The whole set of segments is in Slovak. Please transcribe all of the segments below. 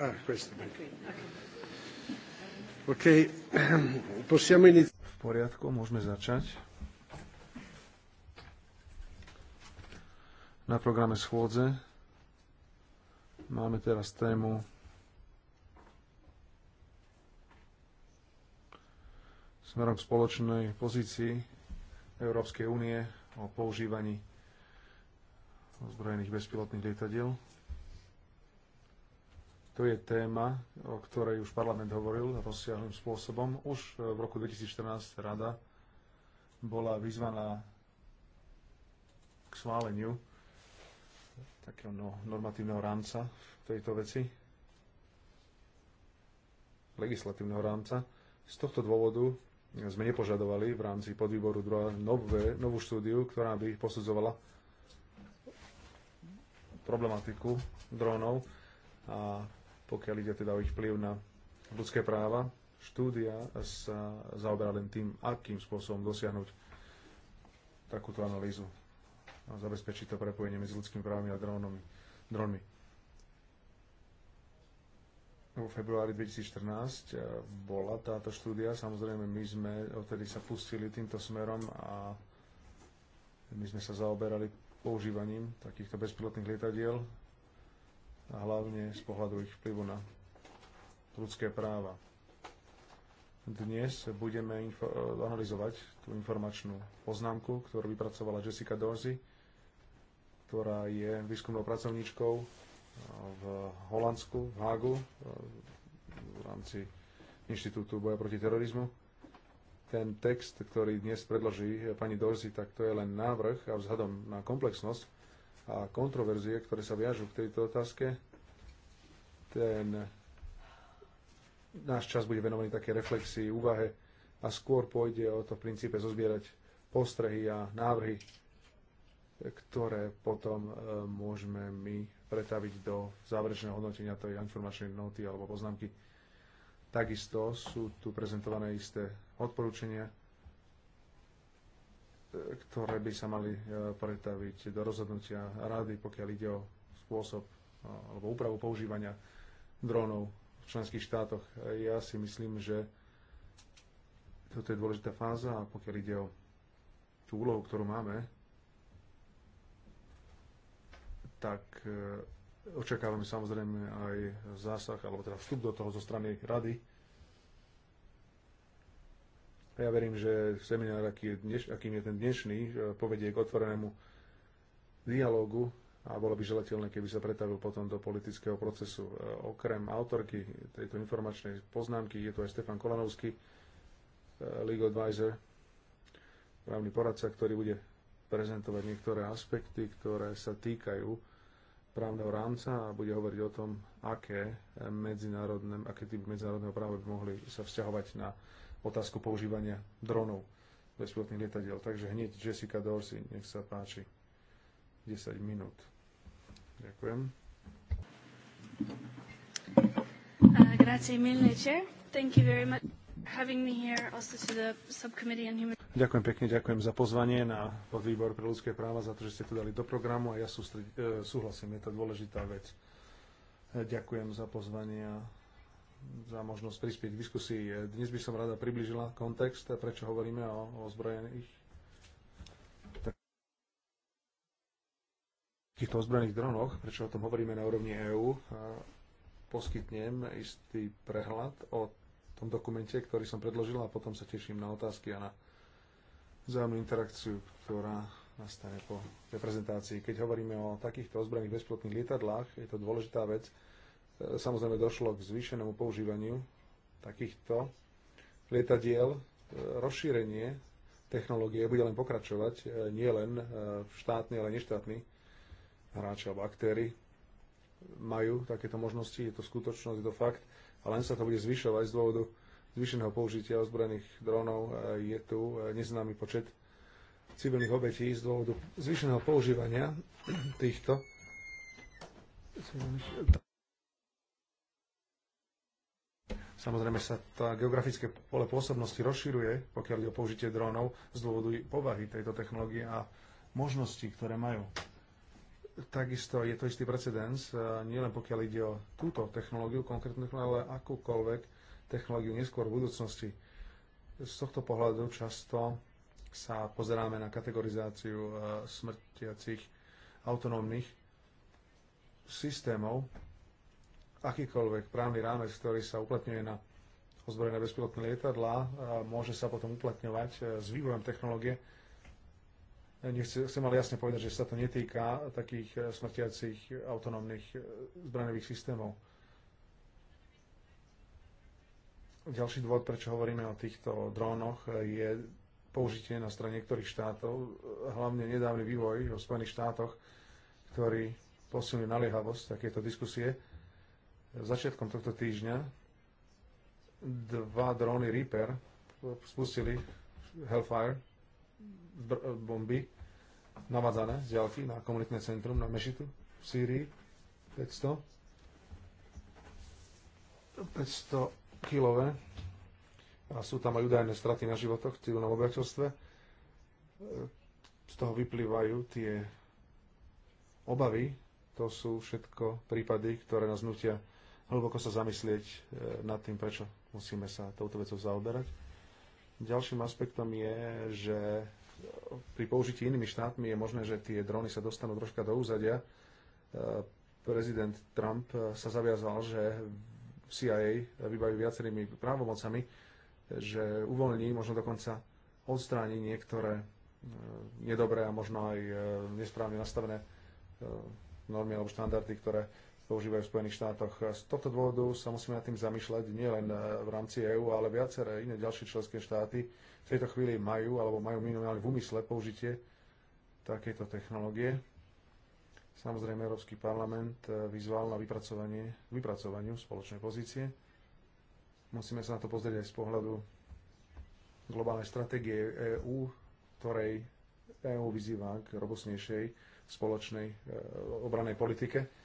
Ah, questo. OK. Possiamo iniziare. V poriadku, môžeme začať. Na programe schôdze máme teraz tému smerom k spoločnej pozícii Európskej únie o používaní ozbrojených bezpilotných lietadiel. To je téma, o ktorej už parlament hovoril rozsiahlým spôsobom. Už e, v roku 2014 rada bola vyzvaná k schváleniu takého no, normatívneho rámca v tejto veci, legislatívneho rámca. Z tohto dôvodu sme nepožadovali v rámci podvýboru druhá nové, novú štúdiu, ktorá by posudzovala problematiku drónov a pokiaľ ide teda o ich vplyv na ľudské práva. Štúdia sa zaoberá len tým, akým spôsobom dosiahnuť takúto analýzu a zabezpečiť to prepojenie medzi ľudskými právami a drónmi. drónmi. V februári 2014 eh, bola táto štúdia, samozrejme my sme odtedy sa pustili týmto smerom a my sme sa zaoberali používaním takýchto bezpilotných lietadiel a hlavne z pohľadu ich vplyvu na ľudské práva. Dnes budeme analyzovať tú informačnú poznámku, ktorú vypracovala Jessica Dorsey, ktorá je výskumnou pracovníčkou e, v Holandsku, v Hagu, e, v rámci Inštitútu boja proti terorizmu. Ten text, ktorý dnes predloží pani Dorsey, tak to je len návrh a vzhľadom na komplexnosť a kontroverzie, ktoré sa viažú k tejto otázke. Ten náš čas bude venovaný také reflexii, úvahe a skôr pôjde o to v princípe zozbierať postrehy a návrhy, ktoré potom e, môžeme my pretaviť do záverečného hodnotenia tej informačnej noty alebo poznámky. Takisto sú tu prezentované isté odporúčania, ktoré by sa mali e, pretaviť do rozhodnutia rady, pokiaľ ide o spôsob e, alebo úpravu používania drónov v členských štátoch. E, ja si myslím, že toto je dôležitá fáza a pokiaľ ide o tú úlohu, ktorú máme, tak očakávame samozrejme aj zásah, alebo teda vstup do toho zo strany rady, ja verím, že seminár, aký je dneš, akým je ten dnešný, e, povedie k otvorenému dialogu a bolo by želateľné, keby sa pretavil potom do politického procesu. E, okrem autorky tejto informačnej poznámky je tu aj Stefan Kolanovský, e, legal advisor, právny poradca, ktorý bude prezentovať niektoré aspekty, ktoré sa týkajú právneho rámca a bude hovoriť o tom, aké, medzinárodné, aké typy medzinárodného práva by mohli sa vzťahovať na otázku používania dronov bezpilotných lietadiel. Takže hneď Jessica Dorsey, nech sa páči. 10 minút. Ďakujem. Uh, Thank you very much having me here also to the subcommittee human Ďakujem pekne, ďakujem za pozvanie na podvýbor pre ľudské práva, za to, že ste to dali do programu a ja e, súhlasím, je to dôležitá vec. E, ďakujem za pozvanie a za možnosť prispieť k diskusii. Dnes by som rada približila kontext, prečo hovoríme o, o zbrojených týchto ozbrojených dronoch, prečo o tom hovoríme na úrovni EÚ. Poskytnem istý prehľad o tom dokumente, ktorý som predložil a potom sa teším na otázky a na vzájomnú interakciu, ktorá nastane po prezentácii. Keď hovoríme o takýchto ozbrojených bezpilotných lietadlách, je to dôležitá vec, Samozrejme došlo k zvýšenému používaniu takýchto lietadiel. E, rozšírenie technológie bude len pokračovať, e, nie len e, štátny, ale neštátni hráči alebo aktéry majú takéto možnosti, je to skutočnosť, je to fakt ale len sa to bude zvyšovať z dôvodu zvýšeného použitia ozbrojených dronov. Je tu neznámy počet civilných obetí z dôvodu zvýšeného používania týchto Samozrejme sa tá geografické pole pôsobnosti rozširuje, pokiaľ ide o použitie drónov, z dôvodu povahy tejto technológie a možnosti, ktoré majú. Takisto je to istý precedens, nielen pokiaľ ide o túto technológiu, konkrétnu ale akúkoľvek technológiu neskôr v budúcnosti. Z tohto pohľadu často sa pozeráme na kategorizáciu e, smrtiacich autonómnych systémov, akýkoľvek právny rámec, ktorý sa uplatňuje na ozbrojené bezpilotné lietadlá, môže sa potom uplatňovať e, s vývojom technológie. Nechcem, ale jasne povedať, že sa to netýka takých e, smrtiacich autonómnych e, zbraňových systémov. Ďalší dôvod, prečo hovoríme o týchto drónoch, je použitie na strane niektorých štátov, hlavne nedávny vývoj v Spojených štátoch, ktorý posilňuje naliehavosť takéto diskusie začiatkom tohto týždňa dva dróny Reaper spustili Hellfire eh, bomby navádzané z diaľky na komunitné centrum na Mešitu v Sýrii 500 500 kilové a sú tam aj údajné straty na životoch v civilnom obyvateľstve. Eh, z toho vyplývajú tie obavy. To sú všetko prípady, ktoré nás nutia hlboko sa zamyslieť e, nad tým, prečo musíme sa touto vecou zaoberať. Ďalším aspektom je, že pri použití inými štátmi je možné, že tie dróny sa dostanú troška do úzadia. E, prezident Trump sa zaviazal, že CIA vybaví viacerými právomocami, že uvoľní, možno dokonca odstráni niektoré e, nedobré a možno aj nesprávne nastavené normy alebo štandardy, ktoré používajú v Spojených štátoch. Z tohto dôvodu sa musíme nad tým zamýšľať nielen e, v rámci EÚ, ale viaceré iné ďalšie členské štáty v tejto chvíli majú alebo majú minimálne v úmysle použitie takéto technológie. Samozrejme, Európsky parlament e, vyzval na vypracovanie, vypracovaniu spoločnej pozície. Musíme sa na to pozrieť aj z pohľadu globálnej stratégie EÚ, ktorej EÚ vyzýva k robustnejšej spoločnej e, obranej politike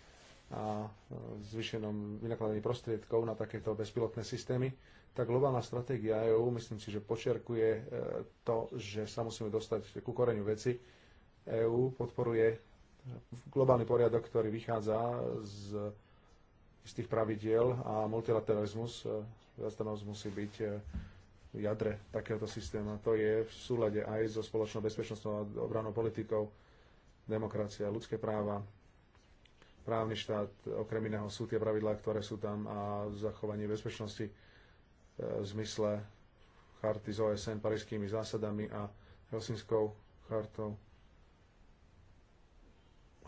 a e, zvyšenom vynakladaní prostriedkov na takéto bezpilotné systémy, tá globálna stratégia EÚ, myslím si, že počerkuje e, to, že sa musíme dostať ku koreňu veci. EÚ podporuje globálny poriadok, ktorý vychádza z, z tých pravidiel a multilateralizmus, e, viacstanovnosť musí byť v jadre takéhoto systému. To je v súlade aj so spoločnou bezpečnostnou a obranou politikou, demokracia, ľudské práva, právny štát, okrem iného sú tie pravidlá, ktoré sú tam a zachovanie bezpečnosti e, v zmysle charty z OSN, parížskými zásadami a Helsinskou chartou.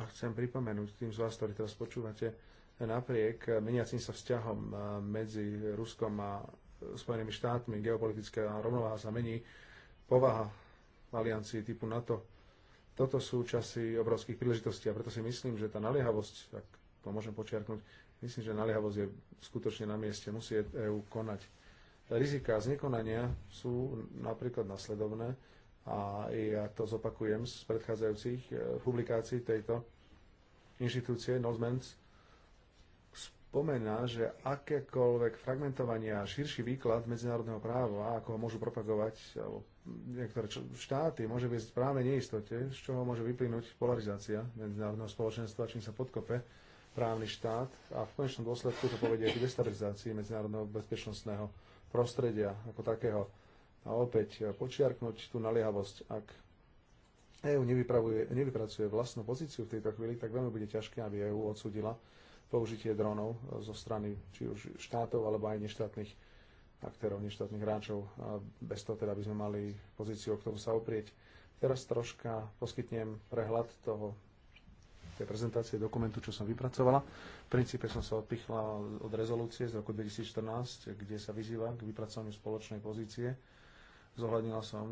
A chcem pripomenúť tým z vás, ktorí teraz počúvate, napriek meniacim sa vzťahom e, medzi Ruskom a Spojenými štátmi, geopolitická rovnováha sa mení, povaha aliancii typu NATO toto sú časy obrovských príležitostí a preto si myslím, že tá naliehavosť, ak to môžem počiarknúť, myslím, že naliehavosť je skutočne na mieste, musí EÚ konať. Rizika z nekonania sú napríklad nasledovné a ja to zopakujem z predchádzajúcich e, publikácií tejto inštitúcie Nozmens spomená, že akékoľvek fragmentovanie a širší výklad medzinárodného práva, ako ho môžu propagovať alebo niektoré štáty môže viesť právne neistote, z čoho môže vyplynúť polarizácia medzinárodného spoločenstva, čím sa podkope právny štát a v konečnom dôsledku to povedie k destabilizácii medzinárodného bezpečnostného prostredia ako takého. A opäť eh, počiarknúť tú naliehavosť, ak EÚ nevypracuje vlastnú pozíciu v tejto chvíli, tak veľmi bude ťažké, aby EÚ odsudila použitie dronov eh, zo strany či už štátov alebo aj neštátnych aktérov neštátnych hráčov, bez toho teda by sme mali pozíciu, o ktorú sa oprieť. Teraz troška poskytnem prehľad toho, tej prezentácie dokumentu, čo som vypracovala. V princípe som sa odpichla od rezolúcie z roku 2014, kde sa vyzýva k vypracovaniu spoločnej pozície. Zohľadnila som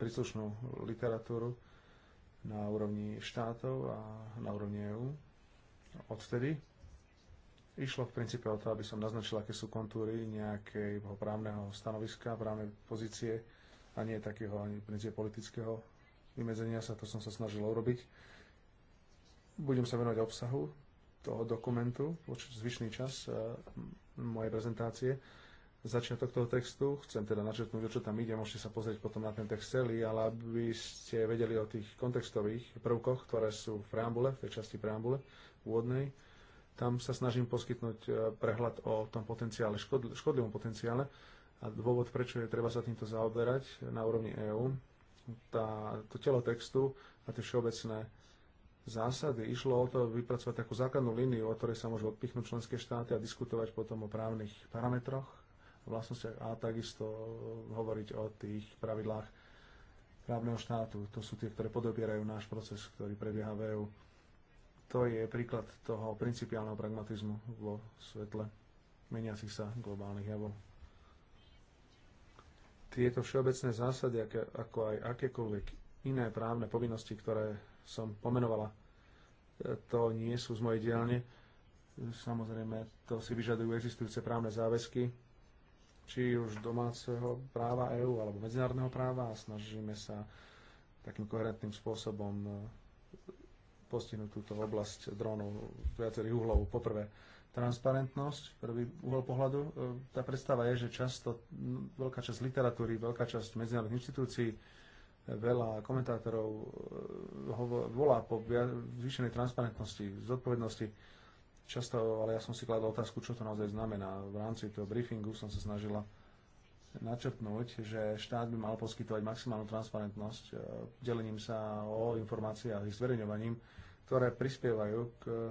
príslušnú literatúru na úrovni štátov a na úrovni EÚ. Odvtedy Išlo v princípe o to, aby som naznačil, aké sú kontúry nejakého právneho stanoviska, právnej pozície a nie takého ani princípe politického vymedzenia sa, to som sa snažil urobiť. Budem sa venovať obsahu toho dokumentu, určite zvyšný čas e, mojej prezentácie. Začiatok toho textu, chcem teda načrtnúť, o čo tam ide, môžete sa pozrieť potom na ten text celý, ale aby ste vedeli o tých kontextových prvkoch, ktoré sú v preambule, v tej časti preambule úvodnej, tam sa snažím poskytnúť e, prehľad o tom potenciále, škodl- škodlivom potenciále a dôvod, prečo je treba sa týmto zaoberať na úrovni EÚ. To telo textu a tie všeobecné zásady išlo o to vypracovať takú základnú líniu, o ktorej sa môžu odpichnúť členské štáty a diskutovať potom o právnych parametroch, vlastnostiach a takisto hovoriť o tých pravidlách právneho štátu. To sú tie, ktoré podobierajú náš proces, ktorý prebieha v EÚ. To je príklad toho principiálneho pragmatizmu vo svetle meniacich sa globálnych javov. Tieto všeobecné zásady, ako aj akékoľvek iné právne povinnosti, ktoré som pomenovala, e, to nie sú z mojej dielne. Samozrejme, to si vyžadujú existujúce právne záväzky, či už domáceho práva EÚ alebo medzinárodného práva a snažíme sa takým koherentným spôsobom e, postihnúť túto oblasť drónov viacerých uhlov. Poprvé, transparentnosť, prvý uhol pohľadu. E, tá predstava je, že často, veľká časť literatúry, veľká časť medzinárodných inštitúcií, e, veľa komentátorov e, volá po zvýšenej transparentnosti, zodpovednosti. Často, ale ja som si kladol otázku, čo to naozaj znamená. V rámci toho briefingu som sa snažila načrtnúť, že štát by mal poskytovať maximálnu transparentnosť e, delením sa o informácie a ich zverejňovaním, ktoré prispievajú k e,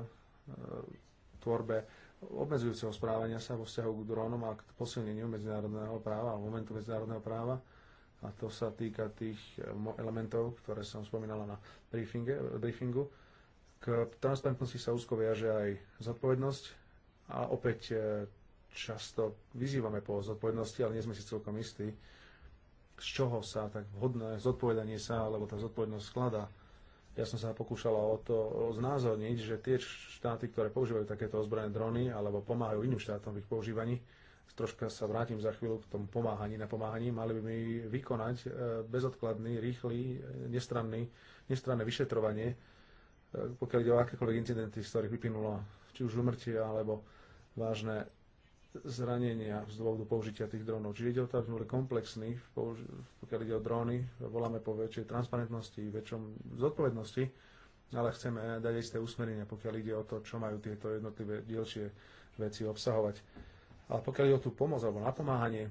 tvorbe obmedzujúceho správania sa vo vzťahu k drónom a k posilneniu medzinárodného práva a momentu medzinárodného práva. A to sa týka tých e, elementov, ktoré som spomínala na briefinge, briefingu. K transparentnosti sa úzko viaže aj zodpovednosť a opäť často vyzývame po zodpovednosti, ale nie sme si celkom istí, z čoho sa tak vhodné zodpovedanie sa alebo tá zodpovednosť skladá. Ja som sa pokúšala o to znázorniť, že tie štáty, ktoré používajú takéto ozbrojené drony alebo pomáhajú iným štátom v ich používaní, troška sa vrátim za chvíľu k tomu pomáhaní, pomáhaní, mali by mi vykonať e, bezodkladný, rýchly, e, nestranný, nestranné vyšetrovanie, e, pokiaľ ide o akékoľvek incidenty, z ktorých vyplynulo či už umrtie alebo vážne zranenia z dôvodu použitia tých dronov. Čiže ide o to, aby sme boli komplexní, pokiaľ ide o dróny, voláme po väčšej transparentnosti, väčšom zodpovednosti, ale chceme dať isté usmerenia, pokiaľ ide o to, čo majú tieto jednotlivé dielčie veci obsahovať. Ale pokiaľ ide o tú pomoc alebo napomáhanie,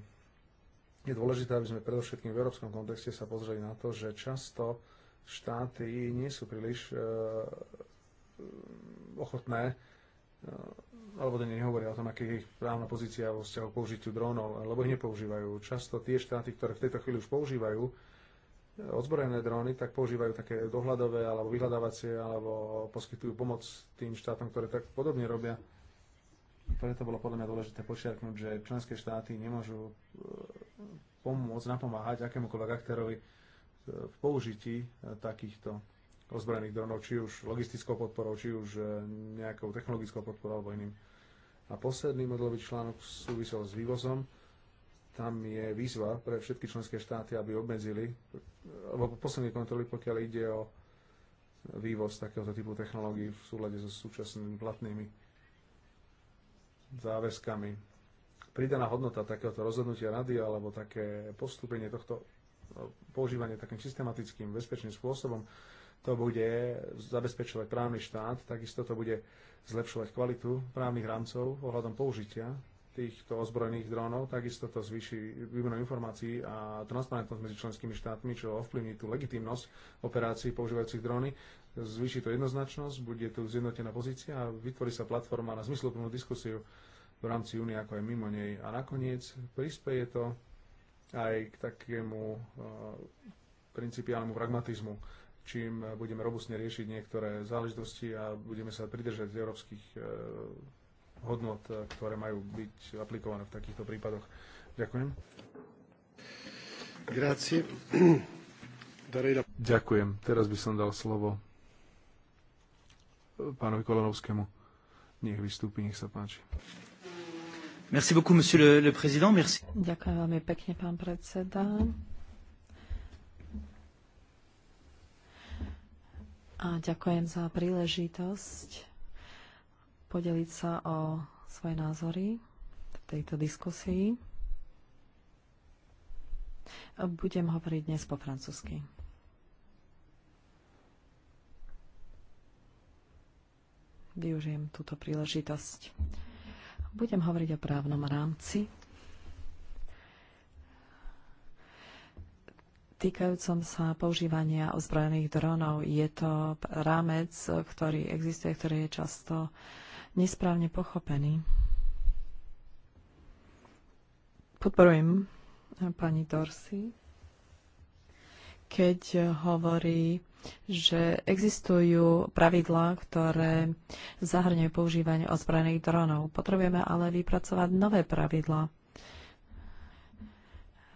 je dôležité, aby sme predovšetkým v európskom kontexte sa pozreli na to, že často štáty nie sú príliš eh, ochotné No, alebo to nehovoria o tom, aká je ich právna pozícia vo vzťahu použitiu drónov, lebo ich nepoužívajú. Často tie štáty, ktoré v tejto chvíli už používajú e, odzbrojené dróny, tak používajú také dohľadové alebo vyhľadávacie, alebo poskytujú pomoc tým štátom, ktoré tak podobne robia. Preto bolo podľa mňa dôležité počiarknúť, že členské štáty nemôžu e, pomôcť, napomáhať akémukoľvek aktérovi e, v použití takýchto ozbrojených dronov, či už logistickou podporou, či už e, nejakou technologickou podporou alebo iným. A posledný modelový článok súvisel s vývozom. Tam je výzva pre všetky členské štáty, aby obmedzili, alebo posledné kontroly, pokiaľ ide o vývoz takéhoto typu technológií v súlade so súčasnými platnými záväzkami. Pridaná hodnota takéhoto rozhodnutia rady alebo také postúpenie tohto e, používanie takým systematickým, bezpečným spôsobom to bude zabezpečovať právny štát, takisto to bude zlepšovať kvalitu právnych rámcov ohľadom použitia týchto ozbrojených drónov, takisto to zvýši výmenu informácií a transparentnosť medzi členskými štátmi, čo ovplyvní tú legitimnosť operácií používajúcich dróny. Zvýši to jednoznačnosť, bude tu zjednotená pozícia a vytvorí sa platforma na zmysluplnú diskusiu v rámci únie, ako aj mimo nej. A nakoniec prispieje to aj k takému eh, principiálnemu pragmatizmu čím budeme robustne riešiť niektoré záležitosti a budeme sa pridržať európskych e, hodnot, e, ktoré majú byť aplikované v takýchto prípadoch. Ďakujem. Ďakujem. Teraz by som dal slovo e, pánovi Kolanovskému. Nech vystúpi, nech sa páči. Merci beaucoup, monsieur le, le président. Merci. Ďakujem veľmi pekne, pán predseda. a ďakujem za príležitosť podeliť sa o svoje názory v tejto diskusii. Budem hovoriť dnes po francúzsky. Využijem túto príležitosť. Budem hovoriť o právnom rámci týkajúcom sa používania ozbrojených dronov. Je to rámec, ktorý existuje, ktorý je často nesprávne pochopený. Podporujem eh, pani Dorsi, keď hovorí, že existujú pravidlá, ktoré zahrňujú používanie ozbrojených dronov. Potrebujeme ale vypracovať nové pravidlá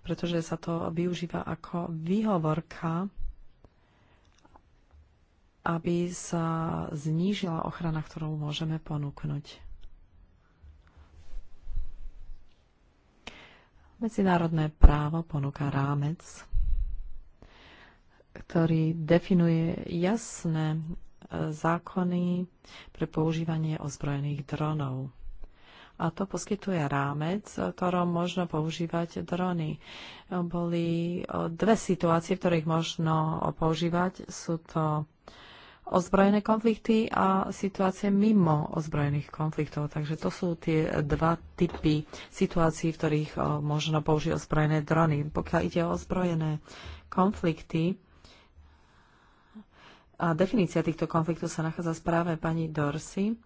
pretože sa to využíva ako výhovorka, aby sa znížila ochrana, ktorú môžeme ponúknuť. Medzinárodné právo ponúka rámec, ktorý definuje jasné zákony pre používanie ozbrojených dronov a to poskytuje rámec, v ktorom možno používať drony. Boli e, dve situácie, v ktorých možno používať. Sú to ozbrojené konflikty a situácie mimo ozbrojených konfliktov. Takže to sú tie dva typy situácií, v ktorých e, možno použiť ozbrojené drony. Pokiaľ ide o ozbrojené konflikty, a definícia týchto konfliktov sa nachádza v správe pani Dorsey,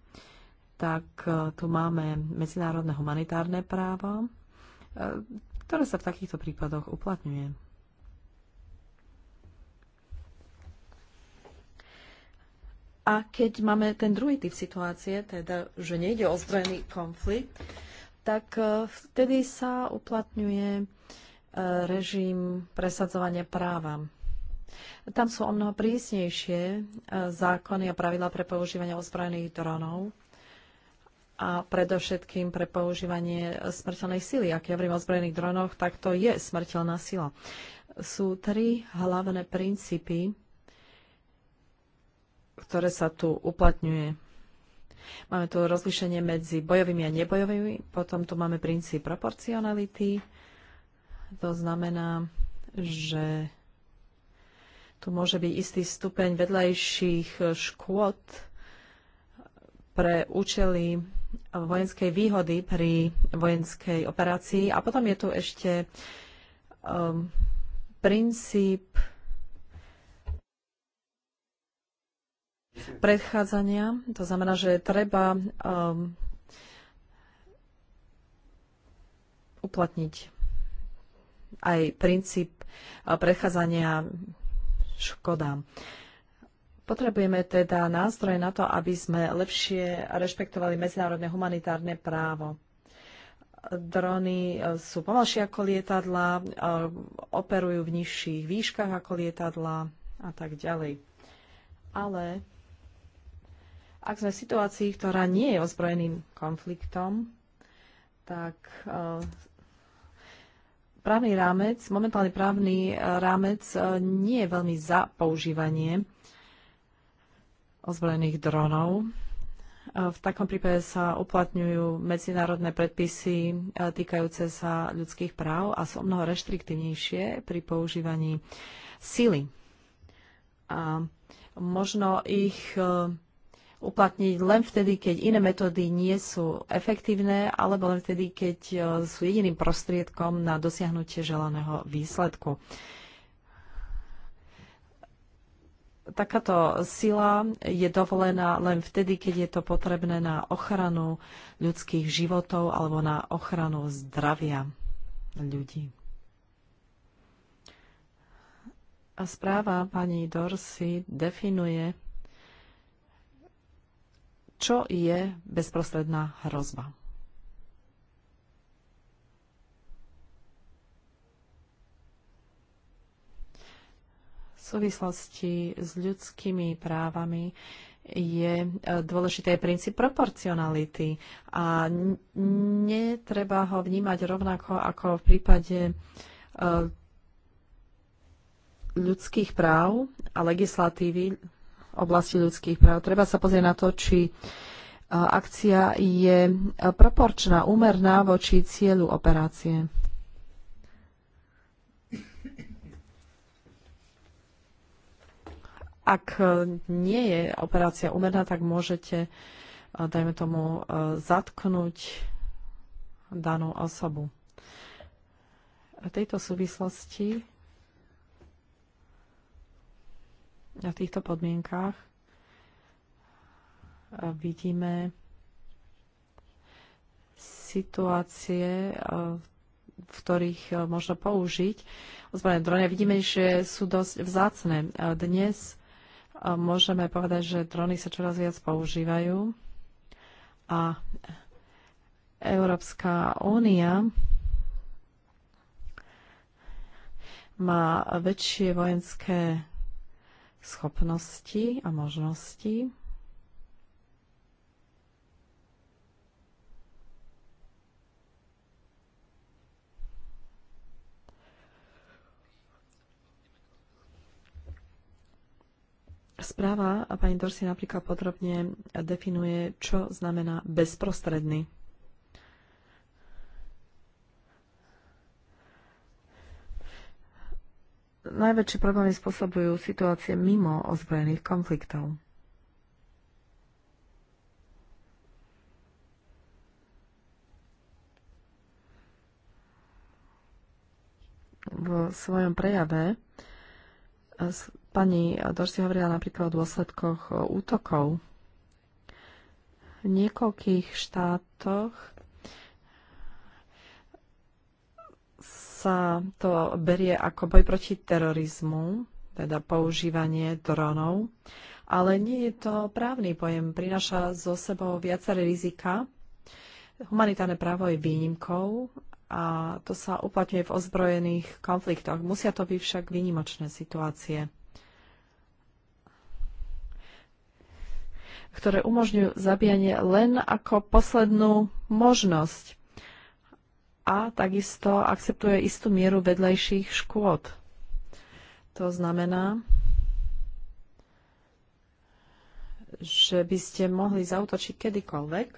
tak e, tu máme medzinárodné humanitárne právo, e, ktoré sa v takýchto prípadoch uplatňuje. A keď máme ten druhý typ situácie, teda že nejde o zbrojný konflikt, tak e, vtedy sa uplatňuje režim presadzovania práva. Tam sú o mnoho prísnejšie zákony a pravidla pre používanie ozbrojených dronov a predovšetkým pre používanie smrteľnej sily. Ak ja hovorím o zbrojených dronoch, tak to je smrteľná sila. Sú tri hlavné princípy, ktoré sa tu uplatňuje. Máme tu rozlišenie medzi bojovými a nebojovými, potom tu máme princíp proporcionality, to znamená, že tu môže byť istý stupeň vedľajších škôd pre účely vojenskej výhody pri vojenskej operácii. A potom je tu ešte um, princíp predchádzania. To znamená, že treba um, uplatniť aj princíp uh, predchádzania škodám. Uh, Potrebujeme teda nástroje na to, aby sme lepšie rešpektovali medzinárodné humanitárne právo. Drony eh, sú pomalšie ako lietadla, eh, operujú v nižších výškach ako lietadla a tak ďalej. Ale ak sme v situácii, ktorá nie je ozbrojeným konfliktom, tak eh, právny rámec, momentálny právny rámec nie je veľmi za používanie ozbrojených dronov. V takom prípade sa uplatňujú medzinárodné predpisy e, týkajúce sa ľudských práv a sú mnoho reštriktívnejšie pri používaní sily. A možno ich e, uplatniť len vtedy, keď iné metódy nie sú efektívne, alebo len vtedy, keď e, sú jediným prostriedkom na dosiahnutie želaného výsledku takáto sila je dovolená len vtedy, keď je to potrebné na ochranu ľudských životov alebo na ochranu zdravia ľudí. A správa pani Dorsi definuje, čo je bezprostredná hrozba. v súvislosti s ľudskými právami je e, dôležitý princíp proporcionality a netreba ho vnímať rovnako ako v prípade e, ľudských práv a legislatívy v oblasti ľudských práv. Treba sa pozrieť na to, či e, akcia je proporčná, úmerná voči cieľu operácie. ak e, nie je operácia umerná, tak môžete, e, dajme tomu, e, zatknúť danú osobu. V tejto súvislosti a v týchto podmienkách vidíme situácie, v ktorých možno použiť ozbrojené drony. Vidíme, že sú dosť vzácne. Dnes môžeme povedať, že drony sa čoraz viac používajú a Európska únia má väčšie vojenské schopnosti a možnosti. Správa a pani Dorsi napríklad podrobne definuje, čo znamená bezprostredný. Najväčšie problémy spôsobujú situácie mimo ozbrojených konfliktov. V svojom prejave Pani Dorsi hovorila napríklad o dôsledkoch útokov. V niekoľkých štátoch sa to berie ako boj proti terorizmu, teda používanie dronov, ale nie je to právny pojem. Prináša zo sebou viaceré rizika. Humanitárne právo je výnimkou a to sa uplatňuje v ozbrojených konfliktoch. Musia to byť však výnimočné situácie. ktoré umožňujú zabíjanie len ako poslednú možnosť a takisto akceptuje istú mieru vedlejších škôd. To znamená, že by ste mohli zautočiť kedykoľvek.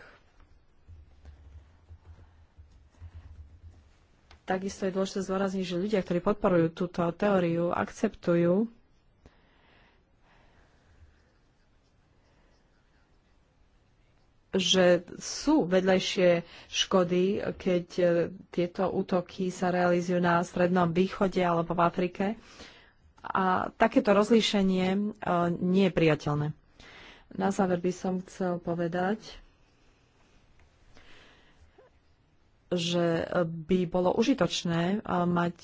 Takisto je dôležité zvorazniť, že ľudia, ktorí podporujú túto teóriu, akceptujú že sú vedlejšie škody, keď e, tieto útoky sa realizujú na Strednom východe alebo v Afrike. A takéto rozlíšenie e, nie je priateľné. Na záver by som chcel povedať, že by bolo užitočné e, mať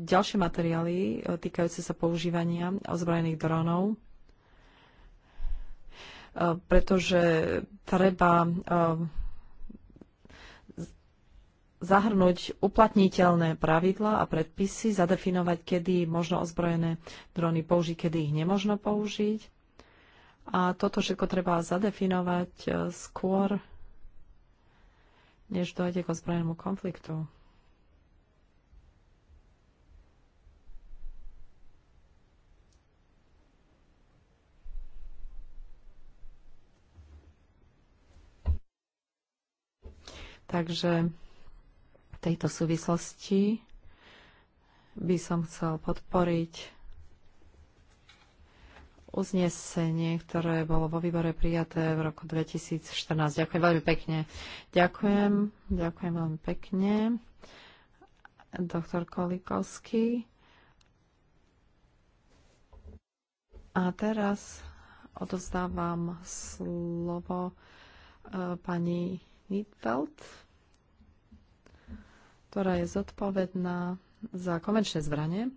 ďalšie materiály týkajúce sa používania ozbrojených dronov Eh, pretože treba eh, zahrnúť uplatniteľné pravidla a predpisy, zadefinovať, kedy možno ozbrojené drony použiť, kedy ich nemožno použiť. A toto všetko treba zadefinovať eh, skôr, než dojde k ozbrojenému konfliktu. Takže v tejto súvislosti by som chcel podporiť uznesenie, ktoré bolo vo výbore prijaté v roku 2014. Ďakujem veľmi pekne. Ďakujem, ďakujem veľmi pekne. Doktor Kolikovský. A teraz odozdávam slovo e, pani Nietfeld, ktorá je zodpovedná za konvenčné zbranie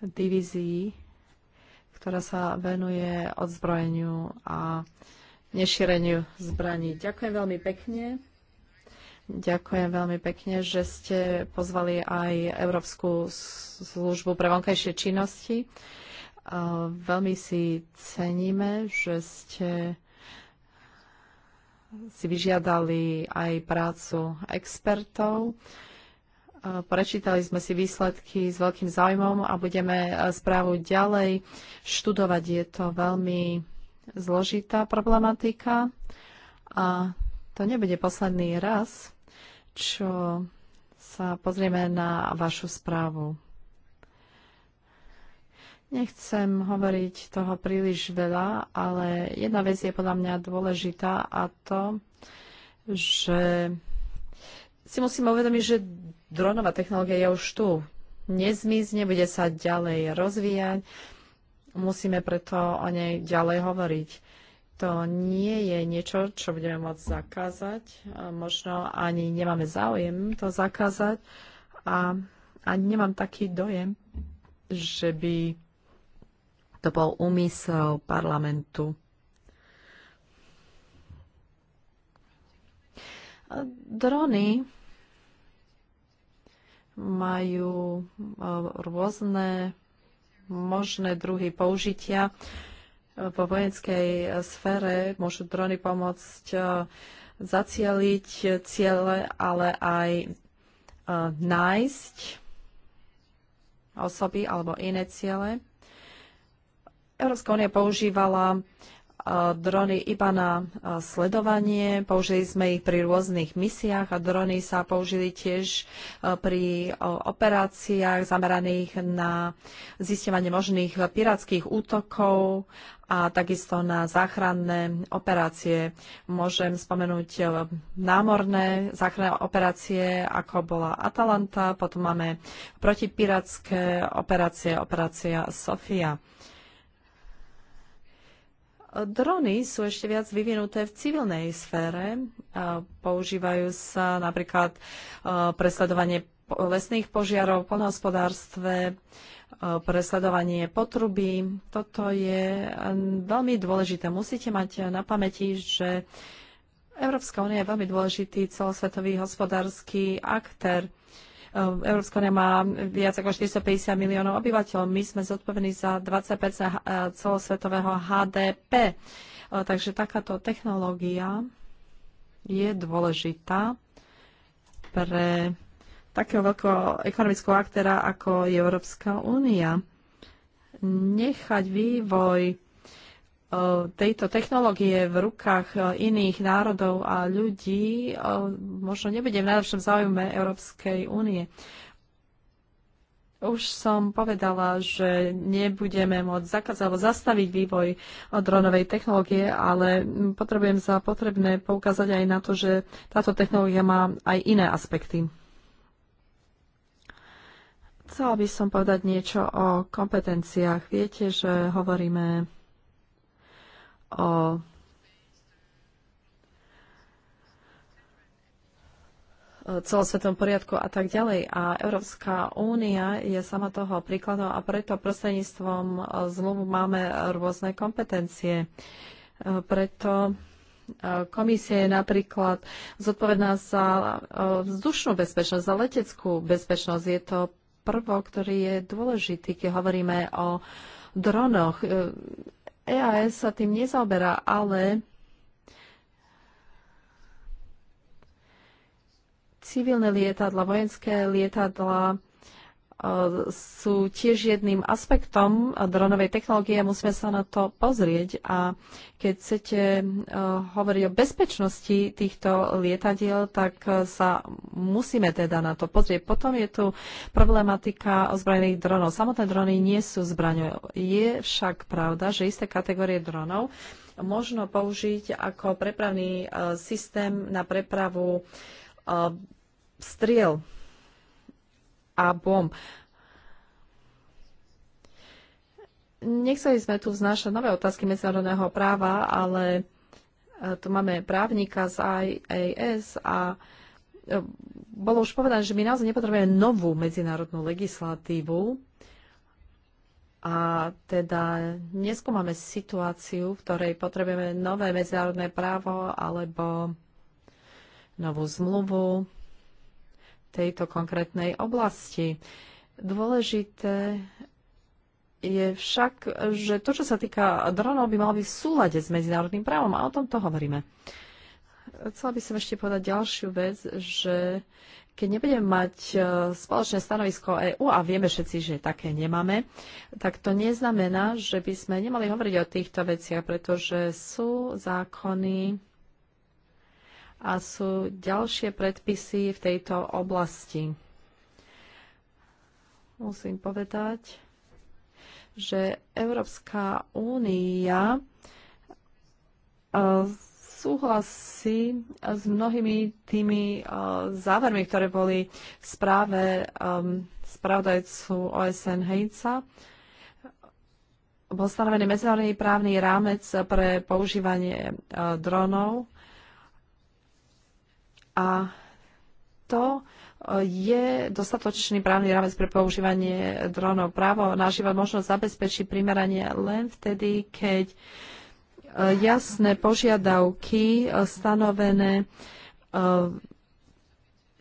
divízii, ktorá sa venuje odzbrojeniu a nešíreniu zbraní. Ďakujem veľmi pekne. Ďakujem veľmi pekne, že ste pozvali aj Európsku službu pre vonkajšie činnosti. Veľmi si ceníme, že ste si vyžiadali aj prácu expertov. Prečítali sme si výsledky s veľkým záujmom a budeme e, správu ďalej študovať. Je to veľmi zložitá problematika a to nebude posledný raz, čo sa pozrieme na vašu správu. Nechcem hovoriť toho príliš veľa, ale jedna vec je podľa mňa dôležitá a to, že si musíme uvedomiť, že dronová technológia je už tu. Nezmizne, bude sa ďalej rozvíjať. Musíme preto o nej ďalej hovoriť. To nie je niečo, čo budeme môcť zakázať. Možno ani nemáme záujem to zakázať. A, ani nemám taký dojem, že by to bol úmysel parlamentu. Drony majú e, rôzne možné druhy použitia. Po vojenskej sfére môžu drony pomôcť e, zacieliť ciele, ale aj e, nájsť osoby alebo iné ciele. Európska únia používala e, drony iba na e, sledovanie. Použili sme ich pri rôznych misiách a drony sa použili tiež e, pri operáciách zameraných na zistovanie možných pirátskych útokov a takisto na záchranné operácie. Môžem spomenúť námorné záchranné operácie, ako bola Atalanta, potom máme protipirátske operácie, operácia Sofia. Drony sú ešte viac vyvinuté v civilnej sfére. Používajú sa napríklad e, presledovanie lesných požiarov v poľnohospodárstve, e, presledovanie potruby. Toto je veľmi dôležité. Musíte mať na pamäti, že Európska únia je veľmi dôležitý celosvetový hospodársky aktér Ehm, Európska únia má viac ako 450 miliónov obyvateľov. My sme zodpovední za 20 eh, celosvetového HDP. Eh, takže takáto technológia je dôležitá pre takého veľkého ekonomického aktéra, ako je Európska únia. Nechať vývoj tejto technológie v rukách iných národov a ľudí možno nebude v najlepšom záujme Európskej únie. Už som povedala, že nebudeme môcť zakázať alebo zastaviť vývoj dronovej technológie, ale potrebujem za potrebné poukázať aj na to, že táto technológia má aj iné aspekty. Chcela by som povedať niečo o kompetenciách. Viete, že hovoríme o celosvetom poriadku a tak ďalej. A Európska únia je sama toho príkladom a preto prostredníctvom zmluvu máme rôzne kompetencie. E, preto e, komisia je napríklad zodpovedná za e, vzdušnú bezpečnosť, za leteckú bezpečnosť. Je to prvok, ktorý je dôležitý, keď hovoríme o dronoch. EAS sa tým nezaoberá, ale civilné lietadla, vojenské lietadla sú tiež jedným aspektom dronovej technológie. Musíme sa na to pozrieť a keď chcete eh, hovoriť o bezpečnosti týchto lietadiel, tak eh, sa musíme teda na to pozrieť. Potom je tu problematika ozbrojených dronov. Samotné drony nie sú zbraňou. Je však pravda, že isté kategórie dronov možno použiť ako prepravný eh, systém na prepravu striel a bomb. Nechceli sme tu vznášať nové otázky medzinárodného práva, ale e, tu máme právnika z IAS a e, bolo už povedané, že my naozaj nepotrebujeme novú medzinárodnú legislatívu a teda neskúmame situáciu, v ktorej potrebujeme nové medzinárodné právo alebo novú zmluvu tejto konkrétnej oblasti. Dôležité je však, že to, čo sa týka dronov, by malo byť v súlade s medzinárodným právom a o tom to hovoríme. Chcela by som ešte povedať ďalšiu vec, že keď nebudeme mať e, spoločné stanovisko EÚ a vieme všetci, že také nemáme, tak to neznamená, že by sme nemali hovoriť o týchto veciach, pretože sú zákony, a sú ďalšie predpisy v tejto oblasti. Musím povedať, že Európska únia eh, súhlasí s mnohými tými eh, závermi, ktoré boli v správe eh, spravodajcu OSN Hejca. Bol stanovený medzinárodný právny rámec pre používanie dronov a to e, je dostatočný právny rámec pre používanie dronov. Právo na život možno zabezpečí primeranie len vtedy, keď e, jasné požiadavky e, stanovené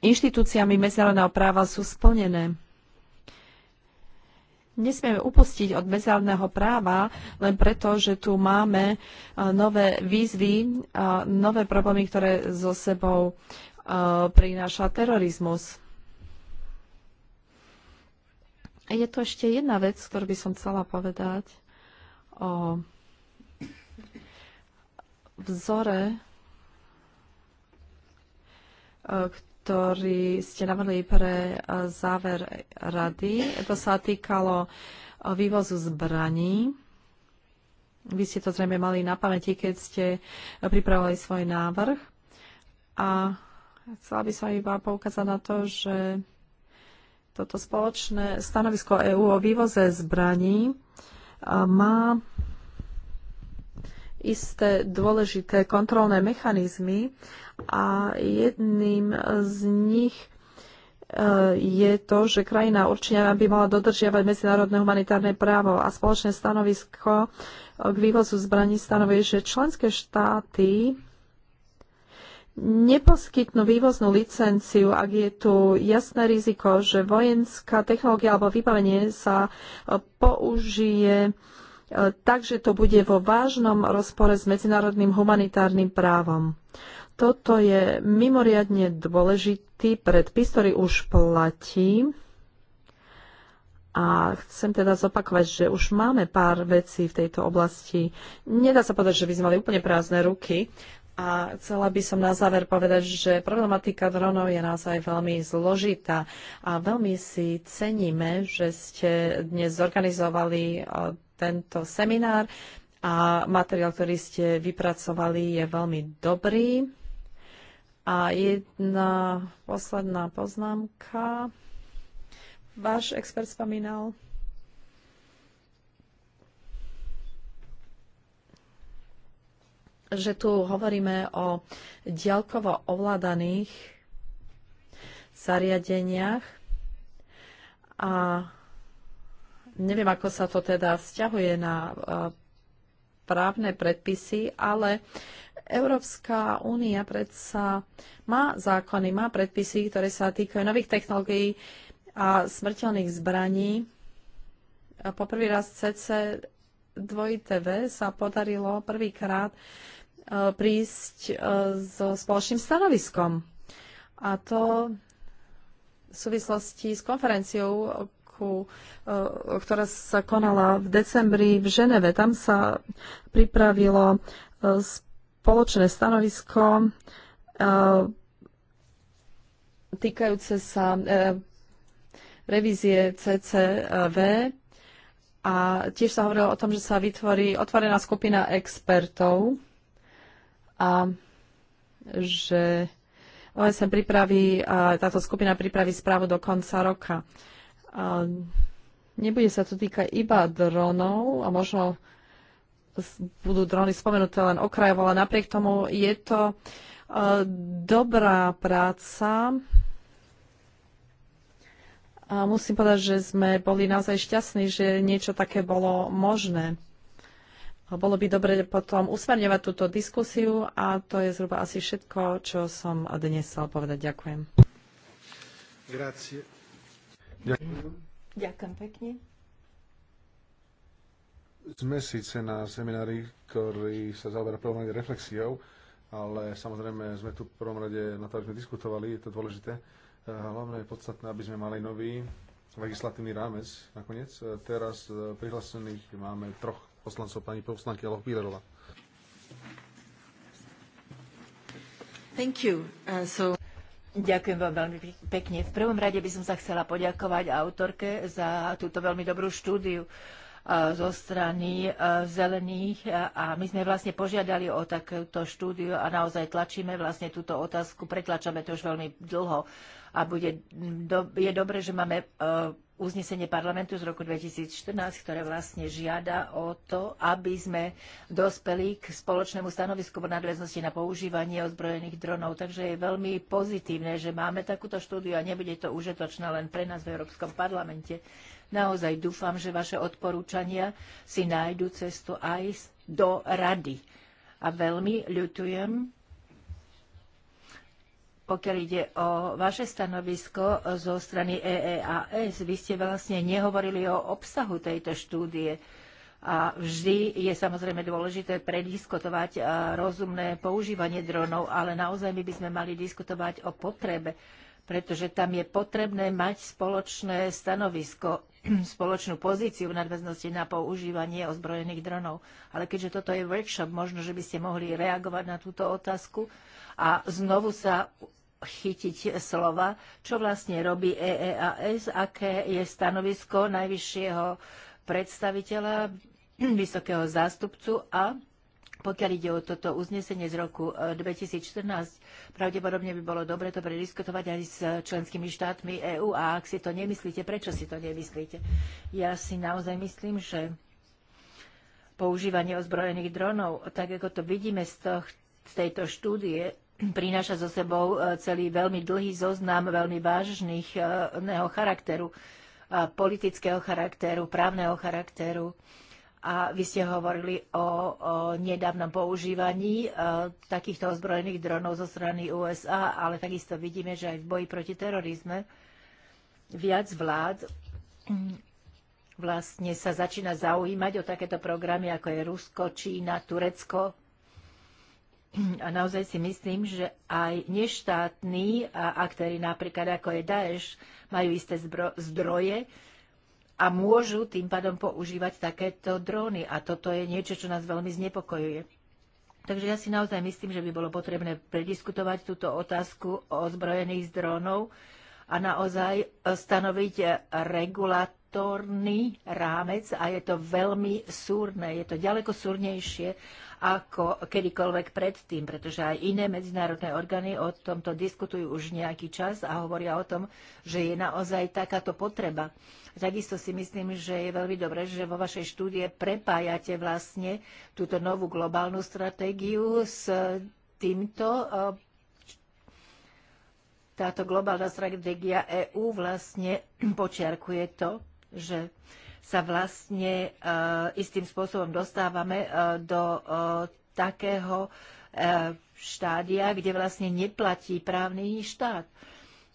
inštitúciami medzinárodného práva sú splnené. Nesmieme upustiť od medzinárodného práva len preto, že tu máme e, nové výzvy, nové problémy, ktoré so sebou e, prináša terorizmus. Je tu ešte jedna vec, ktorú by som chcela povedať o vzore, e, ktorý ste navrhli pre e, záver rady. To sa týkalo e, vývozu zbraní. Vy ste to zrejme mali na pamäti, keď ste pripravovali svoj návrh. A chcela by som iba poukázať na to, že toto spoločné stanovisko EÚ o vývoze zbraní e, má isté dôležité kontrolné mechanizmy a jedným z nich e, je to, že krajina určenia by mala dodržiavať medzinárodné humanitárne právo a spoločné stanovisko k vývozu zbraní stanovuje, že členské štáty neposkytnú vývoznú licenciu, ak je tu jasné riziko, že vojenská technológia alebo vybavenie sa použije takže to bude vo vážnom rozpore s medzinárodným humanitárnym právom. Toto je mimoriadne dôležitý predpis, ktorý už platí. A chcem teda zopakovať, že už máme pár vecí v tejto oblasti. Nedá sa povedať, že by sme mali úplne prázdne ruky. A chcela by som na záver povedať, že problematika dronov je naozaj veľmi zložitá a veľmi si ceníme, že ste dnes zorganizovali tento seminár a materiál, ktorý ste vypracovali, je veľmi dobrý. A jedna posledná poznámka. Váš expert spomínal že tu hovoríme o diaľkovo ovládaných zariadeniach a Neviem, ako sa to teda vzťahuje na eh, právne predpisy, ale Európska únia predsa má zákony, má predpisy, ktoré sa týkajú nových technológií a smrteľných zbraní. Poprvý raz CC 2TV sa podarilo prvýkrát eh, prísť eh, so spoločným stanoviskom. A to v súvislosti s konferenciou, roku, eh, ktorá sa konala v decembri v Ženeve. Tam sa pripravilo eh, spoločné stanovisko eh, týkajúce sa revízie CCV a tiež sa hovorilo o tom, že sa vytvorí otvorená skupina expertov a že OSN pripraví, táto skupina pripraví správu do konca roka. A nebude sa to týkať iba dronov a možno budú drony spomenuté len okrajovo, ale napriek tomu je to e, dobrá práca. A musím povedať, že sme boli naozaj šťastní, že niečo také bolo možné. Bolo by dobre potom usmerňovať túto diskusiu a to je zhruba asi všetko, čo som dnes chcel povedať. Ďakujem. Grazie. Ďakujem. pekne. Sme síce na seminári, ktorý sa zaoberá prvom rade reflexiou, ale samozrejme sme tu prvom rade na to, aby sme diskutovali, je to dôležité. Hlavne je podstatné, aby sme mali nový legislatívny rámec nakoniec. Teraz e, prihlásených máme troch poslancov, pani poslanky Bílerová. Thank you. Uh, so... Ďakujem vám veľmi pekne. V prvom rade by som sa chcela poďakovať autorke za túto veľmi dobrú štúdiu zo strany zelených a my sme vlastne požiadali o takúto štúdiu a naozaj tlačíme vlastne túto otázku, pretlačame to už veľmi dlho a bude do, je dobre, že máme uznesenie parlamentu z roku 2014, ktoré vlastne žiada o to, aby sme dospeli k spoločnému stanovisku v nadväznosti na používanie ozbrojených dronov. Takže je veľmi pozitívne, že máme takúto štúdiu a nebude to užitočné len pre nás v Európskom parlamente. Naozaj dúfam, že vaše odporúčania si nájdu cestu aj do rady. A veľmi ľutujem, pokiaľ ide o vaše stanovisko zo strany EEAS, vy ste vlastne nehovorili o obsahu tejto štúdie. A vždy je samozrejme dôležité prediskutovať rozumné používanie dronov, ale naozaj my by sme mali diskutovať o potrebe, pretože tam je potrebné mať spoločné stanovisko, spoločnú pozíciu v nadväznosti na používanie ozbrojených dronov. Ale keďže toto je workshop, možno, že by ste mohli reagovať na túto otázku a znovu sa chytiť slova, čo vlastne robí EEAS, aké je stanovisko najvyššieho predstaviteľa, vysokého zástupcu a pokiaľ ide o toto uznesenie z roku 2014, e, pravdepodobne by bolo dobre to prediskutovať aj s členskými štátmi EÚ a ak si to nemyslíte, prečo si to nemyslíte? Ja si naozaj myslím, že používanie ozbrojených dronov, tak ako to vidíme z, z tejto štúdie, prináša so sebou e, celý veľmi dlhý zoznam veľmi vážneho charakteru, e, politického charakteru, právneho charakteru. A vy ste hovorili o, o nedávnom používaní o, e, takýchto ozbrojených dronov zo strany USA, ale takisto vidíme, že aj v boji proti terorizme viac vlád mm, vlastne sa začína zaujímať o takéto programy, ako je Rusko, Čína, Turecko, a naozaj si myslím, že aj neštátni aktéry, napríklad ako je Daesh, majú isté zdroje a môžu tým pádom používať takéto dróny. A toto je niečo, čo nás veľmi znepokojuje. Takže ja si naozaj myslím, že by bolo potrebné prediskutovať túto otázku o zbrojených drónov a naozaj stanoviť regulát vnútorný rámec a je to veľmi súrne. Je to ďaleko súrnejšie ako kedykoľvek predtým, pretože aj iné medzinárodné orgány o tomto diskutujú už nejaký čas a hovoria o tom, že je naozaj takáto potreba. Takisto si myslím, že je veľmi dobré, že vo vašej štúdie prepájate vlastne túto novú globálnu stratégiu s týmto táto globálna stratégia EÚ vlastne počiarkuje to, že sa vlastne eh, istým spôsobom dostávame eh, do eh, takého štádia, kde vlastne neplatí právny štát.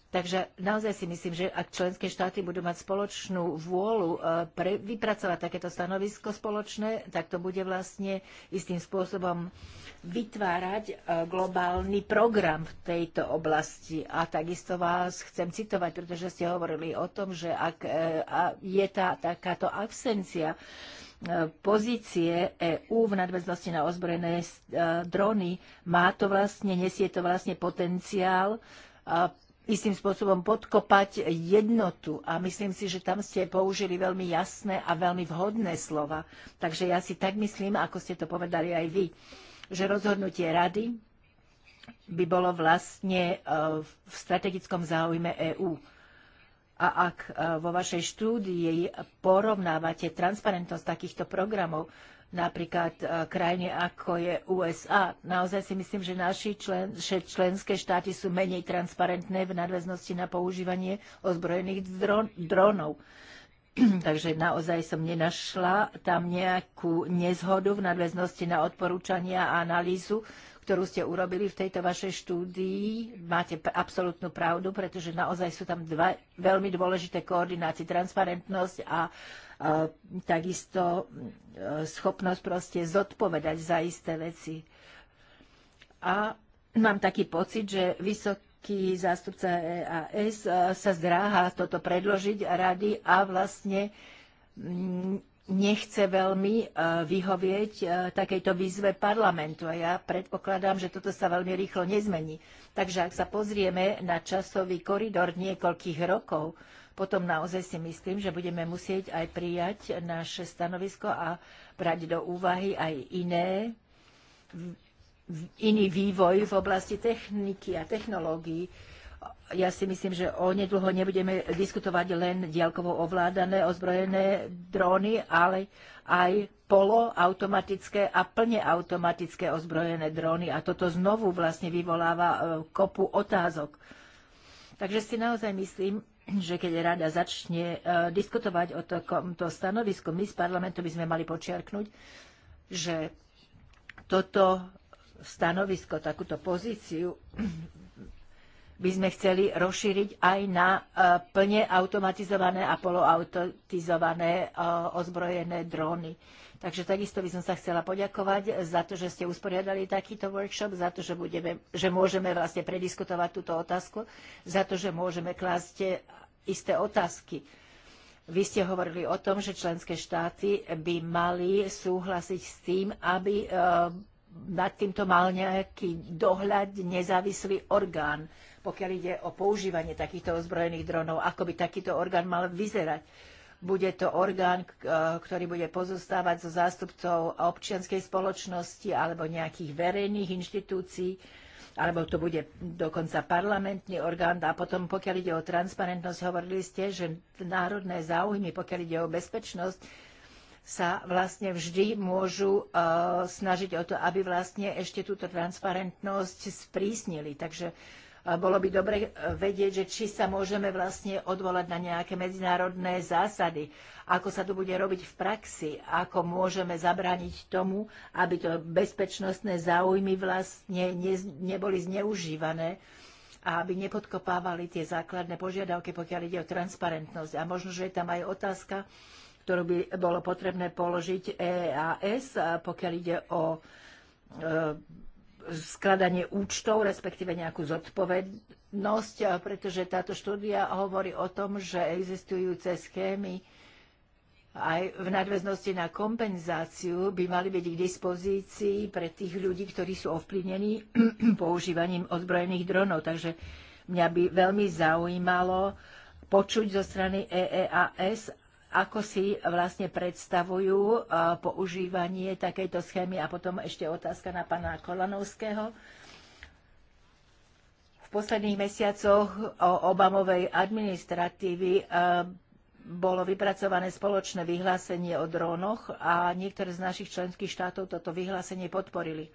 Takže naozaj si myslím, že ak členské štáty budú mať spoločnú vôľu e, pre, vypracovať takéto stanovisko spoločné, tak to bude vlastne istým spôsobom vytvárať e, globálny program v tejto oblasti. A takisto vás chcem citovať, pretože ste hovorili o tom, že ak e, je tá, takáto absencia pozície EÚ v nadväznosti na ozbrojené drony, má to vlastne, nesie to vlastne potenciál istým spôsobom podkopať jednotu. A myslím si, že tam ste použili veľmi jasné a veľmi vhodné slova. Takže ja si tak myslím, ako ste to povedali aj vy, že rozhodnutie rady by bolo vlastne e, v strategickom záujme EÚ. A ak e, vo vašej štúdii porovnávate transparentnosť takýchto programov, napríklad e, krajine ako je USA. Naozaj si myslím, že naši člen, že členské štáty sú menej transparentné v nadväznosti na používanie ozbrojených dron, dronov. Takže naozaj som nenašla tam nejakú nezhodu v nadväznosti na odporúčania a analýzu, ktorú ste urobili v tejto vašej štúdii. Máte absolútnu pravdu, pretože naozaj sú tam dva veľmi dôležité koordinácie, transparentnosť a uh, takisto e, schopnosť proste zodpovedať za isté veci. A mám taký pocit, že vysoký zástupca EAS e, sa zdráha toto predložiť rady a vlastne mm, nechce veľmi e, vyhovieť takejto výzve parlamentu. A ja predpokladám, že toto sa veľmi rýchlo nezmení. Takže ak sa pozrieme na časový koridor niekoľkých rokov, potom naozaj si myslím, že budeme musieť aj prijať naše stanovisko a brať do úvahy aj iné, iný vývoj v oblasti techniky a technológií. Ja si myslím, že onedlho nebudeme diskutovať len diaľkovo ovládané ozbrojené dróny, ale aj poloautomatické a plne automatické ozbrojené dróny. A toto znovu vlastne vyvoláva e, kopu otázok. Takže si naozaj myslím, že keď rada začne e, diskutovať o tomto stanovisku, my z parlamentu by sme mali počiarknúť, že toto stanovisko, takúto pozíciu by sme chceli rozšíriť aj na e, plne automatizované a poloautomatizované e, ozbrojené dróny. Takže takisto by som sa chcela poďakovať za to, že ste usporiadali takýto workshop, za to, že, budeme, že môžeme vlastne prediskutovať túto otázku, za to, že môžeme klásť isté otázky. Vy ste hovorili o tom, že členské štáty by mali súhlasiť s tým, aby e, nad týmto mal nejaký dohľad nezávislý orgán pokiaľ ide o používanie takýchto ozbrojených dronov, ako by takýto orgán mal vyzerať. Bude to orgán, e, ktorý bude pozostávať zo so zástupcov občianskej spoločnosti alebo nejakých verejných inštitúcií, alebo to bude dokonca parlamentný orgán. A potom, pokiaľ ide o transparentnosť, hovorili ste, že národné záujmy, pokiaľ ide o bezpečnosť, sa vlastne vždy môžu uh, snažiť o to, aby vlastne ešte túto transparentnosť sprísnili. Takže uh, bolo by dobre eh, vedieť, že či sa môžeme vlastne odvolať na nejaké medzinárodné zásady, ako sa to bude robiť v praxi, ako môžeme zabrániť tomu, aby to bezpečnostné záujmy vlastne ne, neboli zneužívané a aby nepodkopávali tie základné požiadavky, pokiaľ ide o transparentnosť. A možno, že je tam aj otázka, ktorú by bolo potrebné položiť EAS, pokiaľ ide o e, skladanie účtov, respektíve nejakú zodpovednosť, pretože táto štúdia hovorí o tom, že existujúce schémy aj v nadväznosti na kompenzáciu by mali byť k dispozícii pre tých ľudí, ktorí sú ovplyvnení používaním odbrojených dronov. Takže mňa by veľmi zaujímalo počuť zo strany EEAS, ako si vlastne predstavujú e, používanie takejto schémy. A potom ešte otázka na pána Kolanovského. V posledných mesiacoch o Obamovej administratívy e, bolo vypracované spoločné vyhlásenie o drónoch a niektoré z našich členských štátov toto vyhlásenie podporili.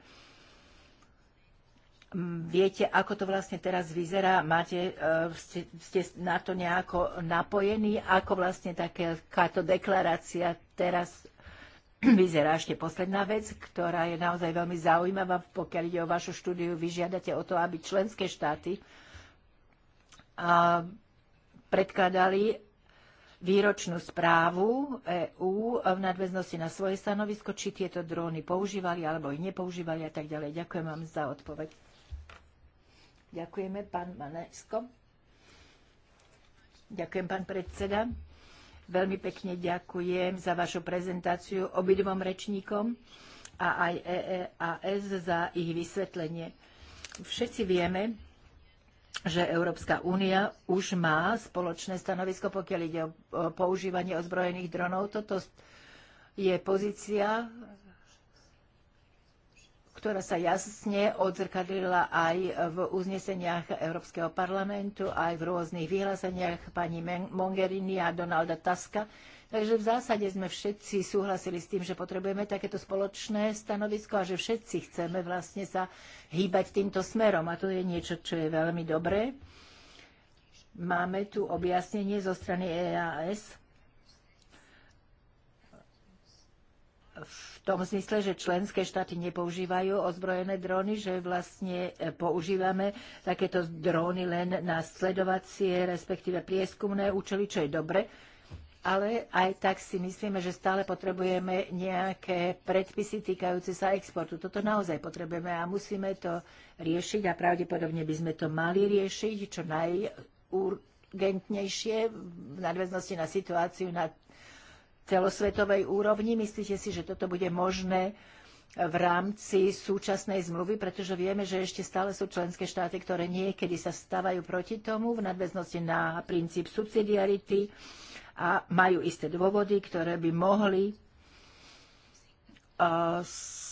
Viete, ako to vlastne teraz vyzerá? Máte, e, ste, ste na to nejako napojení? Ako vlastne takáto deklarácia teraz vyzerá? Ešte posledná vec, ktorá je naozaj veľmi zaujímavá, pokiaľ ide o vašu štúdiu, vy žiadate o to, aby členské štáty predkladali výročnú správu EÚ v nadväznosti na svoje stanovisko, či tieto dróny používali alebo ich nepoužívali a tak ďalej. Ďakujem vám za odpoveď. Ďakujeme, pán Manesko. Ďakujem, pán predseda. Veľmi pekne ďakujem za vašu prezentáciu obidvom rečníkom a aj EEAS za ich vysvetlenie. Všetci vieme, že Európska únia už má spoločné stanovisko, pokiaľ ide o používanie ozbrojených dronov. Toto je pozícia, ktorá sa jasne odzrkadlila aj v uzneseniach Európskeho parlamentu, aj v rôznych vyhláseniach pani Mongerini a Donalda Taska. Takže v zásade sme všetci súhlasili s tým, že potrebujeme takéto spoločné stanovisko a že všetci chceme vlastne sa hýbať týmto smerom. A to je niečo, čo je veľmi dobré. Máme tu objasnenie zo strany EAS, v tom zmysle, že členské štáty nepoužívajú ozbrojené dróny, že vlastne e, používame takéto dróny len na sledovacie, respektíve prieskumné účely, čo je dobre. Ale aj tak si myslíme, že stále potrebujeme nejaké predpisy týkajúce sa exportu. Toto naozaj potrebujeme a musíme to riešiť a pravdepodobne by sme to mali riešiť čo najúrčnejšie v nadväznosti na situáciu na celosvetovej úrovni. Myslíte si, že toto bude možné v rámci súčasnej zmluvy, pretože vieme, že ešte stále sú členské štáty, ktoré niekedy sa stávajú proti tomu v nadväznosti na princíp subsidiarity a majú isté dôvody, ktoré by mohli e,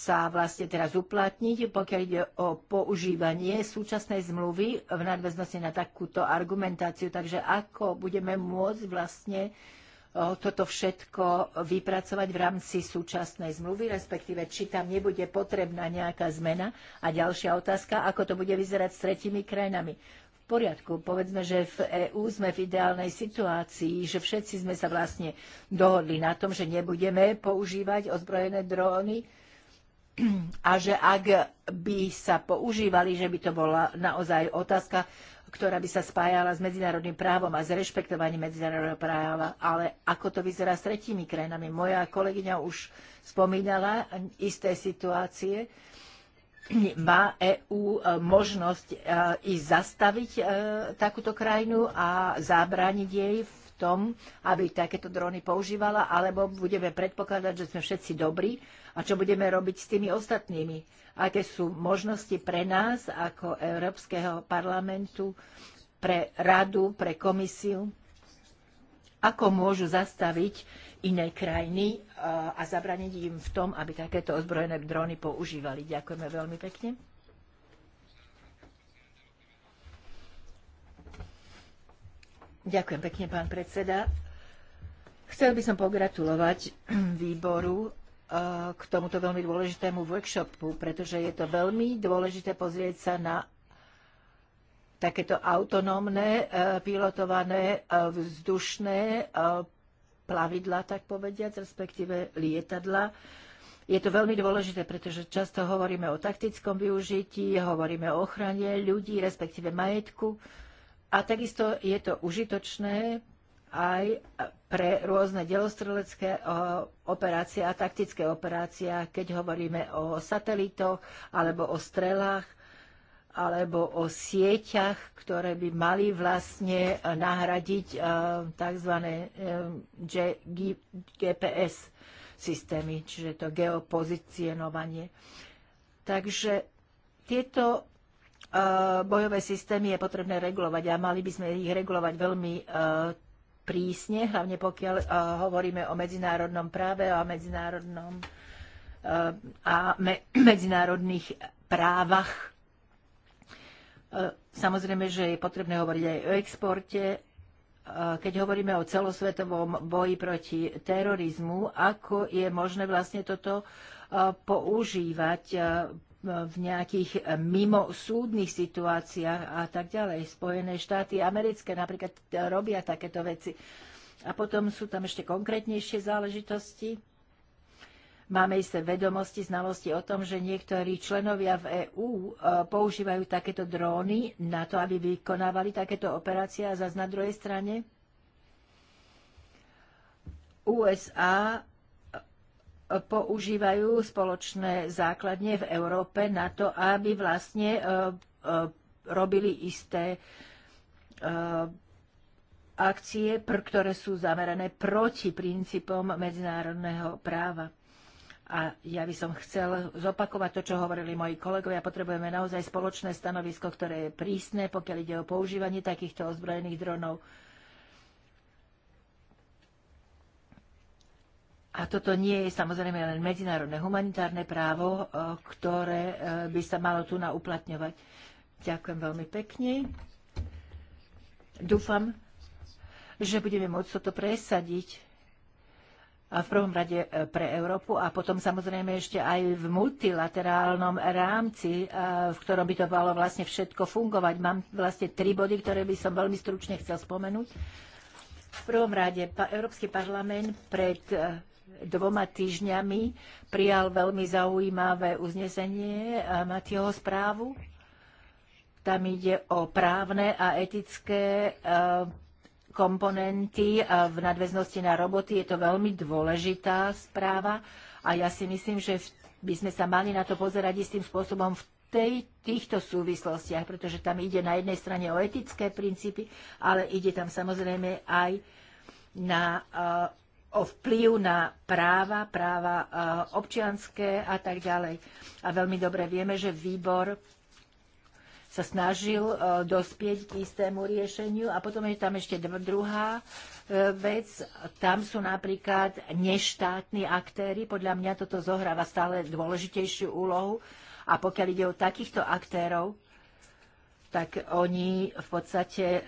sa vlastne teraz uplatniť, pokiaľ ide o používanie súčasnej zmluvy v nadväznosti na takúto argumentáciu. Takže ako budeme môcť vlastne uh, E, toto všetko vypracovať v rámci súčasnej zmluvy, respektíve či tam nebude potrebná nejaká zmena. A ďalšia otázka, ako to bude vyzerať s tretimi krajinami. V poriadku, povedzme, že v EÚ sme v ideálnej situácii, že všetci sme sa vlastne dohodli na tom, že nebudeme používať ozbrojené dróny, a že ak by sa používali, že by to bola naozaj otázka ktorá by sa spájala s medzinárodným právom a s rešpektovaním medzinárodného práva, ale ako to vyzerá s tretími krajinami. Moja kolegyňa už spomínala isté situácie. Má EÚ e, možnosť e, i zastaviť e, takúto krajinu a zabrániť jej v tom, aby takéto dróny používala, alebo budeme predpokladať, že sme všetci dobrí a čo budeme robiť s tými ostatnými. Aké sú možnosti pre nás ako Európskeho parlamentu, pre radu, pre komisiu, ako môžu zastaviť iné krajiny eh, a zabraniť im v tom, aby takéto ozbrojené dróny používali. Ďakujeme veľmi pekne. Ďakujem pekne, pán predseda. Chcel by som pogratulovať výboru e, k tomuto veľmi dôležitému workshopu, pretože je to veľmi dôležité pozrieť sa na takéto autonómne, e, pilotované e, vzdušné plavidla, tak povediať, respektíve lietadla. Je to veľmi dôležité, pretože často hovoríme o taktickom využití, hovoríme o ochrane ľudí, respektíve majetku. A takisto je to užitočné aj pre rôzne delostrelecké operácie a taktické operácie, keď hovoríme o satelitoch alebo o strelách alebo o sieťach, ktoré by mali vlastne nahradiť e, tzv. E, GPS systémy, čiže to geopozicionovanie. Takže tieto Eh, bojové systémy je potrebné regulovať a mali by sme ich regulovať veľmi eh, prísne, hlavne pokiaľ eh, hovoríme o medzinárodnom práve a medzinárodnom a medzinárodných právach. Samozrejme, že je potrebné hovoriť aj o exporte. Keď hovoríme o celosvetovom boji proti terorizmu, ako je možné vlastne toto používať v nejakých eh, mimo súdnych situáciách a tak ďalej. Spojené štáty americké napríklad eh, robia takéto veci. A potom sú tam ešte konkrétnejšie záležitosti. Máme isté vedomosti, znalosti o tom, že niektorí členovia v EÚ eh, používajú takéto dróny na to, aby vykonávali takéto operácie a zase na druhej strane USA používajú spoločné základne v Európe na to, aby vlastne e, e, robili isté e, akcie, ktoré sú zamerané proti princípom medzinárodného práva. A ja by som chcel zopakovať to, čo hovorili moji kolegovia. Potrebujeme naozaj spoločné stanovisko, ktoré je prísne, pokiaľ ide o používanie takýchto ozbrojených dronov. A toto nie je samozrejme len medzinárodné humanitárne právo, e, ktoré e, by sa malo tu nauplatňovať. Ďakujem veľmi pekne. Dúfam, že budeme môcť toto presadiť v prvom rade e, pre Európu a potom samozrejme ešte aj v multilaterálnom rámci, v ktorom by to malo vlastne všetko fungovať. Mám vlastne tri body, ktoré by som veľmi stručne chcel spomenúť. V prvom rade Európsky parlament pred dvoma týždňami prijal veľmi zaujímavé uznesenie Matieho správu. Tam ide o právne a etické e, komponenty v nadväznosti na roboty. Je to veľmi dôležitá správa a ja si myslím, že by sme sa mali na to pozerať istým spôsobom v tej, týchto súvislostiach, pretože tam ide na jednej strane o etické princípy, ale ide tam samozrejme aj na e, o vplyv na práva, práva e, občianské a tak ďalej. A veľmi dobre vieme, že výbor sa snažil e, dospieť k istému riešeniu. A potom je tam ešte druhá e, vec. Tam sú napríklad neštátni aktéry. Podľa mňa toto zohráva stále dôležitejšiu úlohu. A pokiaľ ide o takýchto aktérov, tak oni v podstate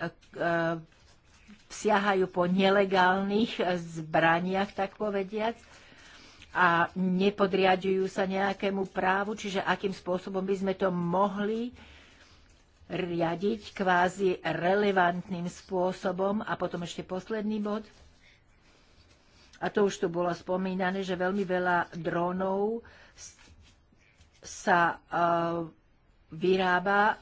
siahajú po nelegálnych zbraniach, tak povediac, a nepodriadujú sa nejakému právu, čiže akým spôsobom by sme to mohli riadiť kvázi relevantným spôsobom. A potom ešte posledný bod. A to už tu bolo spomínané, že veľmi veľa drónov sa uh, vyrába e,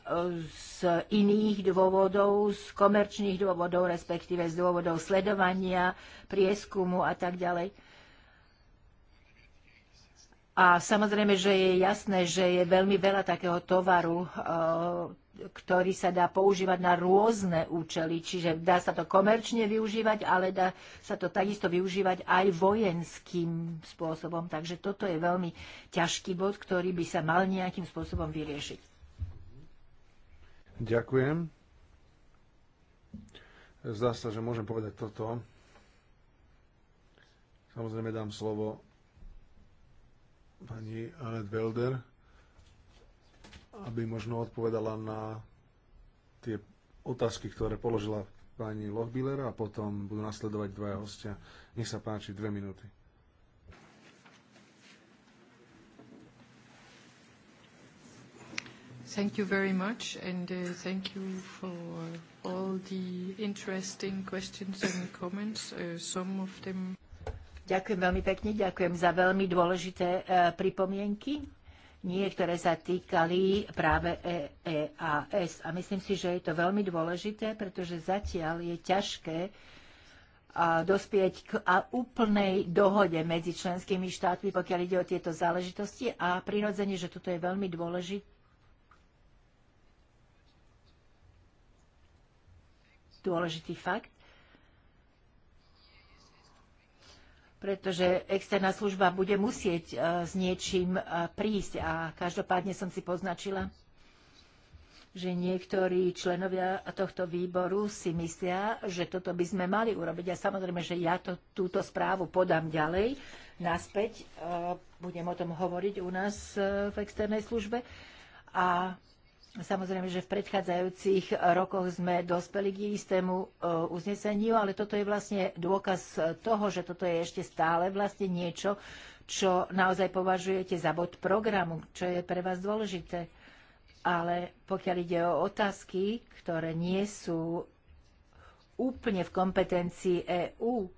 z iných dôvodov, z komerčných dôvodov, respektíve z dôvodov sledovania, prieskumu a tak ďalej. A samozrejme, že je jasné, že je veľmi veľa takého tovaru, e, ktorý sa dá používať na rôzne účely. Čiže dá sa to komerčne využívať, ale dá sa to takisto využívať aj vojenským spôsobom. Takže toto je veľmi ťažký bod, ktorý by sa mal nejakým spôsobom vyriešiť. Ďakujem. Zdá sa, že môžem povedať toto. Samozrejme dám slovo pani Anet Belder, aby možno odpovedala na tie otázky, ktoré položila pani Lochbiller a potom budú nasledovať dvaja hostia. Nech sa páči, dve minúty. Thank you very much, and uh, thank you for all the interesting questions and comments. Uh, some of them... Ďakujem veľmi pekne, ďakujem za veľmi dôležité uh, pripomienky. Niektoré sa týkali práve EEAS a myslím si, že je to veľmi dôležité, pretože zatiaľ je ťažké dospieť k úplnej dohode medzi členskými štátmi, pokiaľ ide o tieto záležitosti. A prirodzene, že toto je veľmi dôležité dôležitý fakt, pretože externá služba bude musieť e, s niečím e, prísť a každopádne som si poznačila, že niektorí členovia tohto výboru si myslia, že toto by sme mali urobiť. A samozrejme, že ja to, túto správu podám ďalej, naspäť. E, budem o tom hovoriť u nás v externej službe. A Samozrejme, že v predchádzajúcich rokoch sme dospeli k istému e, uzneseniu, ale toto je vlastne dôkaz toho, že toto je ešte stále vlastne niečo, čo naozaj považujete za bod programu, čo je pre vás dôležité. Ale pokiaľ ide o otázky, ktoré nie sú úplne v kompetencii EÚ,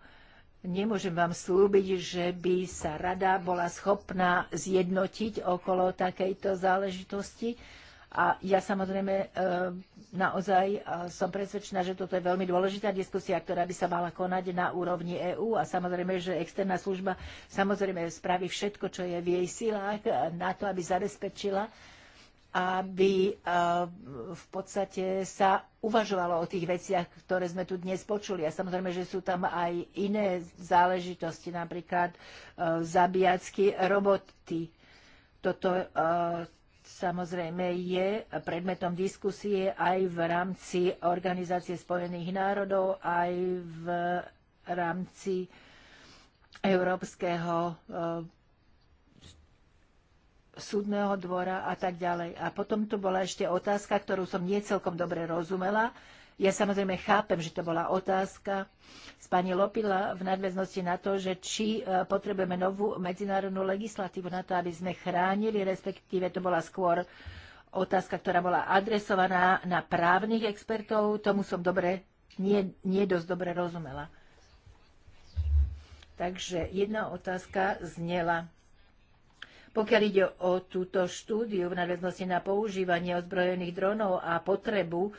Nemôžem vám slúbiť, že by sa rada bola schopná zjednotiť okolo takejto záležitosti a ja samozrejme e, naozaj e, som presvedčená, že toto je veľmi dôležitá diskusia, ktorá by sa mala konať na úrovni EÚ a samozrejme, že externá služba samozrejme spraví všetko, čo je v jej silách e, na to, aby zabezpečila aby v podstate sa uvažovalo o tých veciach, ktoré sme tu dnes počuli. A samozrejme, že sú tam aj iné záležitosti, napríklad zabíjacky roboty. Toto samozrejme je predmetom diskusie aj v rámci Organizácie spojených národov, aj v rámci Európskeho eh, súdneho dvora a tak ďalej. A potom tu bola ešte otázka, ktorú som nie celkom dobre rozumela. Ja samozrejme chápem, že to bola otázka z pani Lopila v nadväznosti na to, že či e, potrebujeme novú medzinárodnú legislatívu na to, aby sme chránili, respektíve to bola skôr otázka, ktorá bola adresovaná na právnych expertov. Tomu som dobre, nie, nie dosť dobre rozumela. Takže jedna otázka znela. Pokiaľ ide o túto štúdiu v nadväznosti na používanie ozbrojených dronov a potrebu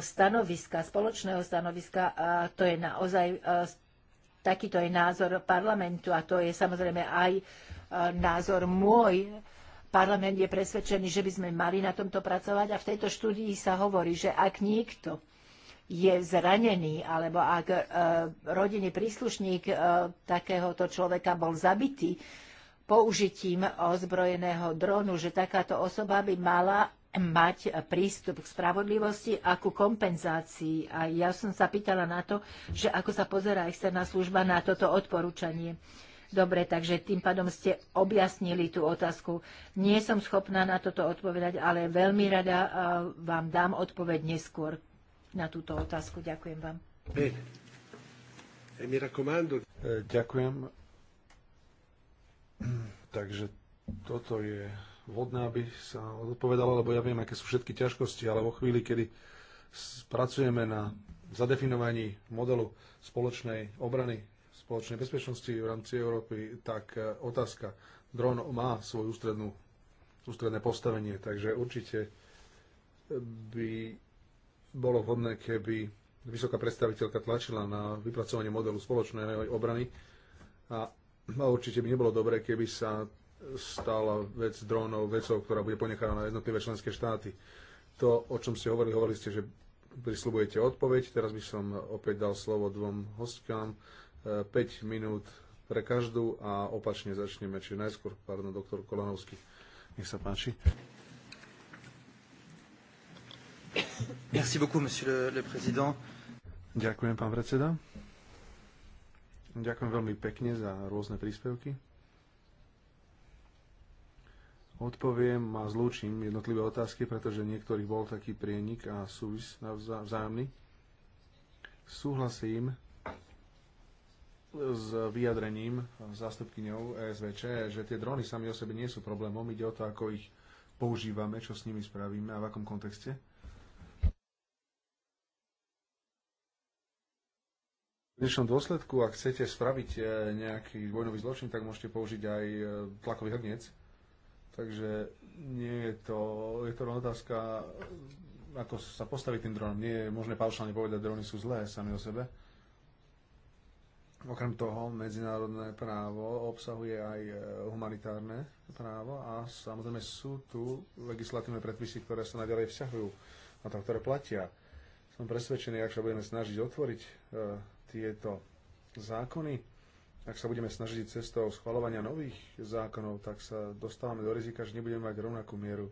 stanoviska, spoločného stanoviska a to je naozaj e, takýto je názor parlamentu a to je samozrejme aj e, názor môj. Parlament je presvedčený, že by sme mali na tomto pracovať a v tejto štúdii sa hovorí, že ak niekto je zranený, alebo ak e, rodinný príslušník takéhoto človeka bol zabitý použitím ozbrojeného dronu, že takáto osoba by mala mať prístup k spravodlivosti a ku kompenzácii. A ja som sa pýtala na to, že ako sa pozerá externá služba na toto odporúčanie. Dobre, takže tým pádom ste objasnili tú otázku. Nie som schopná na toto odpovedať, ale veľmi rada vám dám odpoveď neskôr na túto otázku. Ďakujem vám. E, e, ďakujem. Takže toto je vhodné, aby sa odpovedalo, lebo ja viem, aké sú všetky ťažkosti, ale vo chvíli, kedy pracujeme na zadefinovaní modelu spoločnej obrany, spoločnej bezpečnosti v rámci Európy, tak e, otázka dron má svoju ústredné postavenie, takže určite e, by bolo vhodné, keby vysoká predstaviteľka tlačila na vypracovanie modelu spoločnej obrany a, a určite by nebolo dobré, keby sa stála vec drónov, vecov, ktorá bude ponechaná na jednotlivé členské štáty. To, o čom ste hovorili, hovorili ste, že prislúbujete odpoveď. Teraz by som opäť dal slovo dvom hostkám. 5 e, minút pre každú a opačne začneme, či najskôr, pardon, doktor Kolanovský. Nech sa páči. Merci beaucoup, monsieur le, le président. Ďakujem, pán predseda. Ďakujem veľmi pekne za rôzne príspevky odpoviem a zlúčim jednotlivé otázky, pretože niektorých bol taký prienik a súvis vzájomný. Súhlasím s vyjadrením zástupkyňou ESVČ, že tie drony sami o sebe nie sú problémom. Ide o to, ako ich používame, čo s nimi spravíme a v akom kontexte. V dnešnom dôsledku, ak chcete spraviť eh, nejaký vojnový zločin, tak môžete použiť aj eh, tlakový hrniec, Takže nie je to, je to otázka, ako sa postaviť tým dronom. Nie je možné paušálne povedať, drony sú zlé sami o sebe. Okrem toho, medzinárodné právo obsahuje aj e, humanitárne právo a samozrejme sú tu legislatívne predpisy, ktoré sa naďalej vzťahujú na to, ktoré platia. Som presvedčený, ak sa budeme snažiť otvoriť e, tieto zákony, ak sa budeme snažiť cestou schvalovania nových zákonov, tak sa dostávame do rizika, že nebudeme mať rovnakú mieru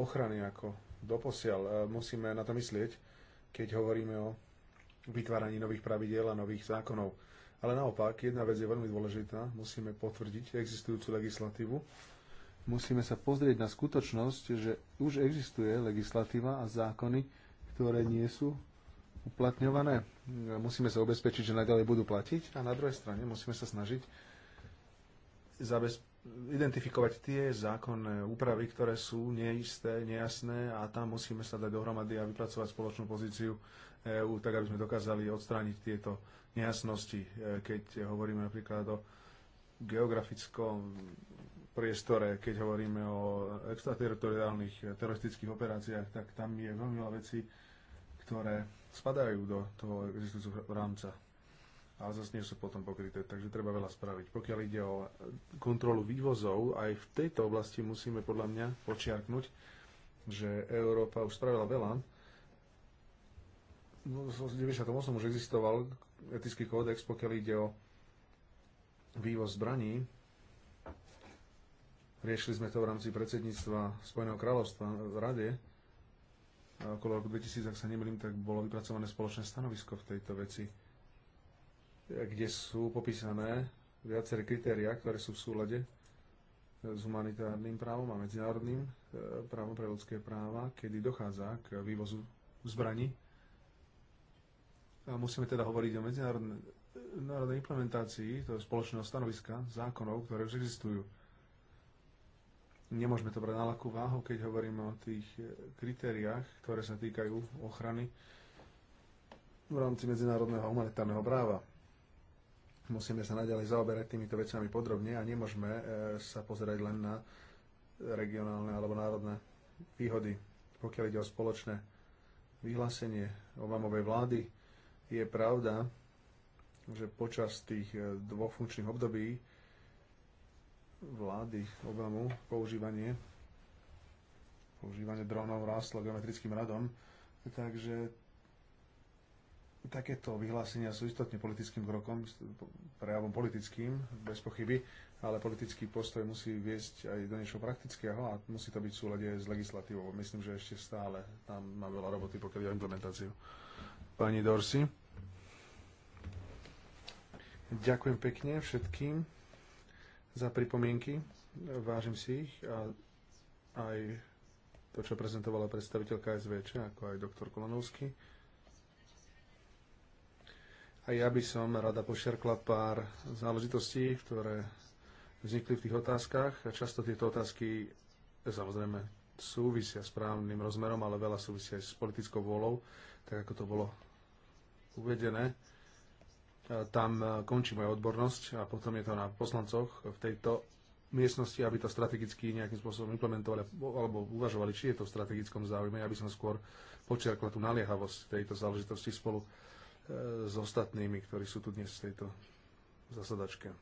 ochrany ako doposiaľ. Musíme na to myslieť, keď hovoríme o vytváraní nových pravidiel a nových zákonov. Ale naopak, jedna vec je veľmi dôležitá. Musíme potvrdiť existujúcu legislatívu. Musíme sa pozrieť na skutočnosť, že už existuje legislatíva a zákony, ktoré nie sú uplatňované. Musíme sa ubezpečiť, že naďalej budú platiť a na druhej strane musíme sa snažiť zabez... identifikovať tie zákonné úpravy, ktoré sú neisté, nejasné a tam musíme sa dať dohromady a vypracovať spoločnú pozíciu EÚ, tak aby sme dokázali odstrániť tieto nejasnosti, e, keď hovoríme napríklad o geografickom priestore, keď hovoríme o extrateritoriálnych teroristických operáciách, tak tam je veľmi veľa vecí, ktoré spadajú do toho existujúceho rámca ale zase nie sú potom pokryté, takže treba veľa spraviť. Pokiaľ ide o kontrolu vývozov, aj v tejto oblasti musíme podľa mňa počiarknúť, že Európa už spravila veľa. No, v 98. už existoval etický kódex, pokiaľ ide o vývoz zbraní. Riešili sme to v rámci predsedníctva Spojeného kráľovstva v Rade okolo roku 2000, ak sa nemýlim, tak bolo vypracované spoločné stanovisko v tejto veci, kde sú popísané viaceré kritériá, ktoré sú v súlade s humanitárnym právom a medzinárodným e, právom pre ľudské práva, kedy dochádza k vývozu zbraní. A musíme teda hovoriť o medzinárodnej implementácii toho spoločného stanoviska zákonov, ktoré už existujú Nemôžeme to brať na ľakú váhu, keď hovoríme o tých e, kritériách, ktoré sa týkajú ochrany v rámci medzinárodného humanitárneho práva. Musíme sa naďalej zaoberať týmito vecami podrobne a nemôžeme e, sa pozerať len na regionálne alebo národné výhody. Pokiaľ ide o spoločné vyhlásenie Obamovej vlády, je pravda, že počas tých e, dvoch funkčných období vlády obamu používanie, používanie dronov rástlo geometrickým radom, takže takéto vyhlásenia sú istotne politickým krokom, prejavom politickým, bez pochyby, ale politický postoj musí viesť aj do niečoho praktického a musí to byť v súlade s legislatívou. Myslím, že ešte stále tam má veľa roboty, pokiaľ ide o implementáciu. Pani Dorsi. Ďakujem pekne všetkým za pripomienky. Vážim si ich a aj to, čo prezentovala predstaviteľka SVČ, ako aj doktor Kolonovský. A ja by som rada pošerkla pár záležitostí, ktoré vznikli v tých otázkach. Často tieto otázky samozrejme súvisia s právnym rozmerom, ale veľa súvisia aj s politickou vôľou, tak ako to bolo uvedené tam e, končí moja odbornosť a potom je to na poslancoch v tejto miestnosti, aby to strategicky nejakým spôsobom implementovali alebo uvažovali, či je to v strategickom záujme. Ja by som skôr počiarkla tú naliehavosť tejto záležitosti spolu e, s ostatnými, ktorí sú tu dnes v tejto zasadačke.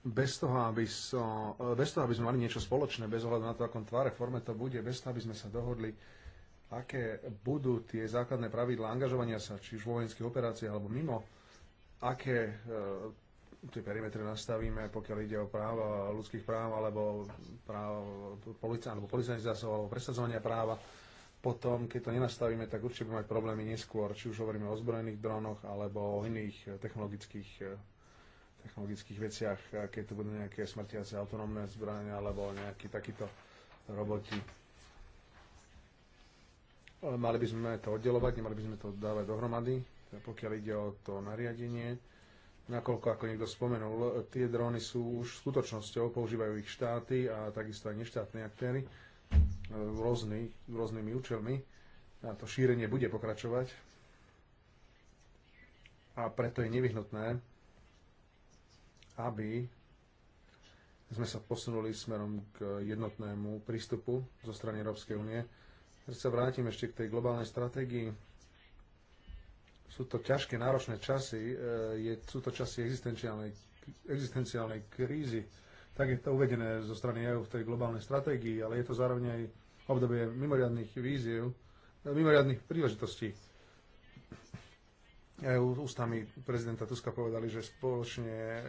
Bez toho, aby so, e, bez toho, aby sme mali niečo spoločné, bez ohľadu na to, akom tváre, forme to bude, bez toho, aby sme sa dohodli, aké budú tie základné pravidla angažovania sa, či už vo vojenských operáciách alebo mimo, aké e, tie perimetre nastavíme, pokiaľ ide o práva ľudských práv alebo práva policajných alebo policajných zásahov alebo presadzovania práva. Potom, keď to nenastavíme, tak určite budeme mať problémy neskôr, či už hovoríme o zbrojených dronoch alebo o iných e, technologických e, technologických veciach, e, keď to budú nejaké smrtiace autonómne zbrania alebo nejaký takýto roboti Mali by sme to oddelovať, nemali by sme to dávať dohromady, pokiaľ ide o to nariadenie. Nakoľko, ako niekto spomenul, tie dróny sú už skutočnosťou, používajú ich štáty a takisto aj neštátne aktéry eh, rôzny, rôznymi účelmi a to šírenie bude pokračovať a preto je nevyhnutné, aby sme sa posunuli smerom k jednotnému prístupu zo strany Európskej únie keď sa vrátim ešte k tej globálnej stratégii. Sú to ťažké, náročné časy, e, je, sú to časy existenciálnej, existenciálnej krízy. Tak je to uvedené zo strany EU v tej globálnej stratégii, ale je to zároveň aj obdobie mimoriadných víziev, e, mimoriadných príležitostí. Aj e ústami prezidenta Tuska povedali, že spoločne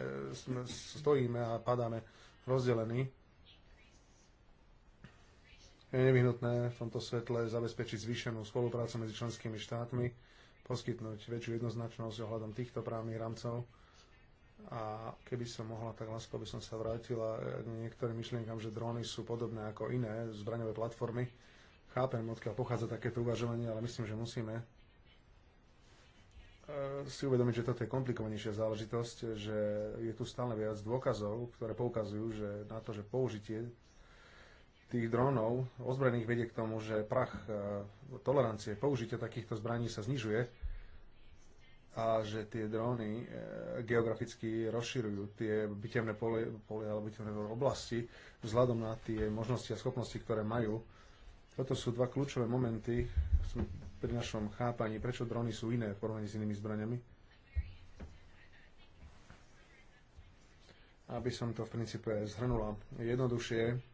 stojíme a padáme rozdelení je nevyhnutné v tomto svetle zabezpečiť zvýšenú spoluprácu medzi členskými štátmi, poskytnúť väčšiu jednoznačnosť ohľadom týchto právnych rámcov a keby som mohla, tak lásko by som sa vrátila k niektorým myšlienkam, že dróny sú podobné ako iné zbraňové platformy. Chápem, odkiaľ pochádza takéto uvažovanie, ale myslím, že musíme e, si uvedomiť, že toto je komplikovanejšia záležitosť, že je tu stále viac dôkazov, ktoré poukazujú že na to, že použitie tých dronov ozbrojených vedie k tomu, že prach e, tolerancie použitia takýchto zbraní sa znižuje a že tie dróny e, geograficky rozširujú tie bytevné pole, pole alebo bytevné oblasti vzhľadom na tie možnosti a schopnosti, ktoré majú. Toto sú dva kľúčové momenty pri našom chápaní, prečo dróny sú iné v porovnaní s inými zbraniami. Aby som to v princípe zhrnula jednoduchšie,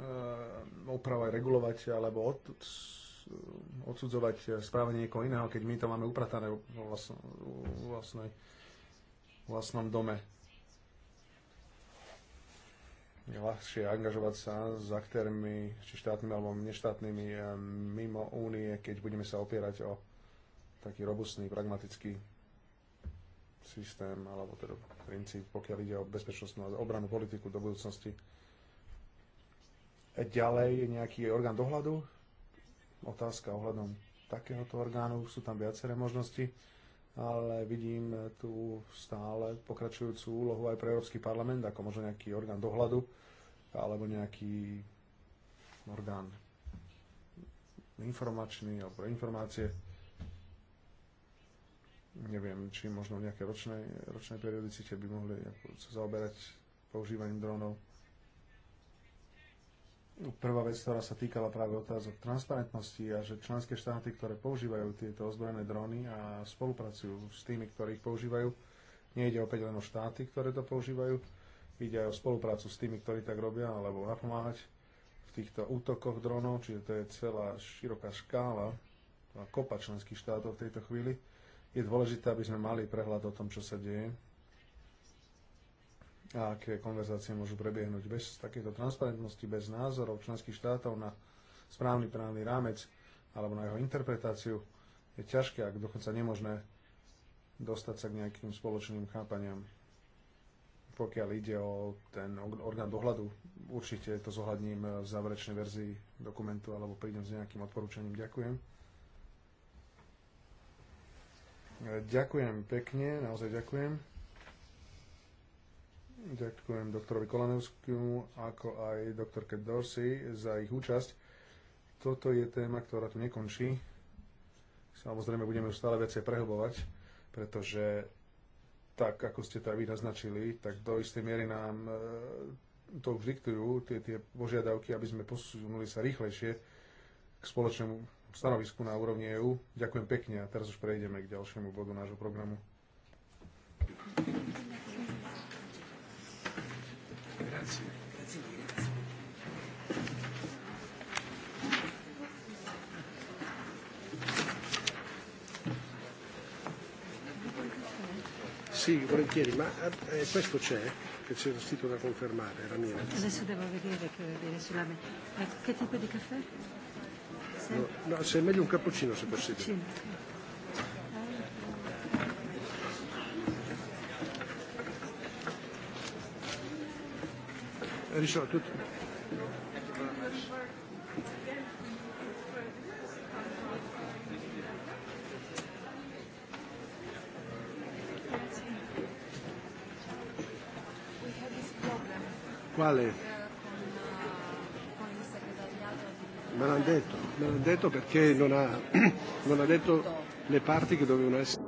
Eh, opravovať, regulovať alebo od, odsudzovať správanie niekoho iného, keď my to máme upratané vo vlastnej, vlastnom dome. Je ľahšie angažovať sa s aktérmi, či štátnymi alebo neštátnymi eh, mimo únie, keď budeme sa opierať o taký robustný, pragmatický systém alebo teda princíp, pokiaľ ide o bezpečnostnú a obranú politiku do budúcnosti. Ďalej je nejaký orgán dohľadu. Otázka ohľadom takéhoto orgánu. Sú tam viaceré možnosti, ale vidím tu stále pokračujúcu úlohu aj pre Európsky parlament, ako možno nejaký orgán dohľadu alebo nejaký orgán informačný alebo informácie. Neviem, či možno v nejakej ročnej, ročnej periodicite by mohli sa zaoberať používaním dronov Prvá vec, ktorá sa týkala práve otázok transparentnosti a že členské štáty, ktoré používajú tieto ozbrojené dróny a spolupracujú s tými, ktorí ich používajú, nejde opäť len o štáty, ktoré to používajú, ide aj o spoluprácu s tými, ktorí tak robia, alebo napomáhať v týchto útokoch dronov, čiže to je celá široká škála a kopa členských štátov v tejto chvíli. Je dôležité, aby sme mali prehľad o tom, čo sa deje a aké konverzácie môžu prebiehnúť. Bez takéto transparentnosti, bez názorov členských štátov na správny právny rámec alebo na jeho interpretáciu je ťažké, ak dokonca nemožné dostať sa k nejakým spoločným chápaniam. Pokiaľ ide o ten orgán dohľadu, určite to zohľadním v záverečnej verzii dokumentu alebo prídem s nejakým odporúčaním. Ďakujem. E, ďakujem pekne, naozaj ďakujem. Ďakujem doktorovi Kolanevskému, ako aj doktorke Dorsey za ich účasť. Toto je téma, ktorá tu nekončí. Samozrejme, budeme ju stále viacej prehlbovať, pretože tak, ako ste to aj vy naznačili, tak do istej miery nám e, to už diktujú tie, tie požiadavky, aby sme posunuli sa rýchlejšie k spoločnému stanovisku na úrovni EÚ. Ďakujem pekne a teraz už prejdeme k ďalšiemu bodu nášho programu. Sì, volentieri, ma eh, eh, questo c'è, che c'è lo sito da confermare, era mia. Adesso devo vedere che viene sulla me. Eh, che tipo di caffè? Se... No, no, se è meglio un cappuccino se possibile. Cappuccino. Richard, tout. Quale? Me l'hanno detto, me l'hanno detto perché non ha, non ha detto le parti che dovevano essere.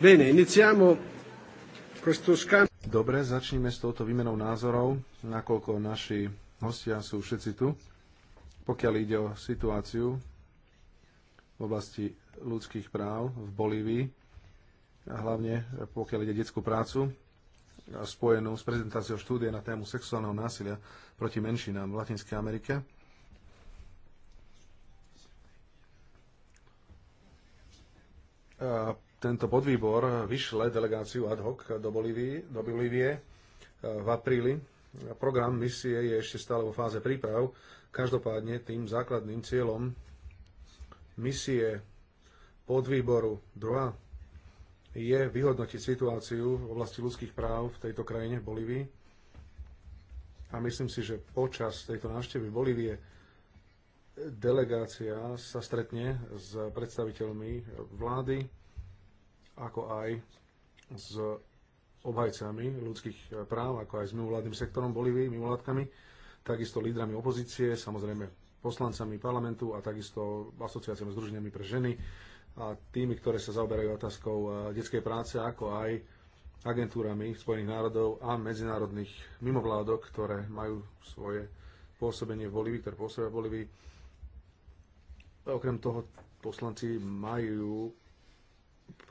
Bene, iniziamo questo scambio. Dobre, začneme s touto výmenou názorov, nakoľko naši hostia sú všetci tu. Pokiaľ ide o situáciu v oblasti ľudských práv v Bolívii, a hlavne pokiaľ ide o detskú prácu, spojenú s prezentáciou štúdie na tému sexuálneho násilia proti menšinám v Latinskej Amerike. tento podvýbor vyšle delegáciu ad hoc do, Bolívie, do Bolívie e, v apríli. Program misie je ešte stále vo fáze príprav. Každopádne tým základným cieľom misie podvýboru 2 je vyhodnotiť situáciu v oblasti ľudských práv v tejto krajine, v Bolívii. A myslím si, že počas tejto návštevy v Bolívie delegácia sa stretne s predstaviteľmi vlády, ako aj s obhajcami ľudských práv, ako aj s mimovládnym sektorom bolívy mimovládkami, takisto lídrami opozície, samozrejme poslancami parlamentu a takisto asociáciami združeniami pre ženy a tými, ktoré sa zaoberajú otázkou eh, detskej práce, ako aj agentúrami Spojených národov a medzinárodných mimovládok, ktoré majú svoje pôsobenie v Bolívii, ktoré pôsobia v Bolívii Okrem toho poslanci majú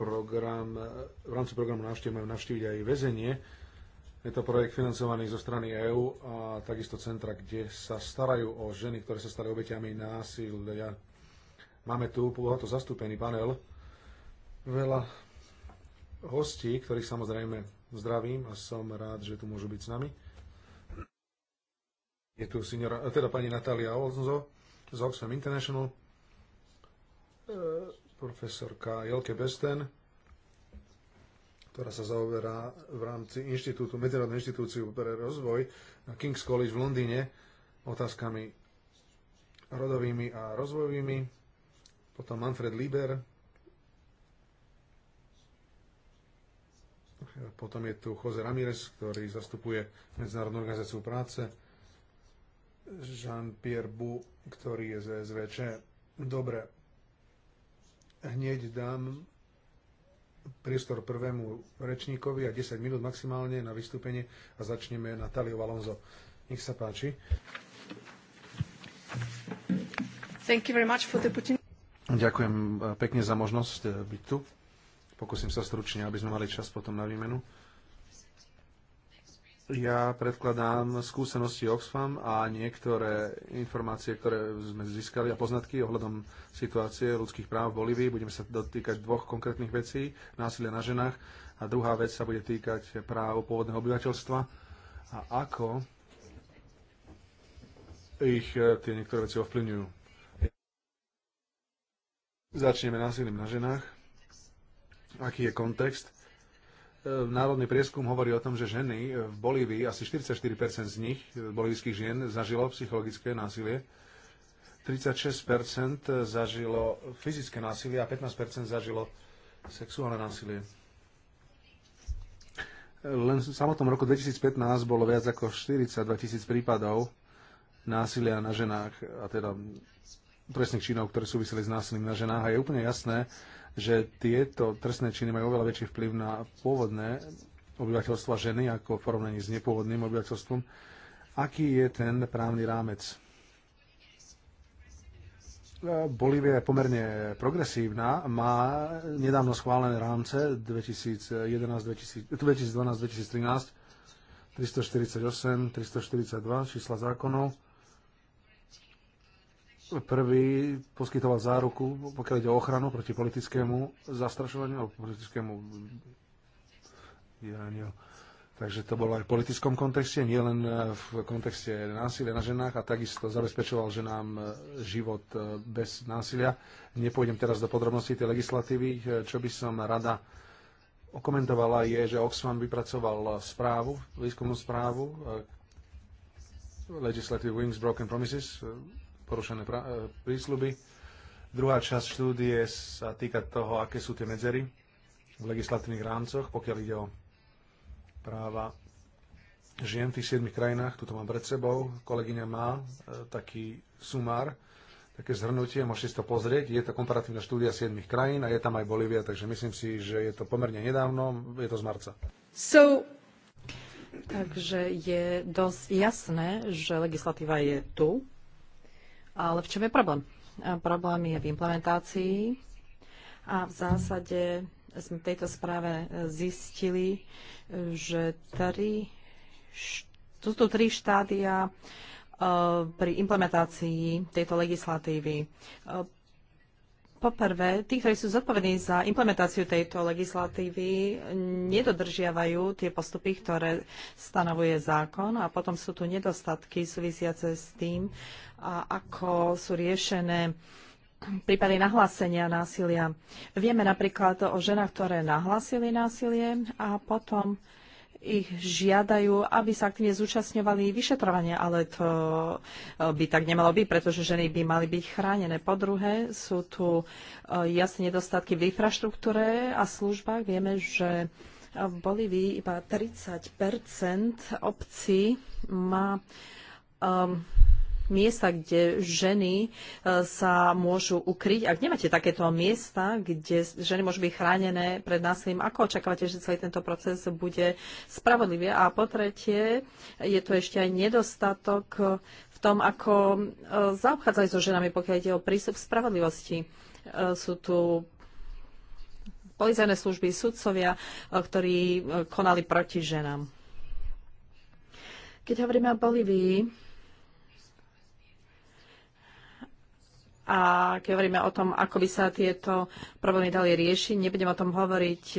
program, v rámci programu návštev majú navštíviť aj väzenie. Je to projekt financovaný zo strany EÚ a takisto centra, kde sa starajú o ženy, ktoré sa starajú obeťami násilia. Máme tu bohato zastúpený panel. Veľa hostí, ktorých samozrejme zdravím a som rád, že tu môžu byť s nami. Je tu signora, eh, teda pani Natália Olzo z Oxfam International, E, profesorka Jelke Besten, ktorá sa zaoberá v rámci inštitútu, medzinárodnej inštitúciu pre rozvoj na King's College v Londýne otázkami rodovými a rozvojovými, potom Manfred Lieber, potom je tu Jose Ramirez, ktorý zastupuje Medzinárodnú organizáciu práce, Jean-Pierre Bu, ktorý je z SVČ. Dobre, Hneď dám priestor prvému rečníkovi a 10 minút maximálne na vystúpenie a začneme Natáliou Alonzo. Nech sa páči. Thank you very much for the Ďakujem eh, pekne za možnosť eh, byť tu. Pokúsim sa stručne, aby sme mali čas potom na výmenu. Ja predkladám skúsenosti Oxfam a niektoré informácie, ktoré sme získali a poznatky ohľadom situácie ľudských práv v Bolívii. Budeme sa dotýkať dvoch konkrétnych vecí, násilia na ženách a druhá vec sa bude týkať práv pôvodného obyvateľstva a ako ich e, tie niektoré veci ovplyvňujú. Začneme násilím na ženách. Aký je kontext? E, Národný prieskum hovorí o tom, že ženy v Bolívii, asi 44% z nich, e, bolívských žien, zažilo psychologické násilie, 36% zažilo fyzické násilie a 15% zažilo sexuálne násilie. Len v samotnom roku 2015 bolo viac ako 42 tisíc prípadov násilia na ženách, a teda presných činov, ktoré súviseli s násilím na ženách. A je úplne jasné, že tieto trestné činy majú oveľa väčší vplyv na pôvodné obyvateľstva ženy ako v porovnaní s nepôvodným obyvateľstvom. Aký je ten právny rámec? Bolívia je pomerne progresívna, má nedávno schválené rámce 2011, 2012, 2013, 348, 342 čísla zákonov Prvý poskytoval záruku, pokiaľ ide o ochranu proti politickému zastrašovaniu alebo politickému dianiu. Takže to bolo aj v politickom kontexte, nielen v kontexte násilia na ženách a takisto zabezpečoval ženám život bez násilia. Nepôjdem teraz do podrobností tej legislatívy. Čo by som rada okomentovala je, že Oxfam vypracoval správu, výskumnú správu, Legislative Wings Broken Promises, porušené e, prísľuby. Druhá časť štúdie sa týka toho, aké sú tie medzery v legislatívnych rámcoch, pokiaľ ide o práva žien v tých 7 krajinách. Tuto mám pred sebou. Kolegyňa má e, taký sumár, také zhrnutie, môžete si to pozrieť. Je to komparatívna štúdia siedmich krajín a je tam aj Bolívia, takže myslím si, že je to pomerne nedávno, je to z marca. So, Takže je dosť jasné, že legislatíva je tu ale v čom je problém? Problém je v implementácii a v zásade sme v tejto správe zistili, že tri, tu sú tri štádia e, pri implementácii tejto legislatívy. E, poprvé, tí, ktorí sú zodpovední za implementáciu tejto legislatívy, nedodržiavajú tie postupy, ktoré stanovuje zákon a potom sú tu nedostatky súvisiace s tým, a ako sú riešené prípady nahlásenia násilia. Vieme napríklad o ženách, ktoré nahlásili násilie a potom ich žiadajú, aby sa aktívne zúčastňovali vyšetrovania, ale to e, by tak nemalo byť, pretože ženy by mali byť chránené. Po druhé, sú tu e, jasné nedostatky v infraštruktúre a službách. Vieme, že e, v Bolívii iba 30 obcí má um, miesta, kde ženy e, sa môžu ukryť. Ak nemáte takéto miesta, kde ženy môžu byť chránené pred násilím, ako očakávate, že celý tento proces bude spravodlivý? A po tretie, je tu ešte aj nedostatok v tom, ako e, zaobchádzajú so ženami, pokiaľ ide o prístup spravodlivosti. E, sú tu polizajné služby, sudcovia, ktorí konali proti ženám. Keď hovoríme o Bolívii, A keď hovoríme o tom, ako by sa tieto problémy dali riešiť, nebudem o tom hovoriť e,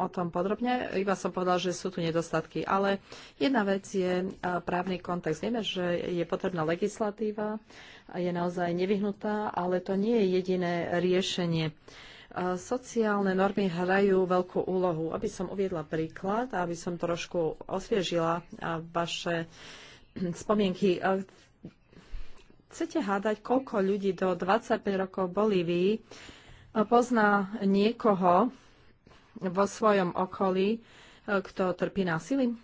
o tom podrobne, iba som povedal, že sú tu nedostatky. Ale jedna vec je e, právny kontext. Vieme, že je potrebná legislatíva, je naozaj nevyhnutá, ale to nie je jediné riešenie. E, sociálne normy hrajú veľkú úlohu. Aby som uviedla príklad, aby som trošku osviežila vaše spomienky chcete hádať, koľko ľudí do 25 rokov v Bolívii e, pozná niekoho vo svojom okolí, e, kto trpí násilím?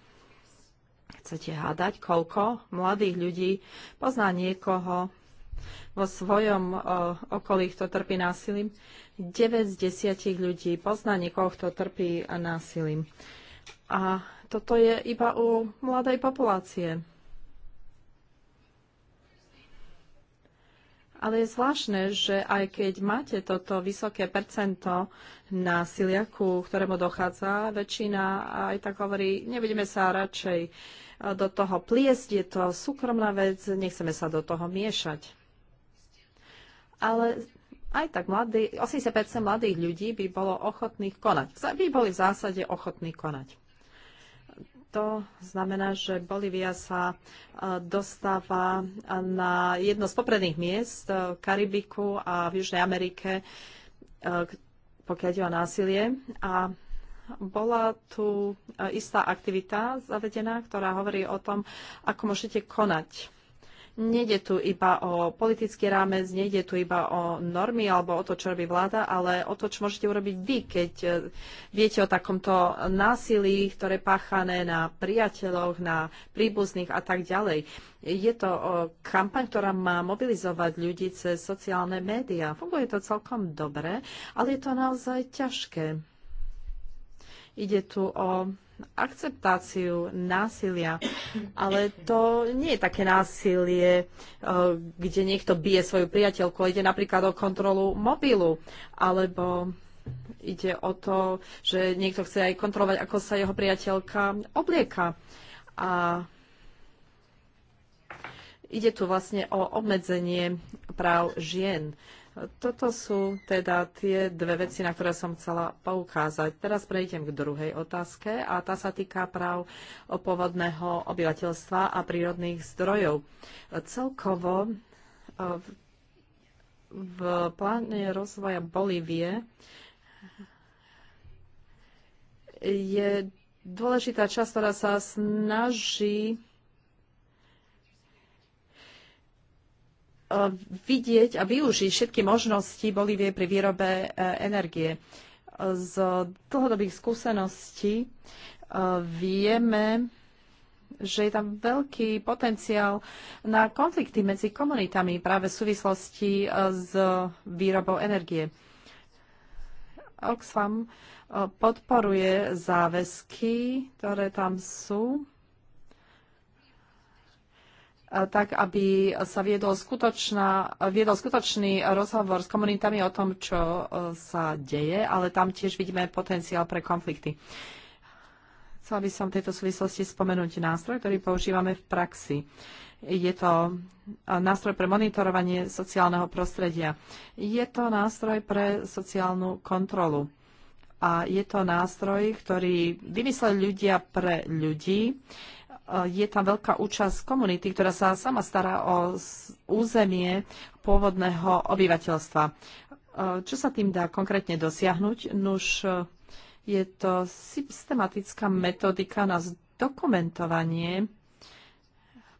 Chcete hádať, koľko mladých ľudí pozná niekoho vo svojom e, okolí, kto trpí násilím? 9 z 10 ľudí pozná niekoho, kto trpí násilím. A toto je iba u mladej populácie. Ale je zvláštne, že aj keď máte toto vysoké percento násilia, ku ktorému dochádza, väčšina aj tak hovorí, nebudeme sa radšej e, do toho pliesť, je to súkromná vec, nechceme sa do toho miešať. Ale aj tak mladí, 80% mladých ľudí by bolo ochotných konať. By boli v zásade ochotní konať. To znamená, že Bolívia sa e, dostáva na jedno z popredných miest v e, Karibiku a v Južnej Amerike, e, pokiaľ ide o násilie. A bola tu istá aktivita zavedená, ktorá hovorí o tom, ako môžete konať Nejde tu iba o politický rámec, nejde tu iba o normy alebo o to, čo robí vláda, ale o to, čo môžete urobiť vy, keď e, viete o takomto násilí, ktoré páchané na priateľoch, na príbuzných a tak ďalej. Je to e, kampaň, ktorá má mobilizovať ľudí cez sociálne médiá. Funguje to celkom dobre, ale je to naozaj ťažké. Ide tu o akceptáciu násilia, ale to nie je také násilie, eh, kde niekto bije svoju priateľku, ide napríklad o kontrolu mobilu, alebo ide o to, že niekto chce aj kontrolovať, ako sa jeho priateľka oblieka. A Ide tu vlastne o obmedzenie práv žien. Toto sú teda tie dve veci, na ktoré som chcela poukázať. Teraz prejdem k druhej otázke a tá sa týka práv pôvodného obyvateľstva a prírodných zdrojov. Celkovo e, v, v pláne rozvoja Bolívie je dôležitá časť, ktorá sa snaží vidieť a využiť všetky možnosti Bolívie pri výrobe e, energie. Z dlhodobých skúseností e, vieme, že je tam veľký potenciál na konflikty medzi komunitami práve v súvislosti e, s výrobou energie. Oxfam podporuje záväzky, ktoré tam sú E, tak aby sa viedol, skutočná, viedol skutočný rozhovor s komunitami o tom, čo e, sa deje, ale tam tiež vidíme potenciál pre konflikty. Chcela by som v tejto súvislosti spomenúť nástroj, ktorý používame v praxi. Je to e, nástroj pre monitorovanie sociálneho prostredia. Je to nástroj pre sociálnu kontrolu. A je to nástroj, ktorý vymysleli ľudia pre ľudí je tam veľká účasť komunity, ktorá sa sama stará o územie pôvodného obyvateľstva. E, čo sa tým dá konkrétne dosiahnuť? Nuž e, je to systematická metodika na dokumentovanie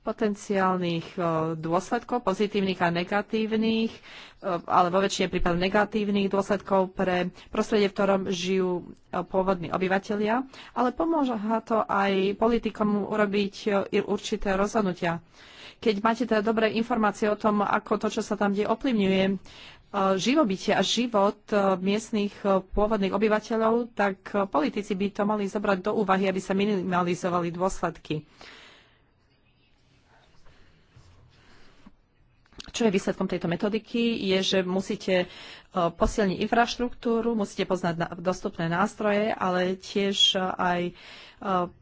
potenciálnych eh, dôsledkov, pozitívnych a negatívnych, eh, ale vo väčšine prípad negatívnych dôsledkov pre prostredie, v ktorom žijú eh, pôvodní obyvateľia, ale pomôže to aj politikom urobiť určité rozhodnutia. Keď máte teda dobré informácie o tom, ako to, čo sa tam deje, ovplyvňuje živobytie a život miestnych pôvodných obyvateľov, tak politici by to mali zobrať do úvahy, aby sa minimalizovali dôsledky. Čo je výsledkom tejto metodiky, je, že musíte e, posilniť infraštruktúru, musíte poznať dostupné nástroje, ale tiež e, aj e,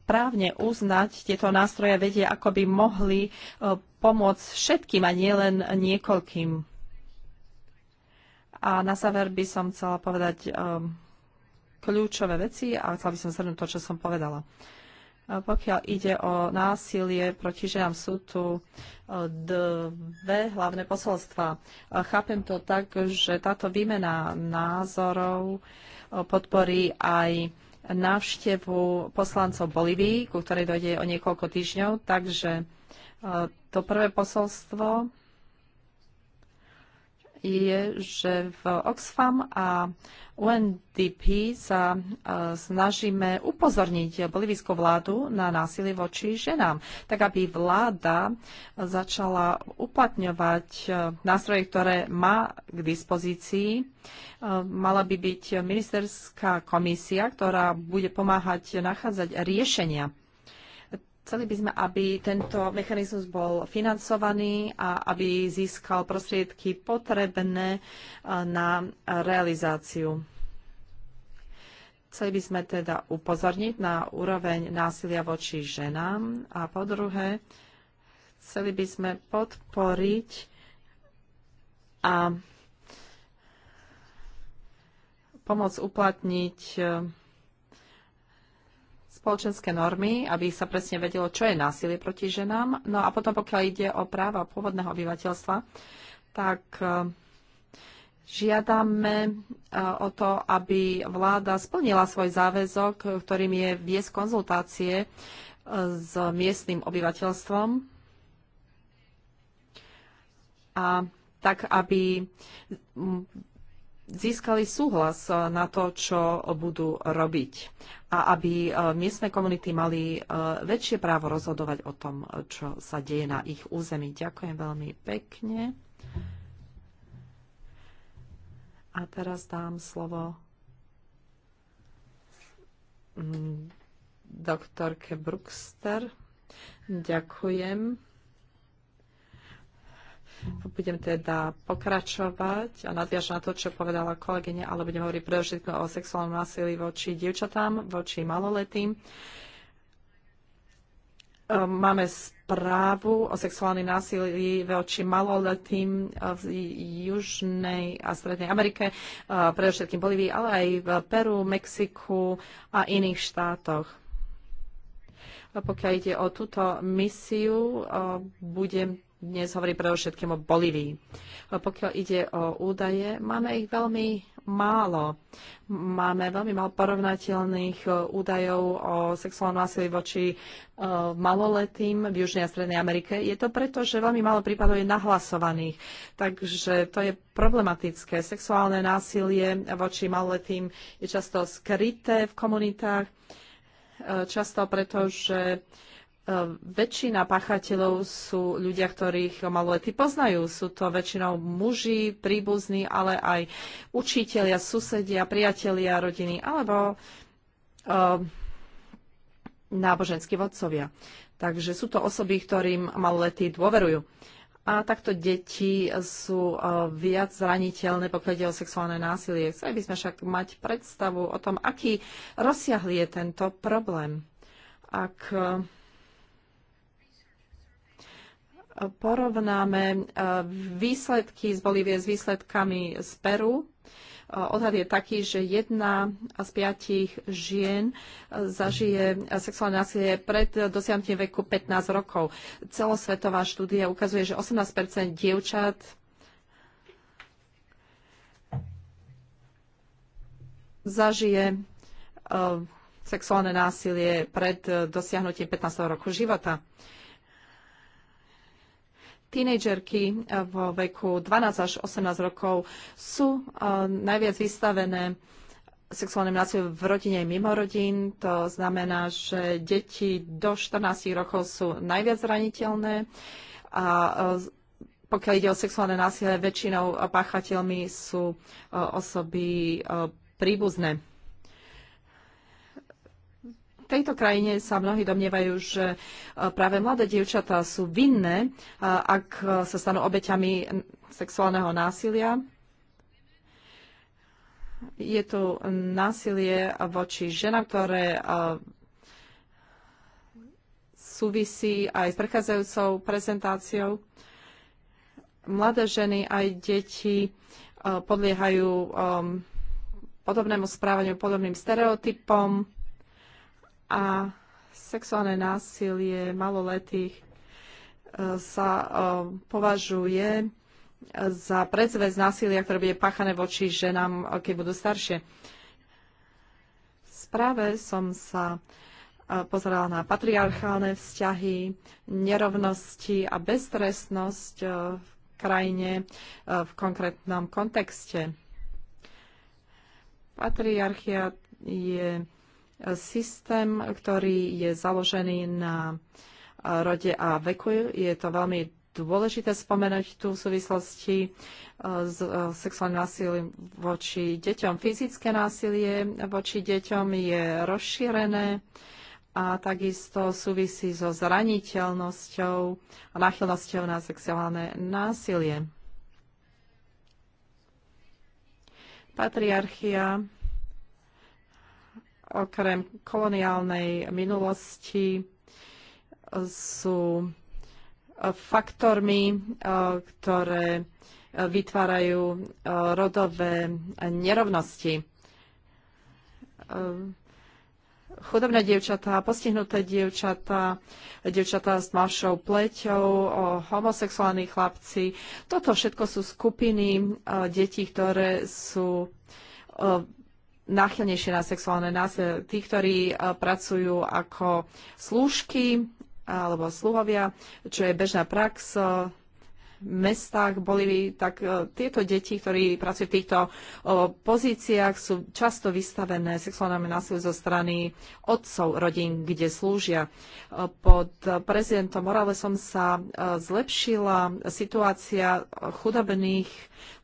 právne uznať tieto nástroje, vedie, ako by mohli pomôcť všetkým a nielen niekoľkým. A na záver by som chcela povedať kľúčové veci a chcela by som zhrnúť to, čo som povedala. Pokiaľ ide o násilie proti ženám, sú tu e, dve hlavné posolstva. Chápem to tak, že táto výmena názorov e, podporí aj návštevu poslancov Bolívii, ku ktorej dojde o niekoľko týždňov. Takže e, to prvé posolstvo je, že v Oxfam a UNDP sa e, snažíme upozorniť bolivijskú vládu na násilie voči ženám, tak aby vláda začala uplatňovať e, nástroje, ktoré má k dispozícii. E, mala by byť ministerská komisia, ktorá bude pomáhať nachádzať riešenia Chceli by sme, aby tento mechanizmus bol financovaný a aby získal prostriedky potrebné e, na realizáciu. Chceli by sme teda upozorniť na úroveň násilia voči ženám a po druhé, chceli by sme podporiť a pomôcť uplatniť e, spoločenské normy, aby sa presne vedelo, čo je násilie proti ženám. No a potom, pokiaľ ide o práva pôvodného obyvateľstva, tak e, žiadame e, o to, aby vláda splnila svoj záväzok, ktorým je viesť konzultácie e, s miestnym obyvateľstvom a tak, aby získali súhlas na to, čo budú robiť a aby e, miestne komunity mali e, väčšie právo rozhodovať o tom, e, čo sa deje na ich území. Ďakujem veľmi pekne. A teraz dám slovo mm, doktorke Bruxter. Ďakujem. Budem teda pokračovať a nadviaž na to, čo povedala kolegyňa, ale budem hovoriť predovšetkým o sexuálnom násilí voči dievčatám, voči maloletým. Ehm, máme správu o sexuálnom násilí voči maloletým v Južnej a Strednej Amerike, ehm, predovšetkým Bolívii, ale aj v Peru, Mexiku a iných štátoch. pokiaľ ide o túto misiu, ehm, budem dnes hovorí predovšetkým o Bolívii. Pokiaľ ide o údaje, máme ich veľmi málo. Máme veľmi málo porovnateľných e, údajov o sexuálnom násilí voči e, maloletým v Južnej a Strednej Amerike. Je to preto, že veľmi málo prípadov je nahlasovaných. Takže to je problematické. Sexuálne násilie voči maloletým je často skryté v komunitách. E, často preto, že väčšina pachateľov sú ľudia, ktorých maloletí poznajú. Sú to väčšinou muži, príbuzní, ale aj učitelia, susedia, priatelia, rodiny alebo uh, náboženskí vodcovia. Takže sú to osoby, ktorým maloletí dôverujú. A takto deti sú eh, viac zraniteľné, pokiaľ ide o sexuálne násilie. Chceli by sme však mať predstavu o tom, aký rozsiahlý je tento problém. Ak porovnáme e, výsledky z Bolívie s výsledkami z Peru, e, Odhad je taký, že jedna z piatich žien zažije sexuálne násilie pred dosiahnutím veku 15 rokov. Celosvetová štúdia ukazuje, že 18 dievčat zažije e, sexuálne násilie pred dosiahnutím 15. roku života. Tínejdžerky eh, vo veku 12 až 18 rokov sú eh, najviac vystavené sexuálnym násilie v rodine aj mimo rodín. To znamená, že deti do 14 rokov sú najviac zraniteľné a eh, pokiaľ ide o sexuálne násilie, väčšinou páchateľmi sú osoby príbuzné tejto krajine sa mnohí domnievajú, že e, práve mladé dievčatá sú vinné, e, ak e, sa stanú obeťami sexuálneho násilia. Je tu násilie voči ženám, ktoré súvisí aj s prechádzajúcou prezentáciou. Mladé ženy aj deti podliehajú podobnému správaniu, podobným stereotypom a sexuálne násilie maloletých e, sa e, považuje za predzvec násilia, ktoré bude páchané voči ženám, e, keď budú staršie. V správe som sa pozerala na patriarchálne vzťahy, nerovnosti a beztrestnosť v krajine v konkrétnom kontexte. Patriarchia je systém, ktorý je založený na rode a veku. Je to veľmi dôležité spomenúť tu v súvislosti e, s e, sexuálnym násilím voči deťom. Fyzické násilie voči deťom je rozšírené a takisto súvisí so zraniteľnosťou a náchylnosťou na sexuálne násilie. Patriarchia Okrem koloniálnej minulosti sú eh, faktormi, eh, ktoré eh, vytvárajú rodové nerovnosti. Chudobné dievčatá, postihnuté dievčatá, dievčatá s tmavšou pleťou, homosexuálni chlapci. Toto všetko sú skupiny detí, ktoré sú náchylnejšie na sexuálne násilie. Tí, ktorí e, pracujú ako slúžky alebo sluhovia, čo je bežná prax e, mestách boli, tak e, tieto deti, ktorí pracujú v týchto pozíciách, sú často vystavené sexuálnemu násiliu zo strany otcov rodín, kde slúžia. E, pod prezidentom Moralesom sa e, zlepšila situácia chudobných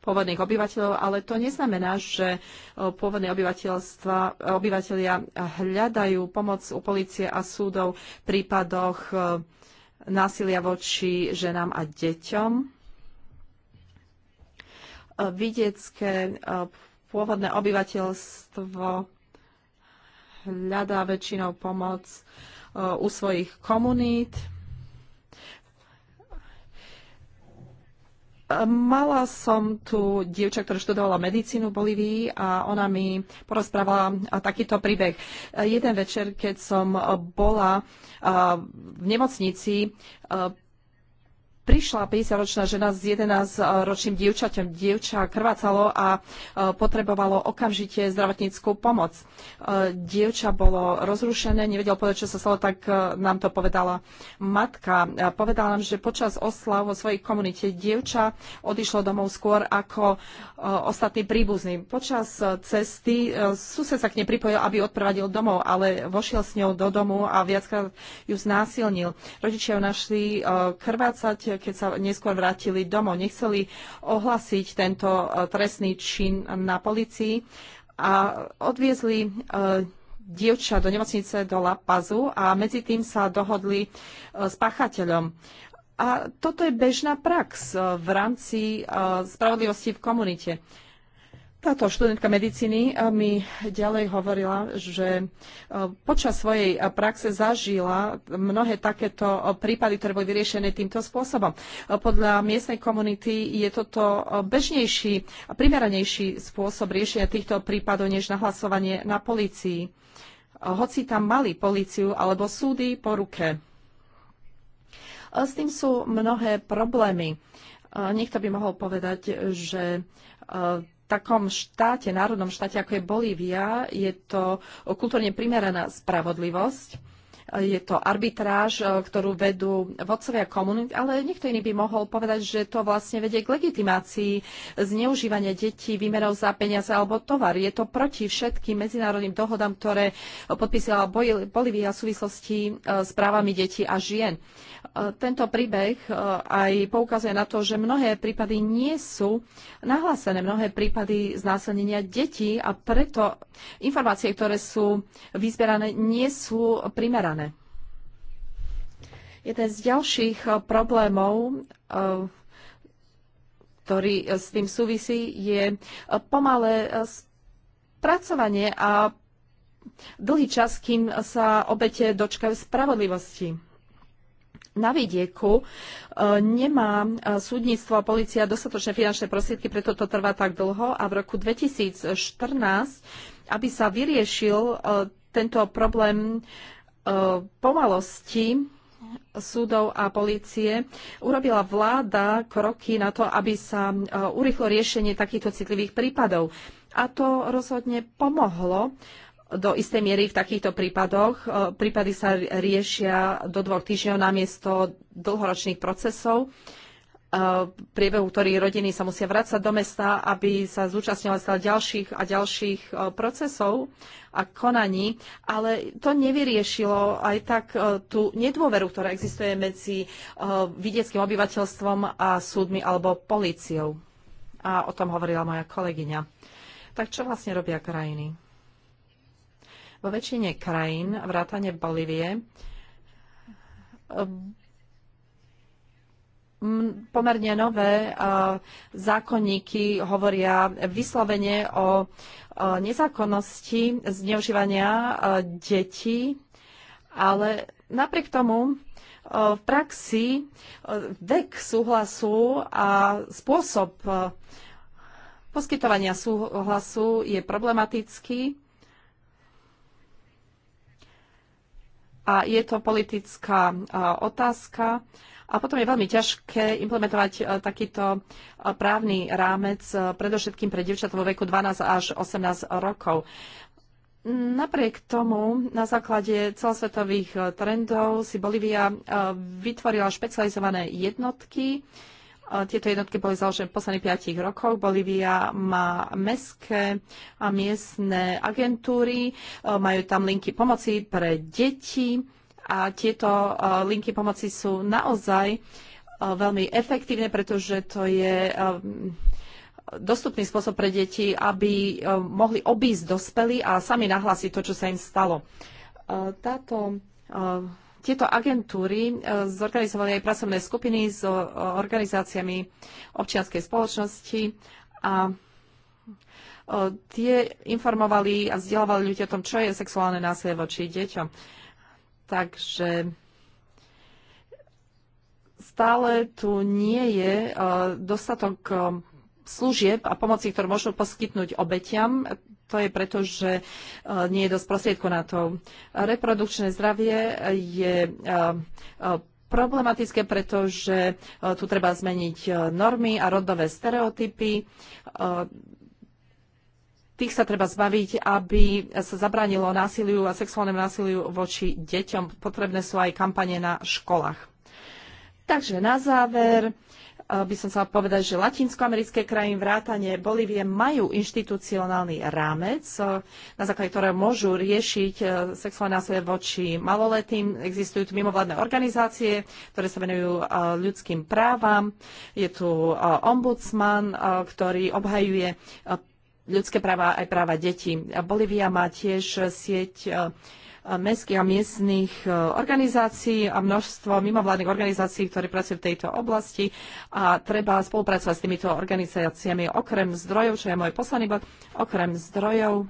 pôvodných obyvateľov, ale to neznamená, že pôvodné obyvateľstva, obyvateľia hľadajú pomoc u policie a súdov v prípadoch násilia voči ženám a deťom. E, vidiecké e, pôvodné obyvateľstvo hľadá väčšinou pomoc e, u svojich komunít Mala som tu dievča, ktorá študovala medicínu v Bolívii a ona mi porozprávala takýto príbeh. Jeden večer, keď som bola v nemocnici, prišla 50-ročná žena s 11-ročným dievčaťom. Dievča krvácalo a e, potrebovalo okamžite zdravotníckú pomoc. E, dievča bolo rozrušené, nevedel povedať, čo sa stalo, tak e, nám to povedala matka. Povedala nám, že počas oslav vo svojej komunite dievča odišlo domov skôr ako ostatní príbuzní. Počas cesty sused sa k nej pripojil, aby odprevadil domov, ale vošiel s ňou do domu a viackrát ju znásilnil. Rodičia ju našli krvácať keď sa neskôr vrátili domov. Nechceli ohlasiť tento e, trestný čin na policii a odviezli e, dievča do nemocnice do Lapazu a medzi tým sa dohodli e, s pachateľom. A toto je bežná prax v rámci spravodlivosti v komunite. Táto študentka medicíny mi ďalej hovorila, že e, počas svojej e, praxe zažila mnohé takéto e, prípady, ktoré boli vyriešené týmto spôsobom. Podľa miestnej komunity je toto bežnejší a primeranejší spôsob riešenia týchto prípadov než nahlasovanie na polícii. Hoci tam mali políciu alebo súdy po ruke. S tým sú mnohé problémy. Niekto by mohol povedať, že takom štáte, národnom štáte, ako je Bolívia, je to kultúrne primeraná spravodlivosť je to arbitráž, e, ktorú vedú vodcovia komunít, ale niekto iný by mohol povedať, že to vlastne vedie k legitimácii zneužívania detí, výmerov za peniaze alebo tovar. Je to proti všetkým medzinárodným dohodám, ktoré podpísala Bolívia v súvislosti e, s právami detí a žien. E, tento príbeh aj poukazuje na to, že mnohé prípady nie sú nahlásené, mnohé prípady znásilnenia detí a preto informácie, ktoré sú vyzberané, nie sú primerané Jeden z ďalších e, problémov, e, ktorý e, s tým súvisí, je pomalé spracovanie a dlhý čas, kým sa obete dočkajú spravodlivosti. Na vidieku nemá súdnictvo a policia dostatočné finančné prostriedky, preto to trvá tak dlho a v roku 2014, aby sa vyriešil tento problém pomalosti, súdov a polície, urobila vláda kroky na to, aby sa e, urýchlo riešenie takýchto citlivých prípadov. A to rozhodne pomohlo do istej miery v takýchto prípadoch. E, prípady sa riešia do dvoch týždňov namiesto dlhoročných procesov v e, priebehu ktorých rodiny sa musia vrácať do mesta, aby sa zúčastňovali stále ďalších a ďalších e, procesov a konaní, ale to nevyriešilo aj tak e, tú nedôveru, ktorá existuje medzi vidieckým obyvateľstvom a súdmi alebo políciou. A o tom hovorila moja kolegyňa. Tak čo vlastne robia krajiny? Vo väčšine krajín, vrátane Bolívie, pomerne nové zákonníky hovoria vyslovene o nezákonnosti zneužívania detí, ale napriek tomu v praxi vek súhlasu a spôsob poskytovania súhlasu je problematický a je to politická otázka a potom je veľmi ťažké implementovať e, takýto e, právny rámec e, predovšetkým pre dievčatá vo veku 12 až 18 rokov. Napriek tomu, na základe celosvetových trendov si Bolívia vytvorila špecializované jednotky. Tieto jednotky boli založené v posledných 5 rokoch. Bolívia má mestské a miestne agentúry, majú tam linky pomoci pre deti a tieto e, linky pomoci sú naozaj e, veľmi efektívne, pretože to je e, dostupný spôsob pre deti, aby mohli obísť dospelí a sami nahlásiť to, čo sa im stalo. Táto tieto agentúry zorganizovali aj pracovné skupiny s organizáciami občianskej spoločnosti a tie informovali a vzdelávali ľudia o tom, čo je sexuálne násilie voči deťom. Takže stále tu nie je e, dostatok e, služieb a pomoci, ktoré môžu poskytnúť obetiam. To je preto, že e, nie je dosť prostriedku na to. Reprodukčné zdravie je problematické, pretože tu treba zmeniť normy a rodové stereotypy tých sa treba zbaviť, aby sa zabránilo násiliu a sexuálnemu násiliu voči deťom. Potrebné sú aj kampane na školách. Takže na záver e, by som sa povedať, že latinskoamerické krajiny vrátane Bolívie majú inštitucionálny rámec, e, na základe ktorého môžu riešiť e, sexuálne násilie voči maloletým. Existujú tu mimovládne organizácie, ktoré sa venujú ľudským právam. Je tu ombudsman, ktorý obhajuje ľudské práva aj práva detí. Bolívia má tiež sieť e, e, mestských a miestnych e, organizácií a množstvo mimovládnych organizácií, ktoré pracujú v tejto oblasti a treba spolupracovať s týmito organizáciami okrem zdrojov, čo je môj posledný bod, okrem zdrojov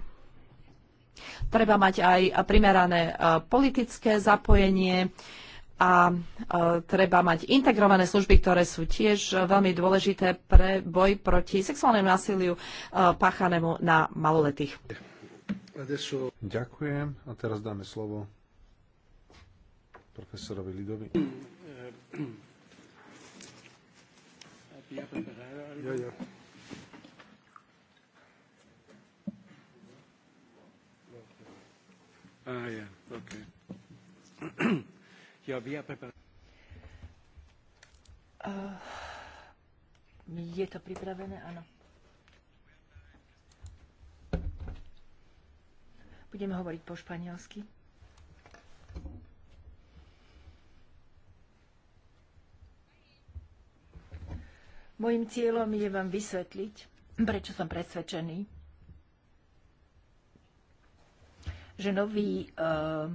Treba mať aj primerané politické zapojenie, a e, treba mať integrované služby, ktoré sú tiež veľmi dôležité pre boj proti sexuálnemu násiliu e, páchanému na maloletých. Ďakujem a teraz dáme slovo profesorovi Lidovi. Ah, yeah, okay. Uh, je to pripravené? Áno. Budeme hovoriť po španielsky. Mojím cieľom je vám vysvetliť, prečo som presvedčený, že nový uh,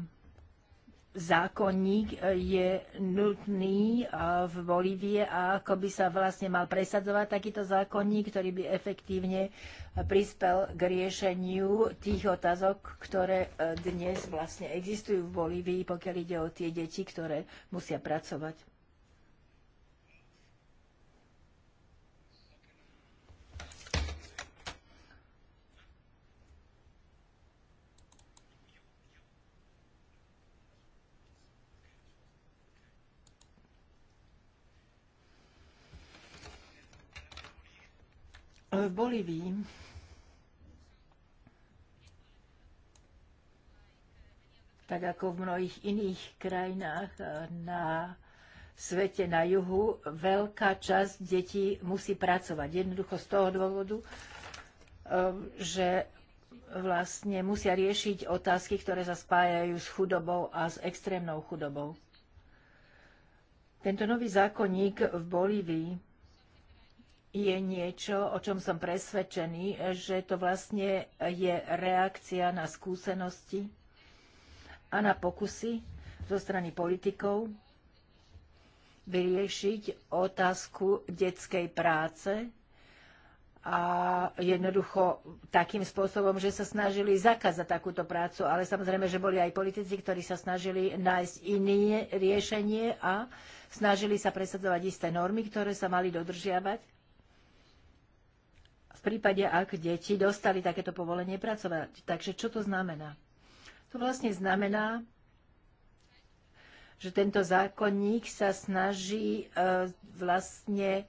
zákonník e, je nutný e, v Bolívie a ako by sa vlastne mal presadzovať takýto zákonník, ktorý by efektívne e, prispel k riešeniu tých otázok, ktoré dnes vlastne existujú v Bolívii, pokiaľ ide o tie deti, ktoré musia pracovať. v Bolívii. tak ako v mnohých iných krajinách eh, na svete na juhu, veľká časť detí musí pracovať. Jednoducho z toho dôvodu, eh, že vlastne musia riešiť otázky, ktoré sa spájajú s chudobou a s extrémnou chudobou. Tento nový zákonník v Bolívii je niečo, o čom som presvedčený, že to vlastne je reakcia na skúsenosti a na pokusy zo strany politikov vyriešiť otázku detskej práce a jednoducho takým spôsobom, že sa snažili zakázať takúto prácu, ale samozrejme, že boli aj politici, ktorí sa snažili nájsť iné riešenie a snažili sa presadzovať isté normy, ktoré sa mali dodržiavať v prípade, ak deti dostali takéto povolenie pracovať. Takže čo to znamená? To vlastne znamená, že tento zákonník sa snaží e, vlastne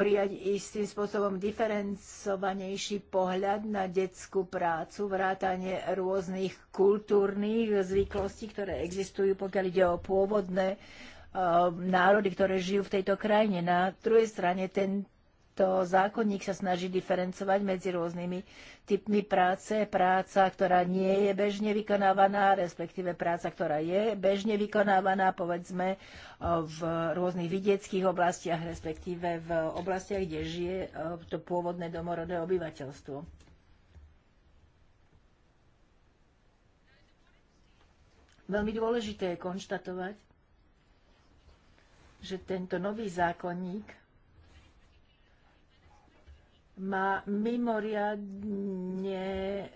prijať istým spôsobom diferencovanejší pohľad na detskú prácu, vrátanie rôznych kultúrnych zvyklostí, ktoré existujú, pokiaľ ide o pôvodné Um, národy, ktoré žijú v tejto krajine. Na druhej strane tento zákonník sa snaží diferencovať medzi rôznymi typmi práce. Práca, ktorá nie je bežne vykonávaná, respektíve práca, ktorá je bežne vykonávaná, povedzme, uh, v rôznych vidieckých oblastiach, respektíve v oblastiach, kde žije uh, to pôvodné domorodé obyvateľstvo. Veľmi dôležité je konštatovať, že tento nový zákonník má mimoriadne e,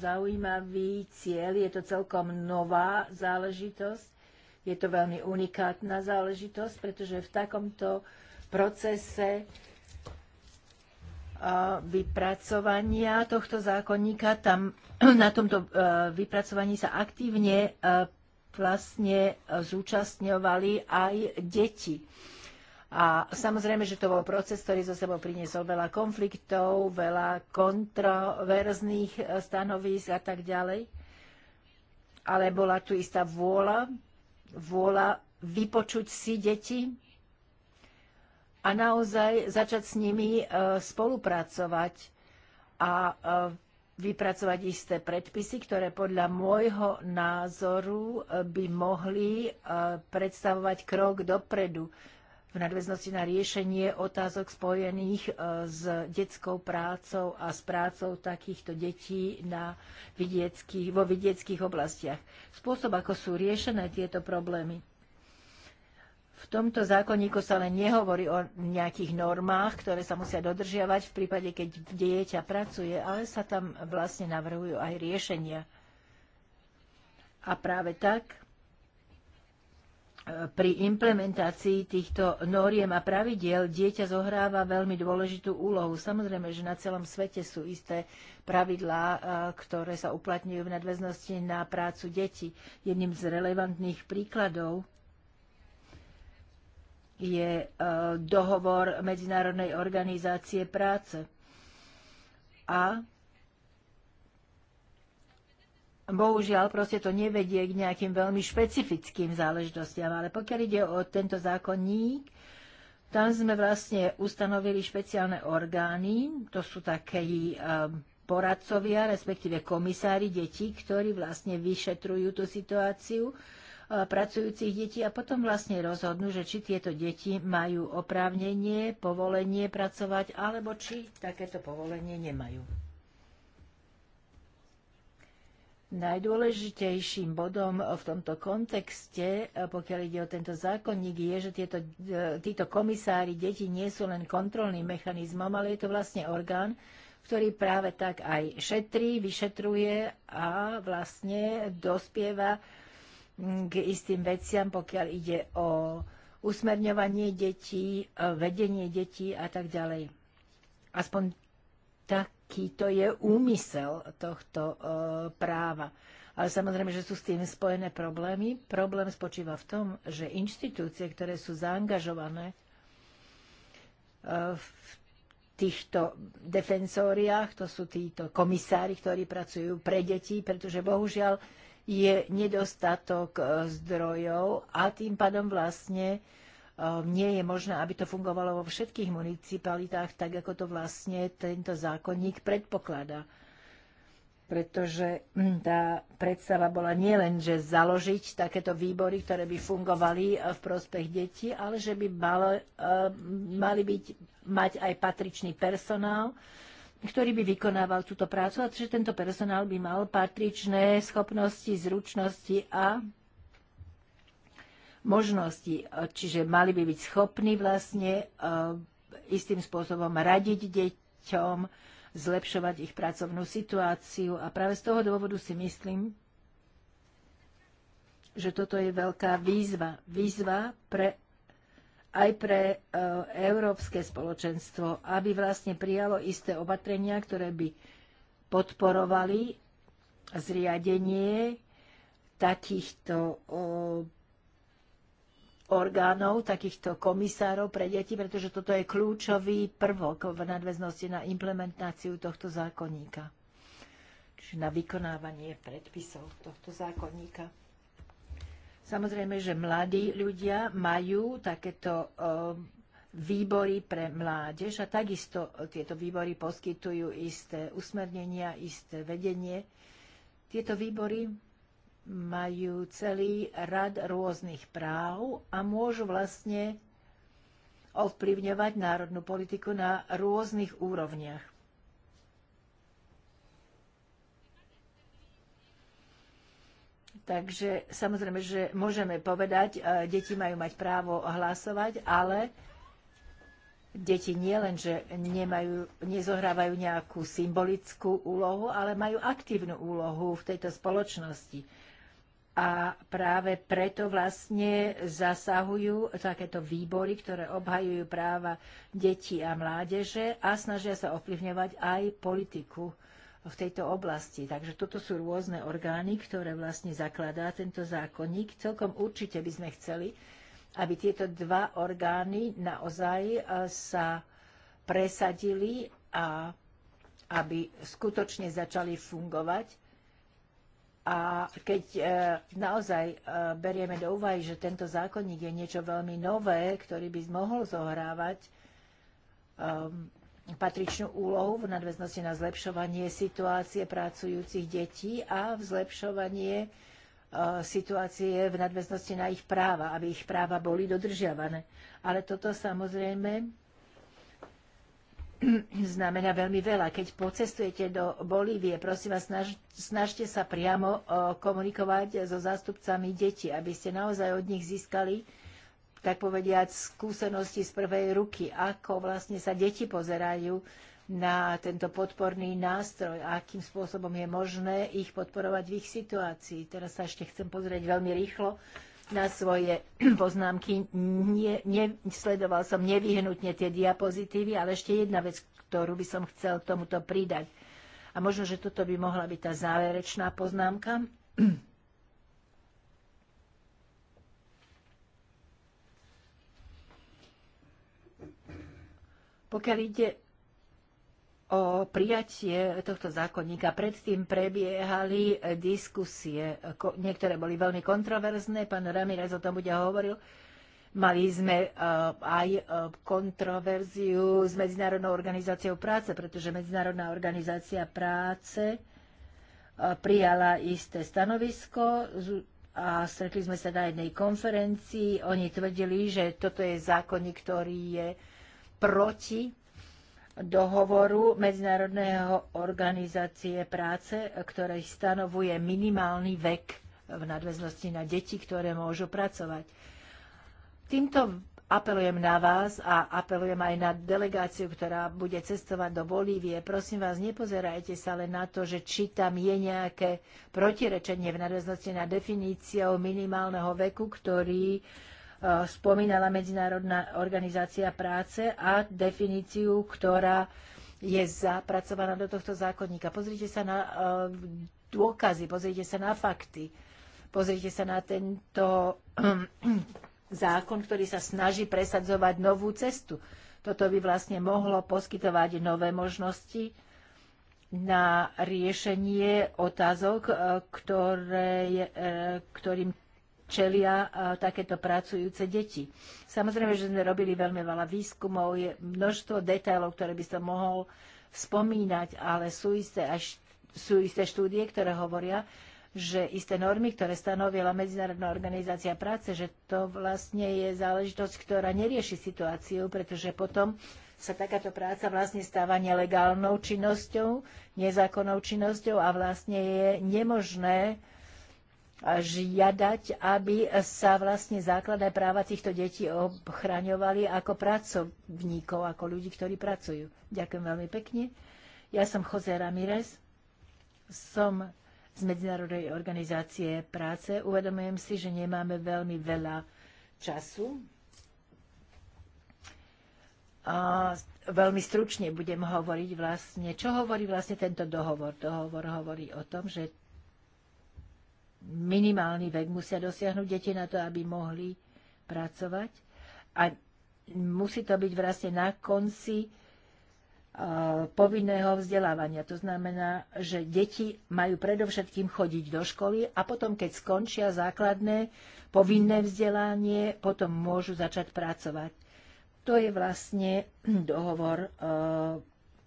zaujímavý cieľ. Je to celkom nová záležitosť. Je to veľmi unikátna záležitosť, pretože v takomto procese e, vypracovania tohto zákonníka tam na tomto e, vypracovaní sa aktívne vlastne zúčastňovali aj deti. A samozrejme, že to bol proces, ktorý zo sebou priniesol veľa konfliktov, veľa kontroverzných e, stanovísk a tak ďalej. Ale bola tu istá vôľa, vôľa vypočuť si deti a naozaj začať s nimi e, spolupracovať a e, vypracovať isté predpisy, ktoré podľa môjho názoru e, by mohli e, predstavovať krok dopredu v nadväznosti na riešenie otázok spojených e, s detskou prácou a s prácou takýchto detí na vidiecky, vo vidieckých oblastiach. Spôsob, ako sú riešené tieto problémy v tomto zákonníku sa len nehovorí o nejakých normách, ktoré sa musia dodržiavať v prípade, keď dieťa pracuje, ale sa tam vlastne navrhujú aj riešenia. A práve tak e, pri implementácii týchto noriem a pravidiel dieťa zohráva veľmi dôležitú úlohu. Samozrejme, že na celom svete sú isté pravidlá, e, ktoré sa uplatňujú v nadväznosti na prácu detí. Jedným z relevantných príkladov je e, dohovor Medzinárodnej organizácie práce. A bohužiaľ proste to nevedie k nejakým veľmi špecifickým záležitostiam, ale pokiaľ ide o tento zákonník, tam sme vlastne ustanovili špeciálne orgány, to sú také e, poradcovia, respektíve komisári detí, ktorí vlastne vyšetrujú tú situáciu E, pracujúcich detí a potom vlastne rozhodnú, že či tieto deti majú oprávnenie, povolenie pracovať, alebo či takéto povolenie nemajú. Najdôležitejším bodom v tomto kontexte, e, pokiaľ ide o tento zákonník, je, že tieto, e, títo komisári deti nie sú len kontrolným mechanizmom, ale je to vlastne orgán, ktorý práve tak aj šetrí, vyšetruje a vlastne dospieva k istým veciam, pokiaľ ide o usmerňovanie detí, e, vedenie detí a tak ďalej. Aspoň takýto je úmysel tohto e, práva. Ale samozrejme, že sú s tým spojené problémy. Problém spočíva v tom, že inštitúcie, ktoré sú zaangažované e, v týchto defensóriách, to sú títo komisári, ktorí pracujú pre deti, pretože bohužiaľ je nedostatok e, zdrojov a tým pádom vlastne e, nie je možné, aby to fungovalo vo všetkých municipalitách, tak ako to vlastne tento zákonník predpokladá. Pretože hm, tá predstava bola nielen, že založiť takéto výbory, ktoré by fungovali e, v prospech detí, ale že by malo, mali byť, mať aj patričný personál, ktorý by vykonával túto prácu a že tento personál by mal patričné schopnosti, zručnosti a možnosti. Čiže mali by byť schopní vlastne eh, istým spôsobom radiť deťom, zlepšovať ich pracovnú situáciu a práve z toho dôvodu si myslím, že toto je veľká výzva. Výzva pre aj pre e, Európske spoločenstvo, aby vlastne prijalo isté opatrenia, ktoré by podporovali zriadenie takýchto orgánov, takýchto komisárov pre deti, pretože toto je kľúčový prvok v nadväznosti na implementáciu tohto zákonníka. Čiže na vykonávanie predpisov tohto zákonníka. Samozrejme, že mladí ľudia majú takéto eh, výbory pre mládež a takisto tieto výbory poskytujú isté usmernenia, isté vedenie. Tieto výbory majú celý rad rôznych práv a môžu vlastne ovplyvňovať národnú politiku na rôznych úrovniach. Takže samozrejme, že môžeme povedať, e, deti majú mať právo hlasovať, ale deti nie len, že nemajú, nezohrávajú nejakú symbolickú úlohu, ale majú aktívnu úlohu v tejto spoločnosti. A práve preto vlastne zasahujú takéto výbory, ktoré obhajujú práva detí a mládeže a snažia sa ovplyvňovať aj politiku v tejto oblasti. Takže toto sú rôzne orgány, ktoré vlastne zakladá tento zákonník. Celkom určite by sme chceli, aby tieto dva orgány naozaj e, sa presadili a aby skutočne začali fungovať a keď e, naozaj e, berieme do úvahy, že tento zákonník je niečo veľmi nové, ktorý by mohol zohrávať um, patričnú úlohu v nadväznosti na zlepšovanie situácie pracujúcich detí a v zlepšovanie e, situácie v nadväznosti na ich práva, aby ich práva boli dodržiavané. Ale toto samozrejme znamená veľmi veľa. Keď pocestujete do Bolívie, prosím vás, snaž, snažte sa priamo e, komunikovať so zástupcami detí, aby ste naozaj od nich získali tak povediať, skúsenosti z prvej ruky, ako vlastne sa deti pozerajú na tento podporný nástroj, a akým spôsobom je možné ich podporovať v ich situácii. Teraz sa ešte chcem pozrieť veľmi rýchlo na svoje poznámky. Nie, nesledoval som nevyhnutne tie diapozitívy, ale ešte jedna vec, ktorú by som chcel k tomuto pridať. A možno, že toto by mohla byť tá záverečná poznámka. Pokiaľ ide o prijatie tohto zákonníka, predtým prebiehali diskusie. Niektoré boli veľmi kontroverzné, pán Ramirez o tom bude hovoril. Mali sme e, aj e, kontroverziu s Medzinárodnou organizáciou práce, pretože Medzinárodná organizácia práce e, prijala isté stanovisko a stretli sme sa na jednej konferencii. Oni tvrdili, že toto je zákonník, ktorý je proti dohovoru Medzinárodného organizácie práce, ktorej stanovuje minimálny vek v nadväznosti na deti, ktoré môžu pracovať. Týmto apelujem na vás a apelujem aj na delegáciu, ktorá bude cestovať do Bolívie. Prosím vás, nepozerajte sa len na to, že či tam je nejaké protirečenie v nadväznosti na definíciou minimálneho veku, ktorý E, spomínala Medzinárodná organizácia práce a definíciu, ktorá je zapracovaná do tohto zákonníka. Pozrite sa na e, dôkazy, pozrite sa na fakty, pozrite sa na tento zákon, ktorý sa snaží presadzovať novú cestu. Toto by vlastne mohlo poskytovať nové možnosti na riešenie otázok, e, ktoré, ktorým čelia e, takéto pracujúce deti. Samozrejme, že sme robili veľmi veľa výskumov, je množstvo detailov, ktoré by som mohol spomínať, ale sú isté, až, sú isté štúdie, ktoré hovoria, že isté normy, ktoré stanovila Medzinárodná organizácia práce, že to vlastne je záležitosť, ktorá nerieši situáciu, pretože potom sa takáto práca vlastne stáva nelegálnou činnosťou, nezákonnou činnosťou a vlastne je nemožné žiadať, aby sa vlastne základné práva týchto detí ochraňovali ako pracovníkov, ako ľudí, ktorí pracujú. Ďakujem veľmi pekne. Ja som Jose Ramirez, som z Medzinárodnej organizácie práce. Uvedomujem si, že nemáme veľmi veľa času. A veľmi stručne budem hovoriť vlastne, čo hovorí vlastne tento dohovor. Dohovor hovorí o tom, že minimálny vek musia dosiahnuť deti na to, aby mohli pracovať. A musí to byť vlastne na konci e, povinného vzdelávania. To znamená, že deti majú predovšetkým chodiť do školy a potom, keď skončia základné povinné vzdelanie, potom môžu začať pracovať. To je vlastne dohovor e,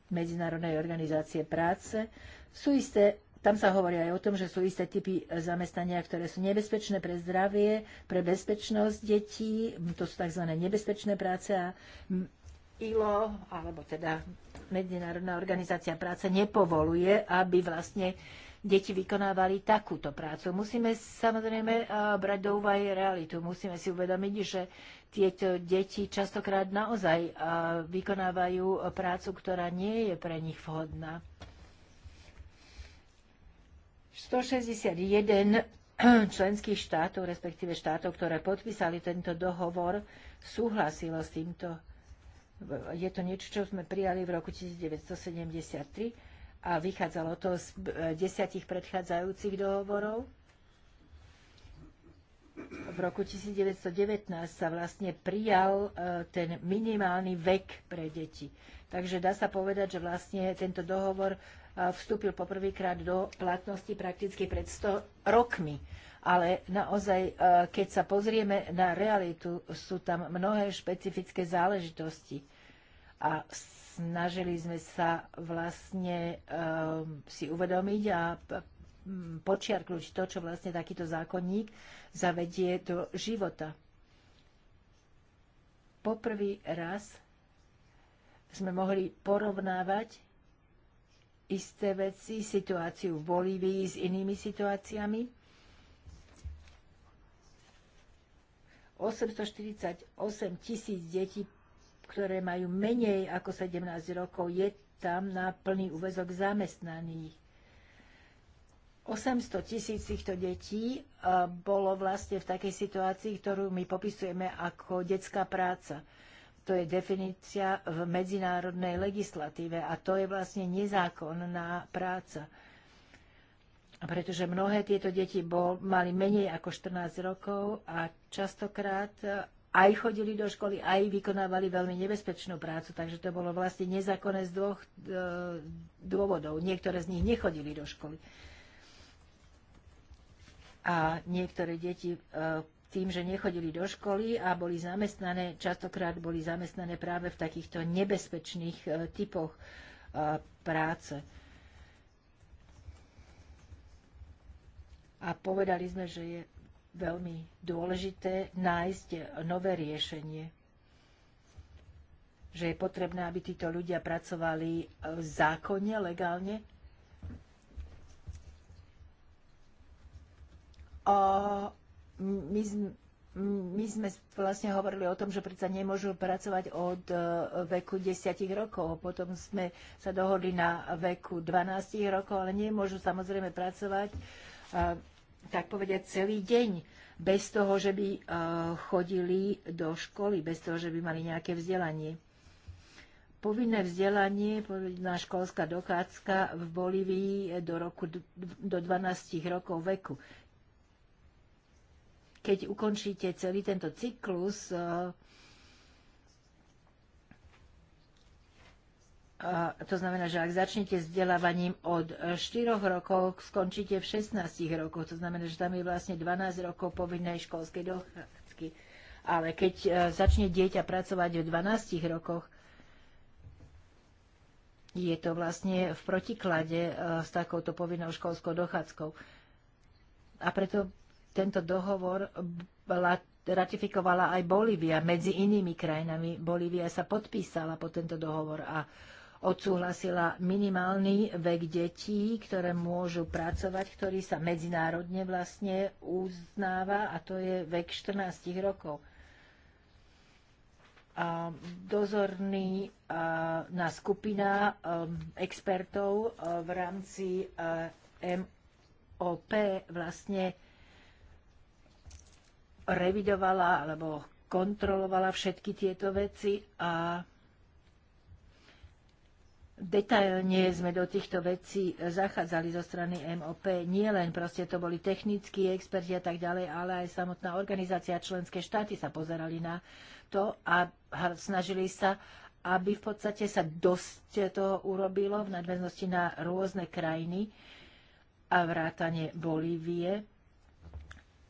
Medzinárodnej organizácie práce. Sú isté tam sa hovorí aj o tom, že sú isté typy e, zamestnania, ktoré sú nebezpečné pre zdravie, pre bezpečnosť detí, to sú tzv. nebezpečné práce a ILO, alebo teda Medzinárodná organizácia práce nepovoluje, aby vlastne deti vykonávali takúto prácu. Musíme samozrejme e, brať do úvahy realitu. Musíme si uvedomiť, že tieto deti častokrát naozaj e, vykonávajú prácu, ktorá nie je pre nich vhodná. 161 členských štátov, respektíve štátov, ktoré podpísali tento dohovor, súhlasilo s týmto. Je to niečo, čo sme prijali v roku 1973 a vychádzalo to z eh, desiatich predchádzajúcich dohovorov. V roku 1919 sa vlastne prijal eh, ten minimálny vek pre deti. Takže dá sa povedať, že vlastne tento dohovor vstúpil poprvýkrát do platnosti prakticky pred 100 rokmi. Ale naozaj, keď sa pozrieme na realitu, sú tam mnohé špecifické záležitosti. A snažili sme sa vlastne si uvedomiť a počiarknúť to, čo vlastne takýto zákonník zavedie do života. Poprvý raz sme mohli porovnávať isté veci, situáciu v Bolívii s inými situáciami. 848 tisíc detí, ktoré majú menej ako 17 rokov, je tam na plný úvezok zamestnaných. 800 tisíc týchto detí eh, bolo vlastne v takej situácii, ktorú my popisujeme ako detská práca to je definícia v medzinárodnej legislatíve a to je vlastne nezákonná práca. Pretože mnohé tieto deti bol, mali menej ako 14 rokov a častokrát aj chodili do školy, aj vykonávali veľmi nebezpečnú prácu, takže to bolo vlastne nezákonné z dvoch e, dôvodov. Niektoré z nich nechodili do školy. A niektoré deti e, tým, že nechodili do školy a boli zamestnané, častokrát boli zamestnané práve v takýchto nebezpečných e, typoch e, práce. A povedali sme, že je veľmi dôležité nájsť nové riešenie. Že je potrebné, aby títo ľudia pracovali e, zákonne, legálne. A my, my sme vlastne hovorili o tom, že predsa nemôžu pracovať od e, veku 10 rokov. Potom sme sa dohodli na veku 12 rokov, ale nemôžu samozrejme pracovať, e, tak povediať, celý deň bez toho, že by e, chodili do školy, bez toho, že by mali nejaké vzdelanie. Povinné vzdelanie, povinná školská dochádzka v Bolívii do, roku, do 12 rokov veku keď ukončíte celý tento cyklus, eh, eh, to znamená, že ak začnete vzdelávaním od 4 rokov, skončíte v 16 rokoch. To znamená, že tam je vlastne 12 rokov povinnej školskej dochádzky. Ale keď eh, začne dieťa pracovať v 12 rokoch, je to vlastne v protiklade s takouto povinnou školskou dochádzkou. A preto tento dohovor ratifikovala aj Bolívia. Medzi inými krajinami Bolívia sa podpísala po tento dohovor a odsúhlasila minimálny vek detí, ktoré môžu pracovať, ktorý sa medzinárodne vlastne uznáva a to je vek 14 rokov. A dozorný a, na skupina um, a, expertov v rámci MOP vlastne revidovala alebo kontrolovala všetky tieto veci a Detailne sme do týchto vecí zachádzali zo strany MOP. Nie len proste to boli technickí experti a tak ďalej, ale aj samotná organizácia členské štáty sa pozerali na to a snažili sa, aby v podstate sa dosť toho urobilo v nadväznosti na rôzne krajiny a vrátane Bolívie.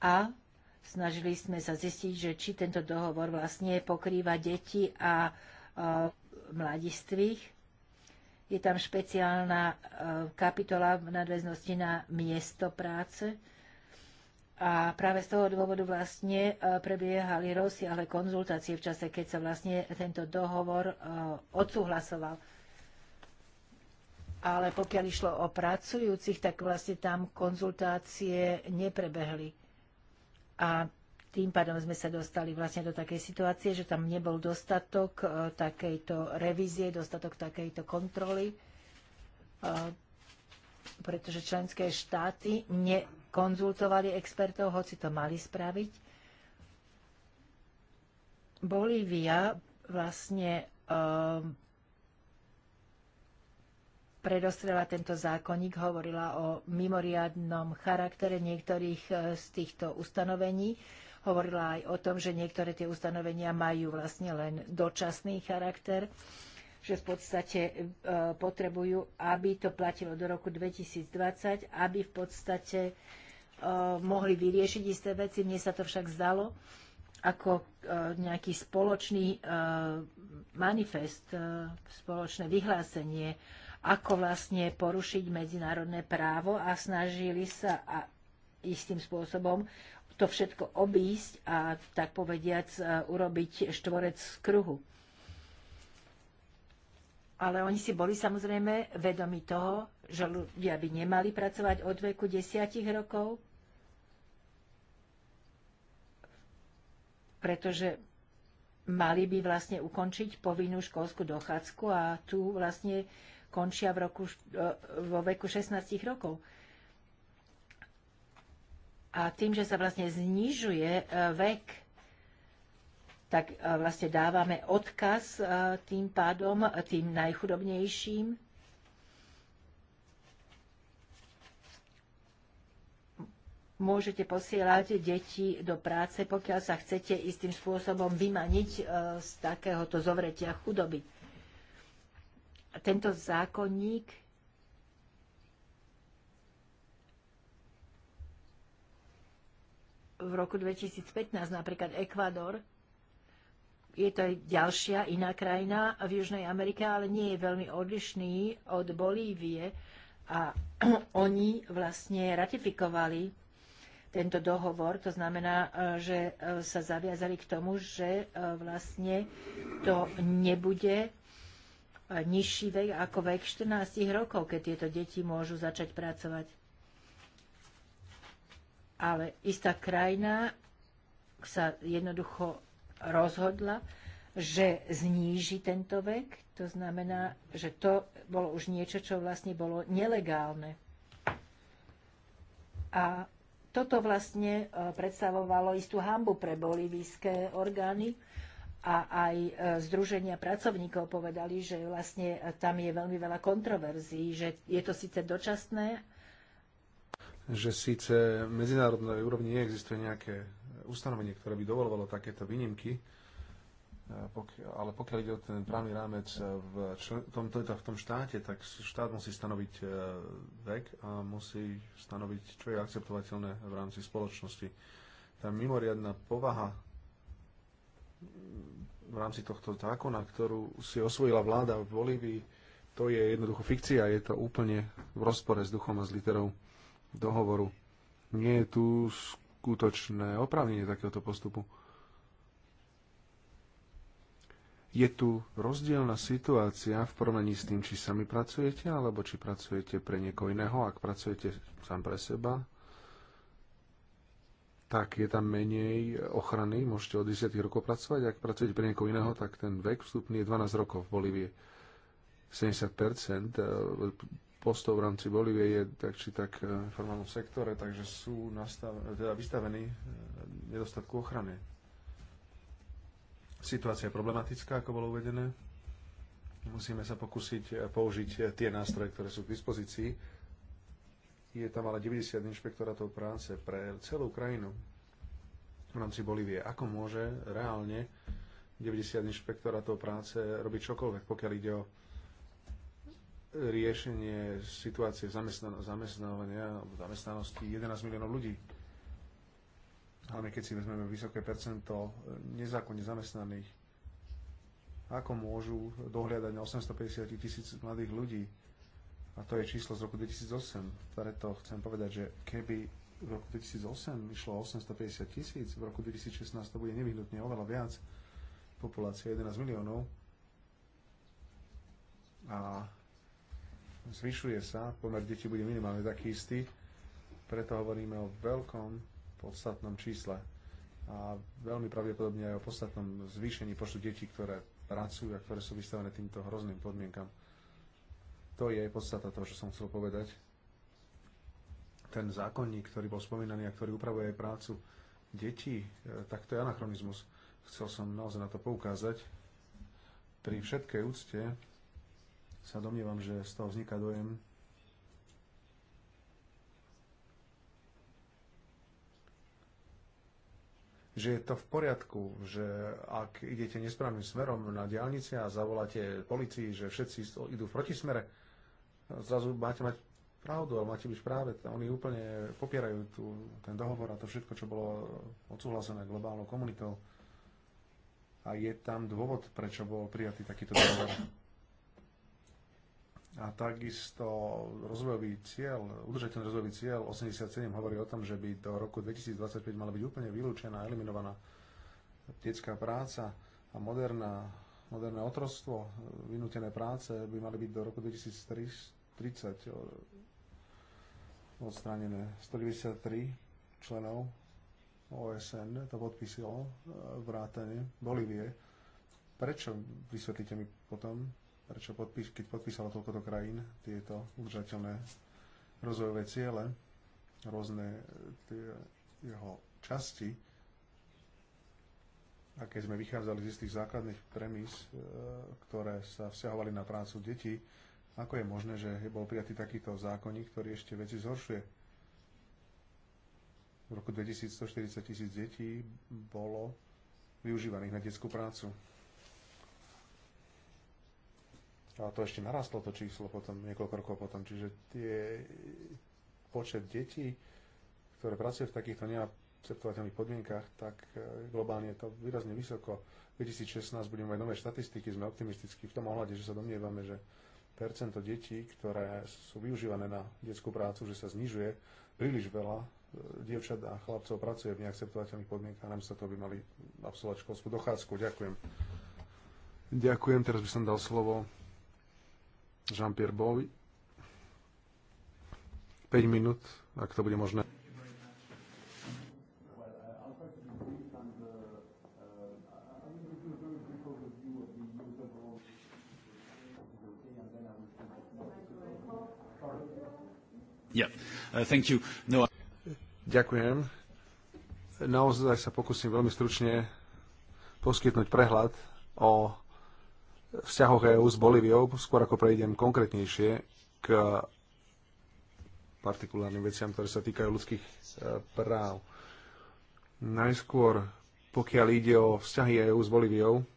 A Snažili sme sa zistiť, že či tento dohovor vlastne pokrýva deti a mladistvých. Je tam špeciálna kapitola v nadväznosti na miesto práce. A práve z toho dôvodu vlastne prebiehali rozsiahle konzultácie v čase, keď sa vlastne tento dohovor odsúhlasoval. Ale pokiaľ išlo o pracujúcich, tak vlastne tam konzultácie neprebehli. A tým pádom sme sa dostali vlastne do takej situácie, že tam nebol dostatok e, takejto revízie, dostatok takejto kontroly, e, pretože členské štáty nekonzultovali expertov, hoci to mali spraviť. Bolívia vlastne e, predostrela tento zákonník, hovorila o mimoriadnom charaktere niektorých e, z týchto ustanovení. Hovorila aj o tom, že niektoré tie ustanovenia majú vlastne len dočasný charakter, že v podstate e, potrebujú, aby to platilo do roku 2020, aby v podstate e, mohli vyriešiť isté veci. Mne sa to však zdalo ako nejaký spoločný manifest, spoločné vyhlásenie ako vlastne porušiť medzinárodné právo a snažili sa a istým spôsobom to všetko obísť a tak povediac e, urobiť štvorec z kruhu. Ale oni si boli samozrejme vedomi toho, že ľudia by nemali pracovať od veku desiatich rokov, pretože mali by vlastne ukončiť povinnú školskú dochádzku a tu vlastne končia v roku, eh, vo veku 16 rokov. A tým, že sa vlastne znižuje eh, vek, tak eh, vlastne dávame odkaz tým pádom, tým najchudobnejším, môžete posielať deti do práce, pokiaľ sa chcete istým spôsobom vymaniť z takéhoto zovretia chudoby tento zákonník v roku 2015 napríklad Ekvador, je to aj ďalšia iná krajina v Južnej Amerike, ale nie je veľmi odlišný od Bolívie a oni vlastne ratifikovali tento dohovor. To znamená, e, že e, sa zaviazali k tomu, že e, vlastne to nebude nižší vek ako vek 14 rokov, keď tieto deti môžu začať pracovať. Ale istá krajina sa jednoducho rozhodla, že zníži tento vek. To znamená, že to bolo už niečo, čo vlastne bolo nelegálne. A toto vlastne e, predstavovalo istú hambu pre bolivijské orgány, a aj e, združenia pracovníkov povedali, že vlastne tam je veľmi veľa kontroverzií, že je to síce dočasné. Že síce v medzinárodnej úrovni neexistuje nejaké ustanovenie, ktoré by dovolovalo takéto výnimky, e, ale pokiaľ ide o ten právny rámec e, v, člen, tom, teda v tom štáte, tak štát musí stanoviť vek a musí stanoviť, čo je akceptovateľné v rámci spoločnosti. Tá mimoriadná povaha v rámci tohto zákona, ktorú si osvojila vláda v Bolívii, to je jednoducho fikcia, je to úplne v rozpore s duchom a s literou dohovoru. Nie je tu skutočné opravnenie takéhoto postupu. Je tu rozdielna situácia v porovnaní s tým, či sami pracujete, alebo či pracujete pre niekoho iného. Ak pracujete sám pre seba, tak je tam menej ochrany, môžete od 10 rokov pracovať, ak pracujete pre niekoho iného, tak ten vek vstupný je 12 rokov v Bolívie. 70% eh, postov v rámci Bolívie je tak či tak eh, v formálnom sektore, takže sú nastav, teda vystavení eh, nedostatku ochrany. Situácia je problematická, ako bolo uvedené. Musíme sa pokúsiť použiť tie nástroje, ktoré sú k dispozícii je tam ale 90 inšpektorátov práce pre celú krajinu v rámci Bolívie. Ako môže reálne 90 inšpektorátov práce robiť čokoľvek, pokiaľ ide o riešenie situácie zamestnávania alebo zamestnanosti 11 miliónov ľudí. Hlavne keď si vezmeme vysoké percento nezákonne zamestnaných. Ako môžu dohliadať na 850 tisíc mladých ľudí, a to je číslo z roku 2008. Preto chcem povedať, že keby v roku 2008 išlo 850 tisíc, v roku 2016 to bude nevyhnutne oveľa viac, populácia 11 miliónov a zvyšuje sa, pomer detí bude minimálne taký istý, preto hovoríme o veľkom podstatnom čísle a veľmi pravdepodobne aj o podstatnom zvýšení počtu detí, ktoré pracujú a ktoré sú vystavené týmto hrozným podmienkam. To je podstata toho, čo som chcel povedať. Ten zákonník, ktorý bol spomínaný a ktorý upravuje aj prácu detí, e, tak to je anachronizmus. Chcel som naozaj na to poukázať. Pri všetkej úcte sa domnievam, že z toho vzniká dojem, že je to v poriadku, že ak idete nesprávnym smerom na diálnici a zavoláte policii, že všetci idú v protismere, zrazu máte mať pravdu, ale máte byť práve, oni úplne popierajú tú, ten dohovor a to všetko, čo bolo odsúhlasené globálnou komunitou. A je tam dôvod, prečo bol prijatý takýto dohovor. A takisto rozvojový cieľ, udržateľný rozvojový cieľ 87 hovorí o tom, že by do roku 2025 mala byť úplne vylúčená, eliminovaná detská práca a moderná, moderné otroctvo, vynútené práce by mali byť do roku 2030 30 odstranené 193 členov OSN to podpísalo e, vrátane Bolívie. Prečo, vysvetlíte mi potom, prečo podpís, keď podpísalo toľkoto krajín tieto udržateľné rozvojové ciele, rôzne e, tie jeho časti, a keď sme vychádzali z istých základných premis, e, ktoré sa vzťahovali na prácu detí, ako je možné, že bol prijatý takýto zákonník, ktorý ešte veci zhoršuje? V roku 2140 tisíc detí bolo využívaných na detskú prácu. A to ešte narastlo to číslo potom, niekoľko rokov potom. Čiže tie počet detí, ktoré pracujú v takýchto neakceptovateľných podmienkach, tak e, globálne je to výrazne vysoko. 2016 budeme mať nové štatistiky, sme optimistickí v tom ohľade, že sa domnievame, že percento detí, ktoré sú využívané na detskú prácu, že sa znižuje príliš veľa e, dievčat a chlapcov pracuje v neakceptovateľných podmienkach, sa to, by mali absolvovať školskú dochádzku. Ďakujem. Ďakujem, teraz by som dal slovo Jean-Pierre Bovi. 5 minút, ak to bude možné. Uh, thank you. No. Ďakujem. Naozaj sa pokúsim veľmi stručne poskytnúť prehľad o vzťahoch EÚ s Bolíviou, skôr ako prejdem konkrétnejšie k partikulárnym veciam, ktoré sa týkajú ľudských e, práv. Najskôr, pokiaľ ide o vzťahy EÚ s Bolíviou,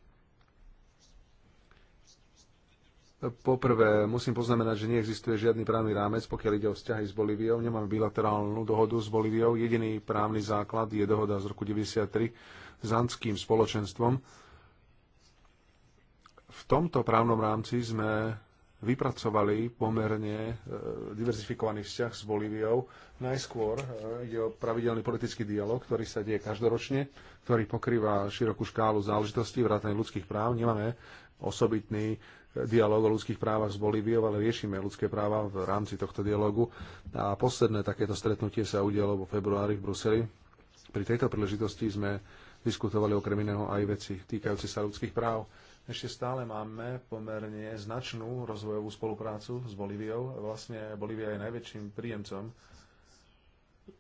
Poprvé, musím poznamenať, že neexistuje žiadny právny rámec, pokiaľ ide o vzťahy s Bolíviou. Nemáme bilaterálnu dohodu s Bolíviou. Jediný právny základ je dohoda z roku 1993 s Andským spoločenstvom. V tomto právnom rámci sme vypracovali pomerne e, diverzifikovaný vzťah s Bolíviou. Najskôr e, ide o pravidelný politický dialog, ktorý sa deje každoročne, ktorý pokrýva širokú škálu záležitostí vrátane ľudských práv. Nemáme osobitný dialog o ľudských právach s Bolíviou, ale riešime ľudské práva v rámci tohto dialogu A posledné takéto stretnutie sa udialo vo februári v Bruseli. Pri tejto príležitosti sme diskutovali okrem iného aj veci týkajúce sa ľudských práv. Ešte stále máme pomerne značnú rozvojovú spoluprácu s Bolíviou. Vlastne Bolívia je najväčším príjemcom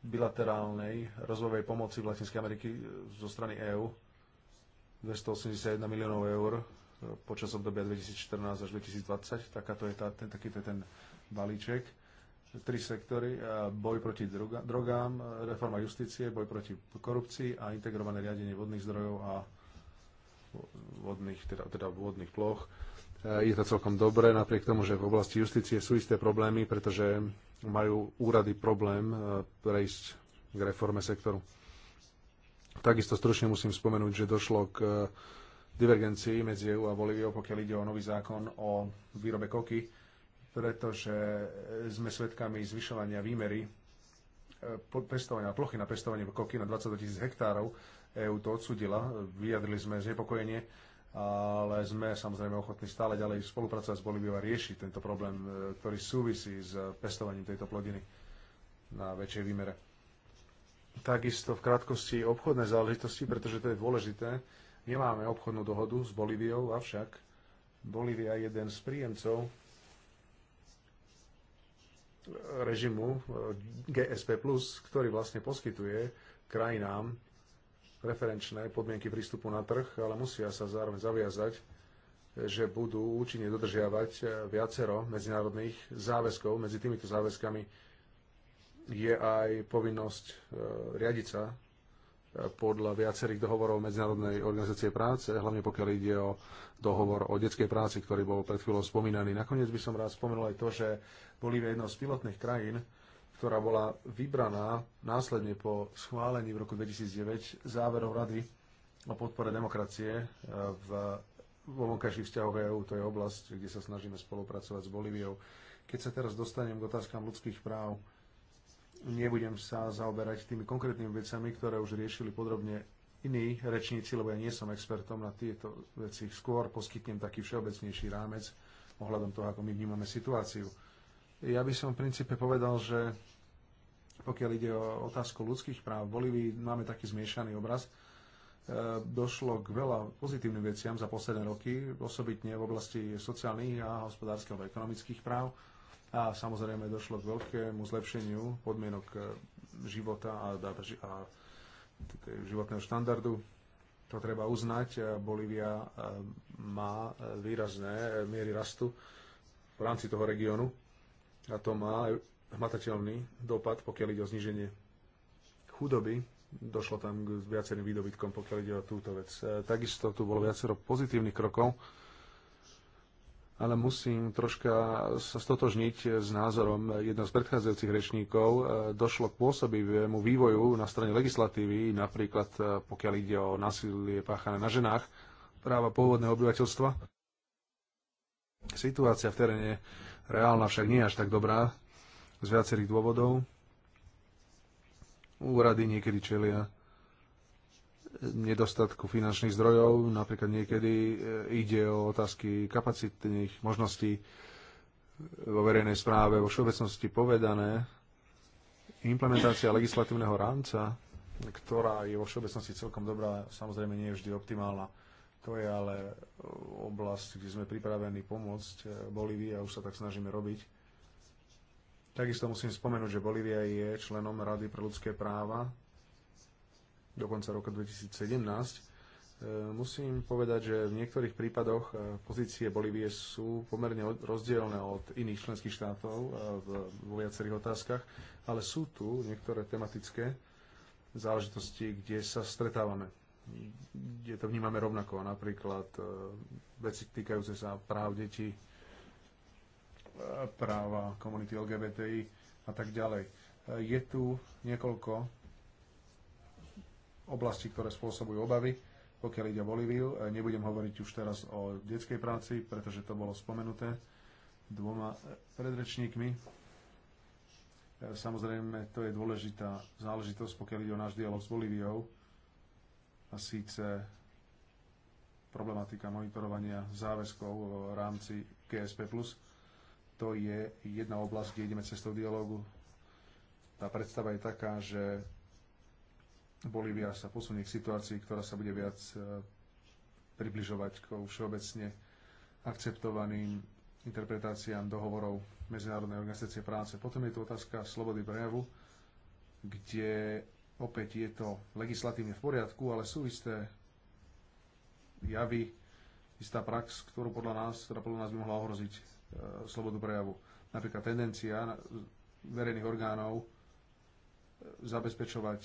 bilaterálnej rozvojovej pomoci v Latinskej Ameriky zo strany EÚ. 281 miliónov eur počas obdobia 2014 až 2020. Takáto je tá, ten, takýto je ten balíček. Tri sektory, e, boj proti droga, drogám, reforma justície, boj proti korupcii a integrované riadenie vodných zdrojov a vodných, teda, teda vodných ploch. E, je to celkom dobré, napriek tomu, že v oblasti justície sú isté problémy, pretože majú úrady problém e, prejsť k reforme sektoru. Takisto stručne musím spomenúť, že došlo k Divergencii medzi EU a Bolíviou, pokiaľ ide o nový zákon o výrobe koky, pretože sme svedkami zvyšovania výmery e, pestovania, plochy na pestovanie koky na 22 tisíc hektárov. EU to odsudila, vyjadrili sme znepokojenie, ale sme samozrejme ochotní stále ďalej spolupracovať s Bolíviou a riešiť tento problém, e, ktorý súvisí s pestovaním tejto plodiny na väčšej výmere. Takisto v krátkosti obchodné záležitosti, pretože to je dôležité Nemáme obchodnú dohodu s Bolíviou, avšak Bolívia je jeden z príjemcov režimu eh, GSP+, ktorý vlastne poskytuje krajinám referenčné podmienky prístupu na trh, ale musia sa zároveň zaviazať, že budú účinne dodržiavať eh, viacero medzinárodných záväzkov. Medzi týmito záväzkami je aj povinnosť eh, riadiť sa podľa viacerých dohovorov Medzinárodnej organizácie práce, hlavne pokiaľ ide o dohovor o detskej práci, ktorý bol pred chvíľou spomínaný. Nakoniec by som rád spomenul aj to, že Bolívia je jednou z pilotných krajín, ktorá bola vybraná následne po schválení v roku 2009 záverov Rady o podpore demokracie e, v vo vonkajších vzťahoch EÚ. To je oblasť, kde sa snažíme spolupracovať s Bolíviou. Keď sa teraz dostanem k otázkam ľudských práv, Nebudem sa zaoberať tými konkrétnymi vecami, ktoré už riešili podrobne iní rečníci, lebo ja nie som expertom na tieto veci. Skôr poskytnem taký všeobecnejší rámec ohľadom toho, ako my vnímame situáciu. Ja by som v princípe povedal, že pokiaľ ide o otázku ľudských práv, v Bolívii máme taký zmiešaný obraz. E, došlo k veľa pozitívnym veciam za posledné roky, osobitne v oblasti sociálnych a hospodárskych alebo ekonomických práv a samozrejme došlo k veľkému zlepšeniu podmienok e, života a, a, a životného štandardu. To treba uznať. E, Bolívia e, má výrazné miery rastu v rámci toho regiónu a to má hmatateľný dopad, pokiaľ ide o zníženie chudoby. Došlo tam k viacerým výdobytkom, pokiaľ ide o túto vec. Takisto tu bolo viacero pozitívnych krokov ale musím troška sa stotožniť s názorom jedného z predchádzajúcich rečníkov. E, došlo k pôsobivému vývoju na strane legislatívy, napríklad e, pokiaľ ide o násilie páchané na ženách, práva pôvodného obyvateľstva. Situácia v teréne reálna však nie je až tak dobrá z viacerých dôvodov. Úrady niekedy čelia nedostatku finančných zdrojov. Napríklad niekedy e, ide o otázky kapacitných možností vo verejnej správe, vo všeobecnosti povedané. Implementácia legislatívneho rámca, ktorá je vo všeobecnosti celkom dobrá, samozrejme nie je vždy optimálna. To je ale oblasť, kde sme pripravení pomôcť e, Bolívii a už sa tak snažíme robiť. Takisto musím spomenúť, že Bolívia je členom Rady pre ľudské práva do konca roka 2017. E, musím povedať, že v niektorých prípadoch e, pozície Bolívie sú pomerne rozdielne od iných členských štátov e, vo viacerých otázkach, ale sú tu niektoré tematické záležitosti, kde sa stretávame, kde to vnímame rovnako. Napríklad veci týkajúce sa práv detí, práva komunity LGBTI a tak ďalej. Je tu niekoľko oblasti, ktoré spôsobujú obavy, pokiaľ ide o Bolíviu. E, nebudem hovoriť už teraz o detskej práci, pretože to bolo spomenuté dvoma e, predrečníkmi. E, samozrejme, to je dôležitá záležitosť, pokiaľ ide o náš dialog s Bolíviou. A síce problematika monitorovania záväzkov v rámci GSP+. To je jedna oblasť, kde ideme cestou dialogu. Tá predstava je taká, že Bolívia sa posunie k situácii, ktorá sa bude viac e, približovať k všeobecne akceptovaným interpretáciám dohovorov Medzinárodnej organizácie práce. Potom je tu otázka slobody prejavu, kde opäť je to legislatívne v poriadku, ale sú isté javy, istá prax, ktorú podľa nás, ktorá teda podľa nás by mohla ohroziť e, slobodu prejavu. Napríklad tendencia verejných orgánov e, zabezpečovať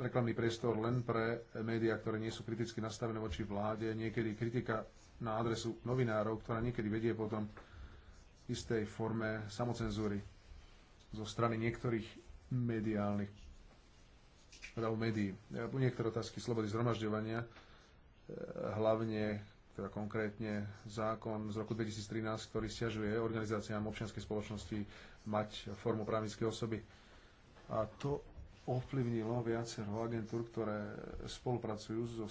reklamný priestor len pre médiá, ktoré nie sú kriticky nastavené voči vláde. Niekedy kritika na adresu novinárov, ktorá niekedy vedie potom v istej forme samocenzúry zo strany niektorých mediálnych alebo teda médií. Niektoré otázky slobody zhromažďovania, eh, hlavne teda konkrétne zákon z roku 2013, ktorý stiažuje organizáciám občianskej spoločnosti mať formu právnickej osoby. A to ovplyvnilo viacero agentúr, ktoré spolupracujú zo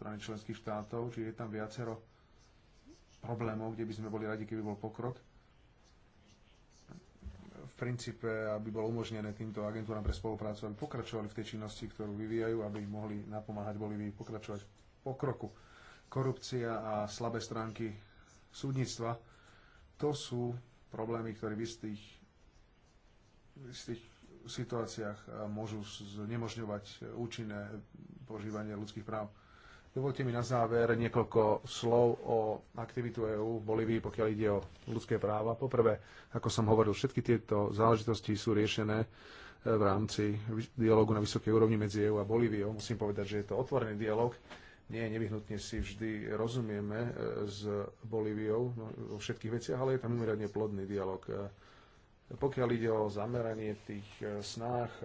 strany členských štátov, čiže je tam viacero problémov, kde by sme boli radi, keby bol pokrok. V princípe, aby bolo umožnené týmto agentúram pre spoluprácu, aby pokračovali v tej činnosti, ktorú vyvíjajú, aby mohli napomáhať Bolívii pokračovať v pokroku. Korupcia a slabé stránky súdnictva, to sú problémy, ktoré v istých, v istých situáciách môžu znemožňovať účinné požívanie ľudských práv. Dovolte mi na záver niekoľko slov o aktivitu EÚ v Bolívii, pokiaľ ide o ľudské práva. Poprvé, ako som hovoril, všetky tieto záležitosti sú riešené e, v rámci dialogu na vysokej úrovni medzi EÚ a Bolíviou. Musím povedať, že je to otvorený dialog. Nie, nevyhnutne si vždy rozumieme e, s Bolíviou no, vo všetkých veciach, ale je tam umierane plodný dialog e, pokiaľ ide o zameranie v tých e, snách, e,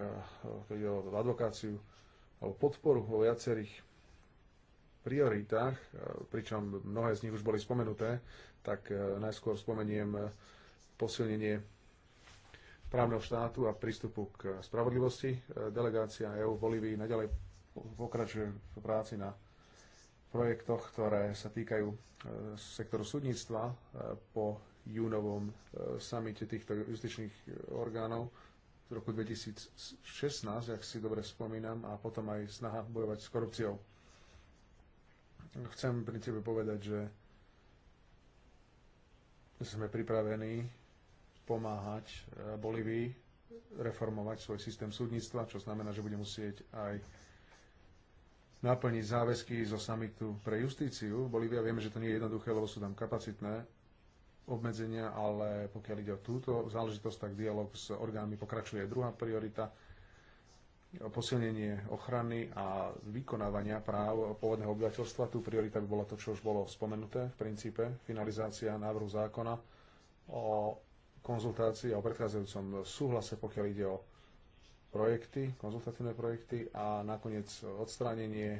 keď ide o advokáciu alebo podporu vo viacerých prioritách, e, pričom mnohé z nich už boli spomenuté, tak najskôr spomeniem posilnenie právneho štátu a prístupu k spravodlivosti. Delegácia EÚ v Bolívii naďalej pokračuje v práci na projektoch, ktoré sa týkajú sektoru súdnictva po júnovom e, samite týchto justičných e, orgánov z roku 2016, ak si dobre spomínam, a potom aj snaha bojovať s korupciou. Chcem pri tebe povedať, že sme pripravení pomáhať e, Bolívii reformovať svoj systém súdnictva, čo znamená, že bude musieť aj naplniť záväzky zo samitu pre justíciu. Bolívia vieme, že to nie je jednoduché, lebo sú tam kapacitné obmedzenia, ale pokiaľ ide o túto záležitosť, tak dialog s orgánmi pokračuje. Druhá priorita posilnenie ochrany a vykonávania práv pôvodného obyvateľstva. Tu priorita by bola to, čo už bolo spomenuté v princípe, finalizácia návrhu zákona o konzultácii a o predchádzajúcom súhlase, pokiaľ ide o projekty, konzultatívne projekty a nakoniec odstránenie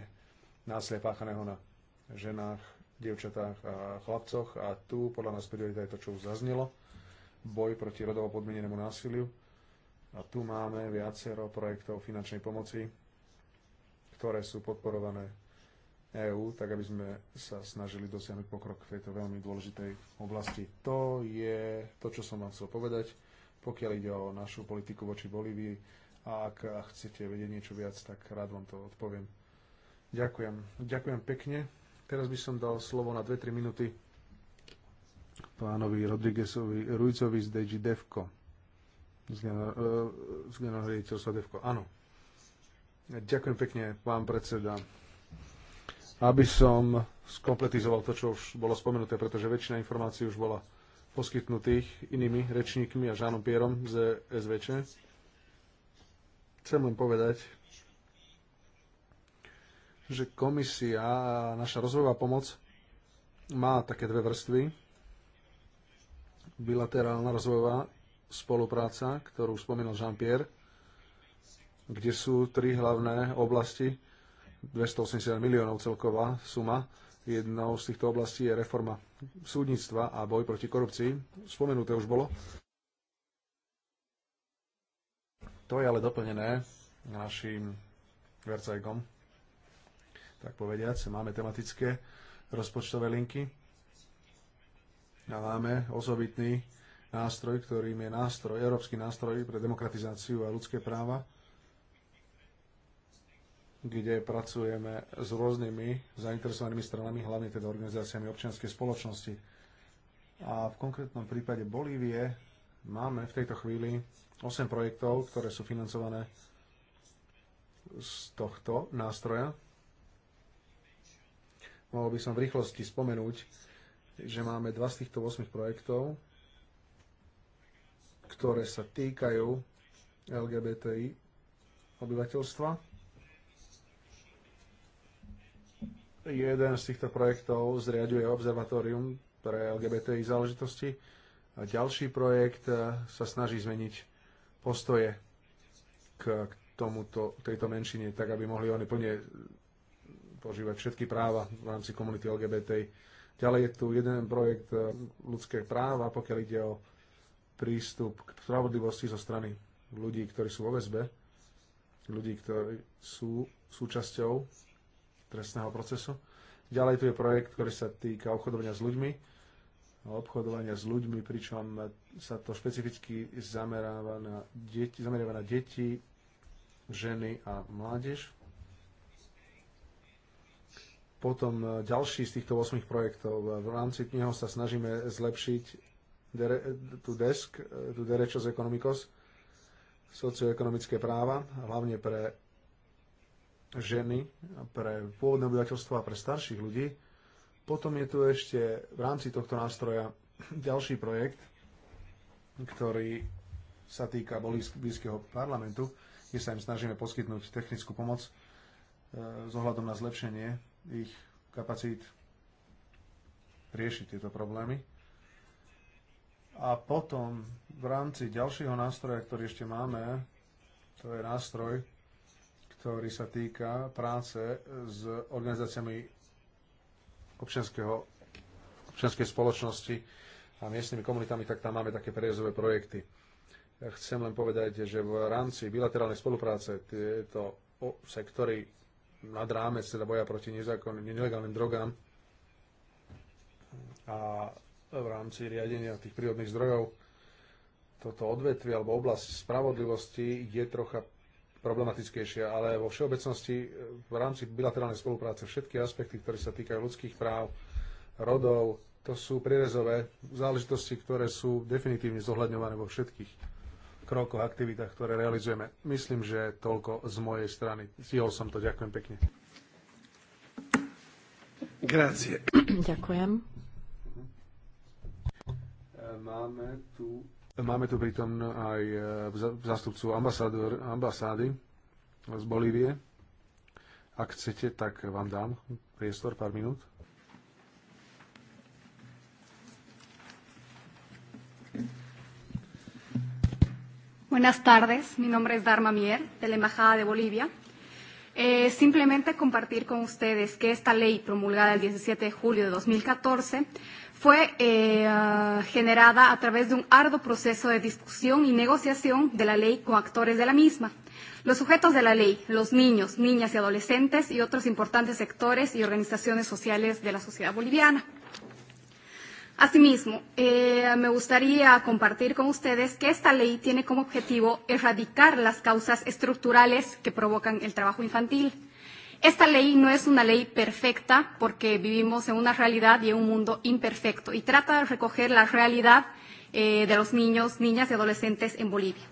násilia páchaného na ženách dievčatách a chlapcoch a tu podľa nás priorita je to, čo už zaznelo, boj proti rodovo podmienenému násiliu. A tu máme viacero projektov finančnej pomoci, ktoré sú podporované EÚ, tak aby sme sa snažili dosiahnuť pokrok v tejto veľmi dôležitej oblasti. To je to, čo som vám chcel povedať, pokiaľ ide o našu politiku voči Bolívii. A ak chcete vedieť niečo viac, tak rád vám to odpoviem. Ďakujem. Ďakujem pekne. Teraz by som dal slovo na 2-3 minúty pánovi Rodriguezovi Rujcovi z DG Devko. Eh, z generálneho Devko. Áno. Ďakujem pekne, pán predseda. Aby som skompletizoval to, čo už bolo spomenuté, pretože väčšina informácií už bola poskytnutých inými rečníkmi a Žánom Pierom z SVČ. Chcem len povedať, že komisia, naša rozvojová pomoc má také dve vrstvy. Bilaterálna rozvojová spolupráca, ktorú spomínal Jean-Pierre, kde sú tri hlavné oblasti, 280 miliónov celková suma. Jednou z týchto oblastí je reforma súdnictva a boj proti korupcii. Spomenuté už bolo. To je ale doplnené našim vercajkom tak povediac. Máme tematické rozpočtové linky a máme osobitný nástroj, ktorým je nástroj, európsky nástroj pre demokratizáciu a ľudské práva, kde pracujeme s rôznymi zainteresovanými stranami, hlavne teda organizáciami občianskej spoločnosti. A v konkrétnom prípade Bolívie máme v tejto chvíli 8 projektov, ktoré sú financované z tohto nástroja, Mohol by som v rýchlosti spomenúť, že máme dva z týchto 8 projektov, ktoré sa týkajú LGBTI obyvateľstva. Jeden z týchto projektov zriaduje observatórium pre LGBTI záležitosti a ďalší projekt eh, sa snaží zmeniť postoje k tomuto, tejto menšine, tak aby mohli oni plne požívať všetky práva v rámci komunity LGBT. Ďalej je tu jeden projekt eh, ľudské práva, pokiaľ ide o prístup k spravodlivosti zo strany ľudí, ktorí sú vo VSB, ľudí, ktorí sú súčasťou trestného procesu. Ďalej tu je projekt, ktorý sa týka obchodovania s ľuďmi, obchodovania s ľuďmi, pričom sa to špecificky zameráva na deti, zameriava na deti, ženy a mládež. Potom e, ďalší z týchto 8 projektov. E, v rámci neho sa snažíme zlepšiť dere, tú desk, e, tú derečo z ekonomikos, socioekonomické práva, hlavne pre ženy, pre pôvodné obyvateľstvo a pre starších ľudí. Potom je tu ešte v rámci tohto nástroja ďalší projekt, ktorý sa týka Bolívského parlamentu, kde sa im snažíme poskytnúť technickú pomoc s ohľadom na zlepšenie ich kapacít riešiť tieto problémy. A potom v rámci ďalšieho nástroja, ktorý ešte máme, to je nástroj, ktorý sa týka práce s organizáciami občianského, občianskej spoločnosti a miestnymi komunitami, tak tam máme také prejezové projekty. Ja chcem len povedať, že v rámci bilaterálnej spolupráce tieto sektory nad rámec teda boja proti nezákonným, nelegálnym drogám a v rámci riadenia tých prírodných zdrojov toto odvetvie alebo oblasť spravodlivosti je trocha problematickejšia, ale vo všeobecnosti e, v rámci bilaterálnej spolupráce všetky aspekty, ktoré sa týkajú ľudských práv, rodov, to sú prierezové záležitosti, ktoré sú definitívne zohľadňované vo všetkých krokoch, aktivitách, ktoré realizujeme. Myslím, že toľko z mojej strany. Stihol som to. Ďakujem pekne. Grazie. Ďakujem. Máme tu, máme tu pritom aj e, zástupcu ambasády z Bolívie. Ak chcete, tak vám dám priestor, pár minút. Buenas tardes, mi nombre es Dharma Mier, de la Embajada de Bolivia. Eh, simplemente compartir con ustedes que esta ley promulgada el 17 de julio de 2014 fue eh, generada a través de un arduo proceso de discusión y negociación de la ley con actores de la misma. Los sujetos de la ley, los niños, niñas y adolescentes y otros importantes sectores y organizaciones sociales de la sociedad boliviana. Asimismo, eh, me gustaría compartir con ustedes que esta ley tiene como objetivo erradicar las causas estructurales que provocan el trabajo infantil. Esta ley no es una ley perfecta porque vivimos en una realidad y en un mundo imperfecto y trata de recoger la realidad eh, de los niños, niñas y adolescentes en Bolivia.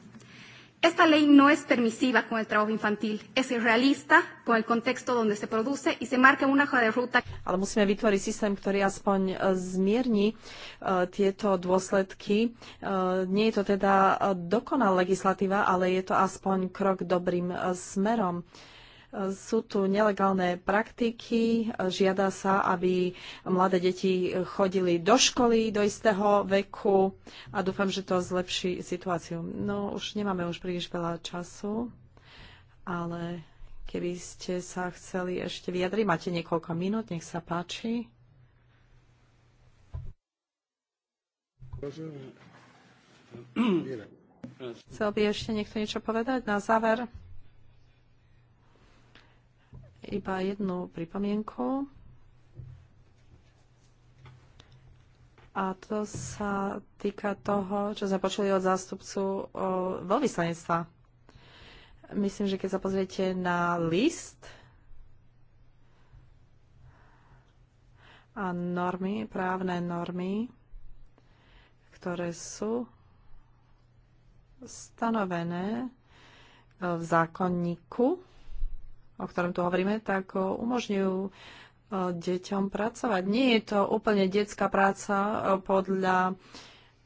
Esta ley no es permisiva con el trabajo infantil, es irrealista con el contexto donde se produce y se marca una hoja de ruta. Ale musíme vytvoriť systém, ktorý aspoň eh, zmierni uh, tieto dôsledky. Uh, nie je to teda dokonalá legislatíva, ale je to aspoň krok dobrým uh, smerom. Uh, sú tu nelegálne praktiky, žiada sa, aby mladé deti chodili do školy do istého veku a dúfam, že to zlepší situáciu. No už nemáme už príliš veľa času, ale keby ste sa chceli ešte vyjadriť, máte niekoľko minút, nech sa páči. Chcel by ešte niekto niečo povedať na záver? iba jednu pripomienku. A to sa týka toho, čo sme počuli od zástupcu veľvyslanectva. Myslím, že keď sa pozriete na list a normy, právne normy, ktoré sú stanovené v zákonníku, o ktorom tu hovoríme, tak umožňujú deťom pracovať. Nie je to úplne detská práca podľa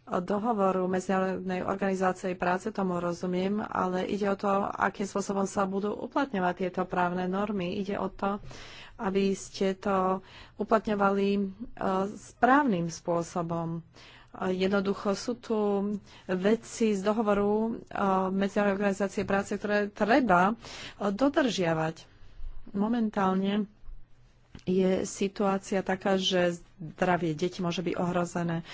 dohovoru Medzinárodnej organizácie práce, tomu rozumiem, ale ide o to, akým spôsobom sa budú uplatňovať tieto právne normy. Ide o to, aby ste to uplatňovali správnym spôsobom. Jednoducho sú tu veci z dohovoru Medzinárodnej organizácie práce, ktoré treba dodržiavať. Momentálne je situácia taká, že zdravie detí môže byť ohrozené,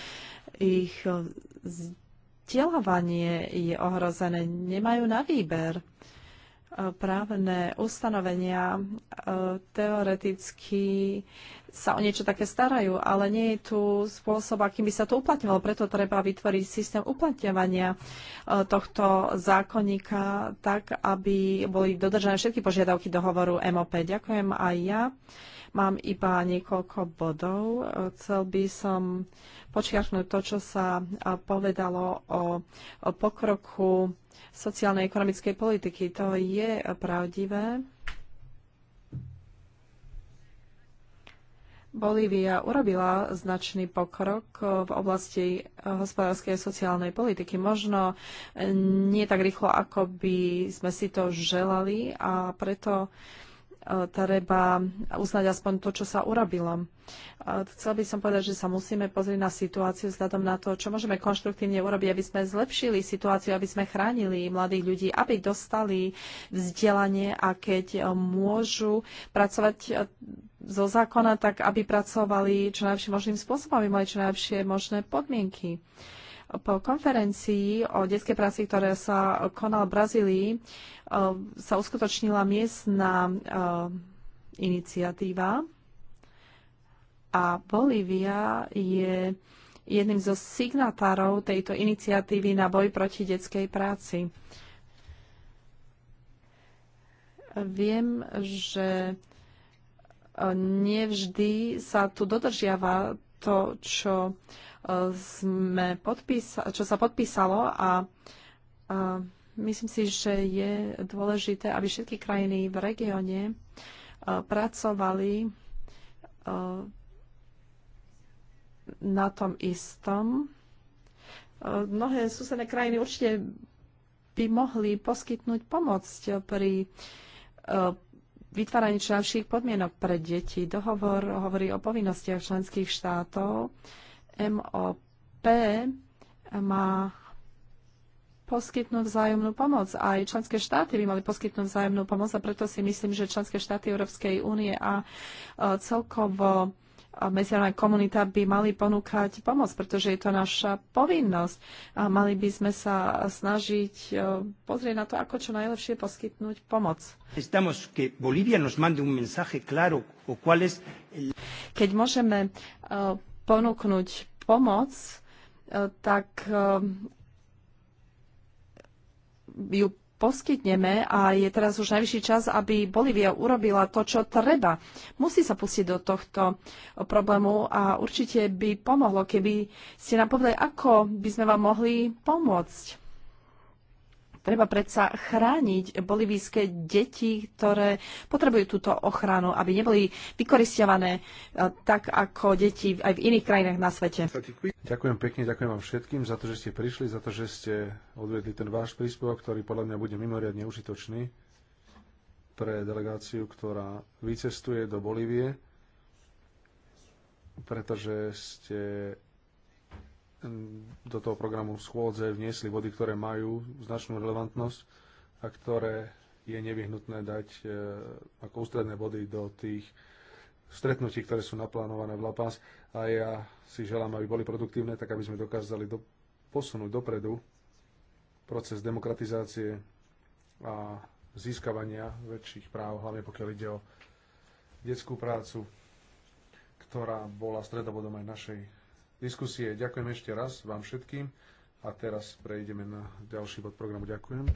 ich e, vzdelávanie je ohrozené, nemajú na výber právne ustanovenia e, teoreticky sa o niečo také starajú, ale nie je tu spôsob, akým by sa to uplatňovalo. Preto treba vytvoriť systém uplatňovania e, tohto zákonníka tak, aby boli dodržané všetky požiadavky dohovoru MOP. Ďakujem aj ja. Mám iba niekoľko bodov. Chcel by som počiarknúť to, čo sa povedalo o, o pokroku sociálnej ekonomickej politiky. To je pravdivé. Bolívia urobila značný pokrok v oblasti hospodárskej a sociálnej politiky. Možno nie tak rýchlo, ako by sme si to želali a preto treba uznať aspoň to, čo sa urobilo. Chcel by som povedať, že sa musíme pozrieť na situáciu vzhľadom na to, čo môžeme konštruktívne urobiť, aby sme zlepšili situáciu, aby sme chránili mladých ľudí, aby dostali vzdelanie a keď môžu pracovať e, zo zákona, tak aby pracovali čo najlepším možným spôsobom, aby mali čo najlepšie možné podmienky. Po konferencii o detskej práci, ktorá sa konala v Brazílii, e, sa uskutočnila miestna e, iniciatíva a Bolívia je jedným zo signatárov tejto iniciatívy na boj proti detskej práci. Viem, že e, nevždy sa tu dodržiava to, čo sme podpísa- čo sa podpísalo a, a myslím si, že je dôležité, aby všetky krajiny v regióne e, pracovali e, na tom istom. E, mnohé susedné krajiny určite by mohli poskytnúť pomoc pri vytváraní členských podmienok pre deti. Dohovor hovorí o povinnostiach členských štátov MOP má poskytnúť vzájomnú pomoc. Aj členské štáty by mali poskytnúť vzájomnú pomoc a preto si myslím, že členské štáty Európskej únie a e, celkovo e, medzinárodná komunita by mali ponúkať pomoc, pretože je to naša povinnosť. A mali by sme sa snažiť e, pozrieť na to, ako čo najlepšie poskytnúť pomoc. Keď môžeme ponúknuť pomoc, e, tak e, ju poskytneme a je teraz už najvyšší čas, aby Bolívia urobila to, čo treba. Musí sa pustiť do tohto problému a určite by pomohlo, keby ste nám povedali, ako by sme vám mohli pomôcť. Treba predsa chrániť bolivijské deti, ktoré potrebujú túto ochranu, aby neboli vykoristované e, tak ako deti aj v iných krajinách na svete. Ďakujem pekne, ďakujem vám všetkým za to, že ste prišli, za to, že ste odvedli ten váš príspevok, ktorý podľa mňa bude mimoriadne užitočný pre delegáciu, ktorá vycestuje do Bolívie, pretože ste do toho programu schôdze vniesli body, ktoré majú značnú relevantnosť a ktoré je nevyhnutné dať e, ako ústredné body do tých stretnutí, ktoré sú naplánované v Lapas. a ja si želám, aby boli produktívne, tak aby sme dokázali do, posunúť dopredu proces demokratizácie a získavania väčších práv, hlavne pokiaľ ide o detskú prácu, ktorá bola stredobodom aj našej diskusie. Ďakujem ešte raz vám všetkým a teraz prejdeme na ďalší bod programu. Ďakujem.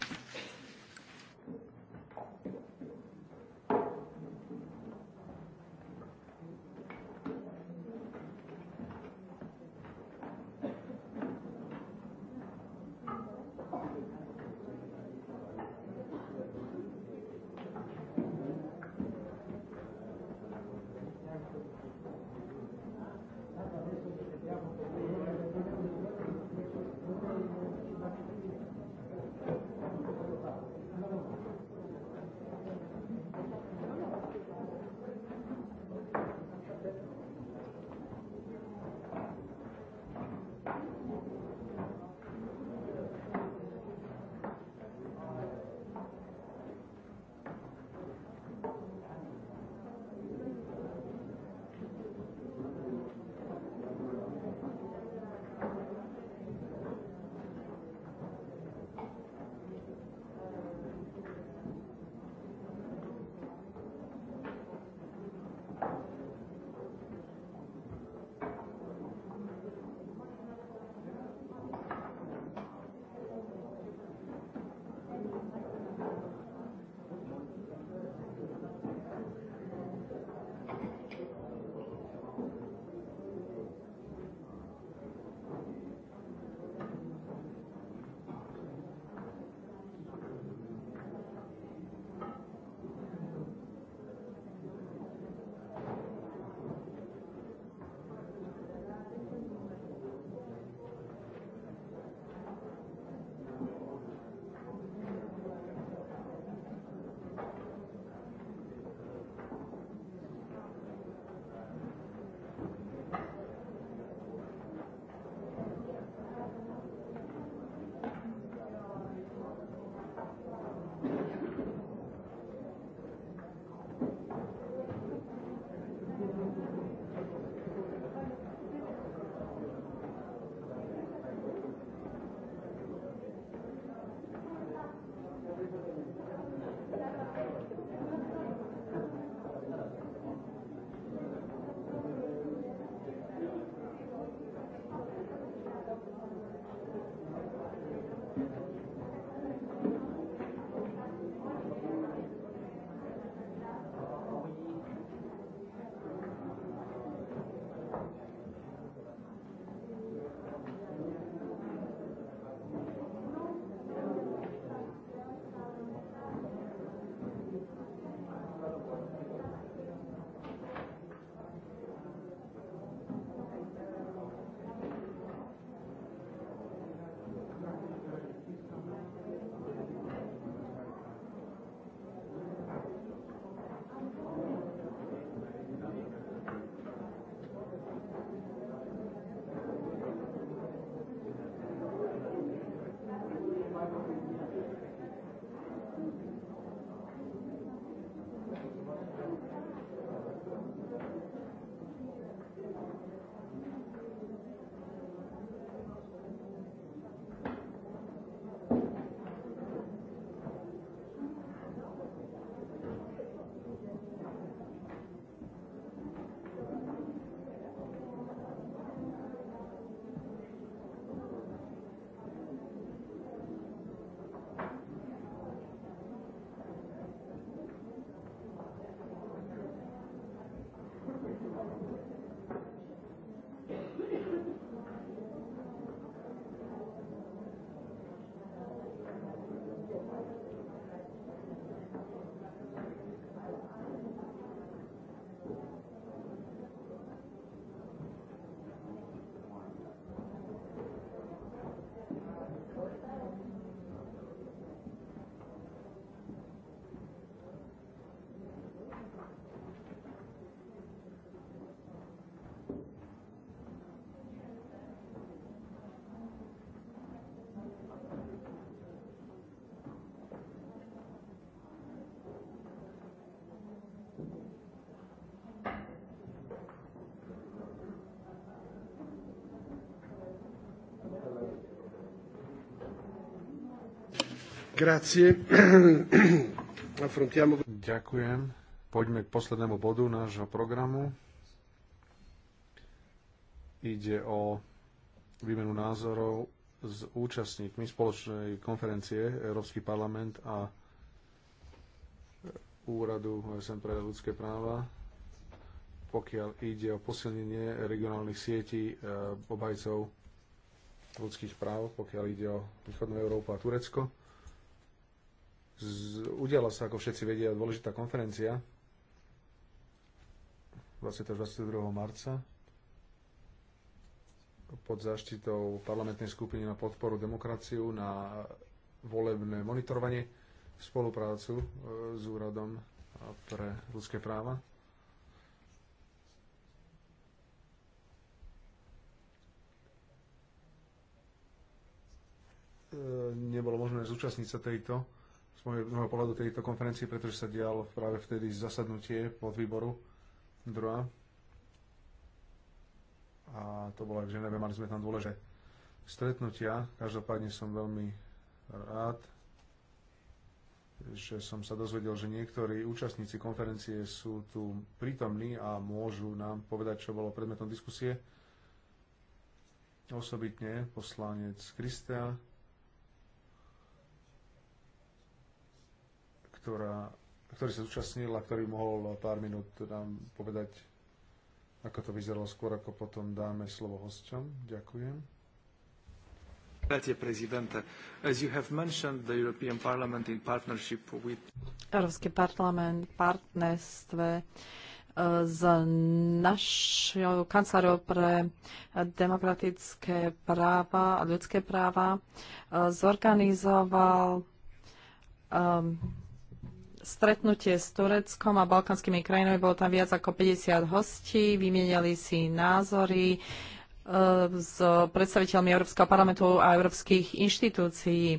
Grazie. Affrontiamo... Ďakujem. Poďme k poslednému bodu nášho programu. Ide o výmenu názorov s účastníkmi spoločnej konferencie Európsky parlament a Úradu OSN pre ľudské práva, pokiaľ ide o posilnenie regionálnych sietí eh, obhajcov ľudských práv, pokiaľ ide o východnú Európu a Turecko udiala sa, ako všetci vedia, dôležitá konferencia 20. 22. marca pod záštitou parlamentnej skupiny na podporu demokraciu, na volebné monitorovanie, spoluprácu e, s úradom pre ľudské práva. E, nebolo možné zúčastniť sa tejto z môjho pohľadu tejto konferencie, pretože sa dialo práve vtedy zasadnutie pod výboru druhá. A to bolo aj v Ženeve, mali sme tam dôležité stretnutia. Každopádne som veľmi rád, že som sa dozvedel, že niektorí účastníci konferencie sú tu prítomní a môžu nám povedať, čo bolo predmetom diskusie. Osobitne poslanec Kristea, ktorá, ktorý sa zúčastnil a ktorý mohol pár minút nám povedať, ako to vyzeralo skôr, ako potom dáme slovo hosťom. Ďakujem. Európsky parlament v partnerstve eh, s našou kancelárou pre demokratické práva a ľudské práva eh, zorganizoval um, stretnutie s Tureckom a balkanskými krajinami, bolo tam viac ako 50 hostí, vymienali si názory e, s predstaviteľmi Európskeho parlamentu a európskych inštitúcií. E,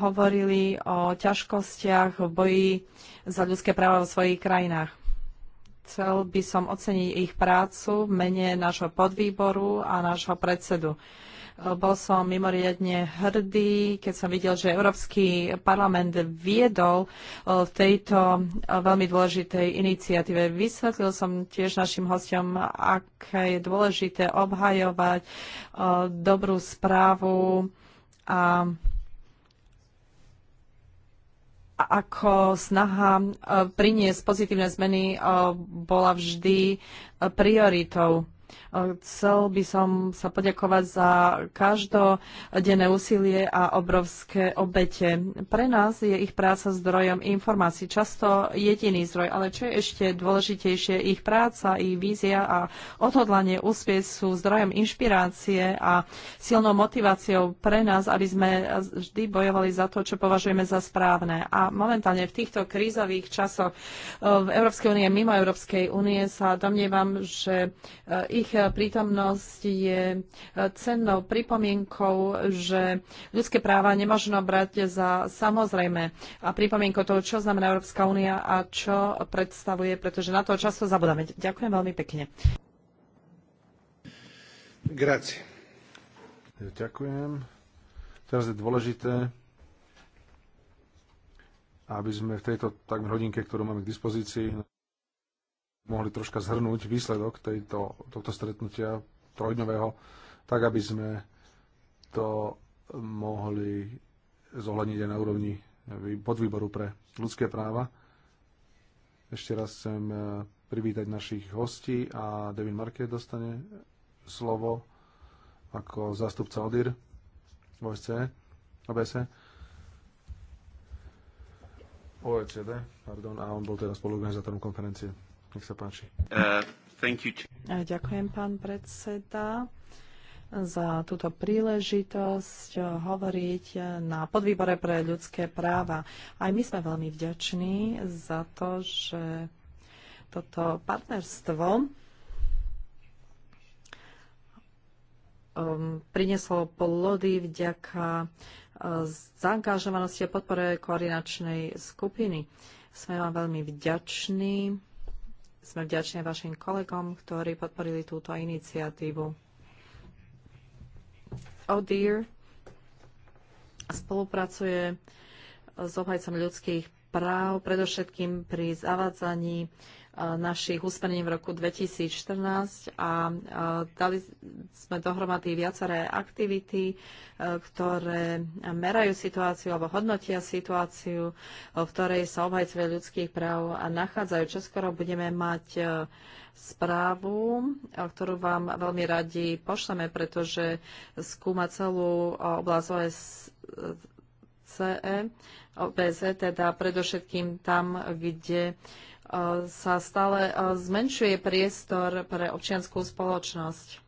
hovorili o ťažkostiach v boji za ľudské práva vo svojich krajinách. Chcel by som oceniť ich prácu v mene nášho podvýboru a nášho predsedu. Bol som mimoriadne hrdý, keď som videl, že Európsky parlament viedol e, v tejto e, veľmi dôležitej iniciatíve. Vysvetlil som tiež našim hostom, aké je dôležité obhajovať e, dobrú správu a ako snaha priniesť pozitívne zmeny bola vždy prioritou. Chcel by som sa poďakovať za každodenné úsilie a obrovské obete. Pre nás je ich práca zdrojom informácií, často jediný zdroj, ale čo je ešte dôležitejšie, ich práca, ich vízia a odhodlanie úspieť sú zdrojom inšpirácie a silnou motiváciou pre nás, aby sme vždy bojovali za to, čo považujeme za správne. A momentálne v týchto krízových časoch eh, v Európskej únie, mimo Európskej únie sa domnievam, že eh, ich eh, prítomnosť je e, cennou pripomienkou, že ľudské práva nemôžno brať za samozrejme a pripomienkou toho, čo znamená Európska únia a čo predstavuje, pretože na to často zabudáme. Ďakujem veľmi pekne. Grazie. Ďakujem. Teraz je dôležité, aby sme v tejto takmer hodinke, ktorú máme k dispozícii, mohli troška zhrnúť výsledok tejto, tohto stretnutia trojdňového, tak aby sme to mohli zohľadniť aj na úrovni podvýboru pre ľudské práva. Ešte raz chcem e, privítať našich hostí a Devin Market dostane slovo ako zástupca ODIR OSCE, OBSE, OECD, pardon, a on bol teda spoluorganizátorom konferencie. Nech sa páči. Uh, Ďakujem, pán predseda za túto príležitosť uh, hovoriť uh, na podvýbore pre ľudské práva. Aj my sme veľmi vďační za to, že toto partnerstvo um, prinieslo plody vďaka uh, zaangažovanosti a podpore koordinačnej skupiny. Sme vám veľmi vďační sme vďační vašim kolegom, ktorí podporili túto iniciatívu. ODIR oh spolupracuje s obhajcom ľudských práv, predovšetkým pri zavádzaní našich usmernení v roku 2014 a dali sme dohromady viaceré aktivity, e, ktoré merajú situáciu alebo hodnotia situáciu, v ktorej sa obhajcovia ľudských práv nachádzajú. Čoskoro budeme mať e, správu, e, ktorú vám veľmi radi pošleme, pretože skúma celú oblasť OSCE, OBZ, teda predovšetkým tam, kde sa stále e, zmenšuje priestor pre občianskú spoločnosť.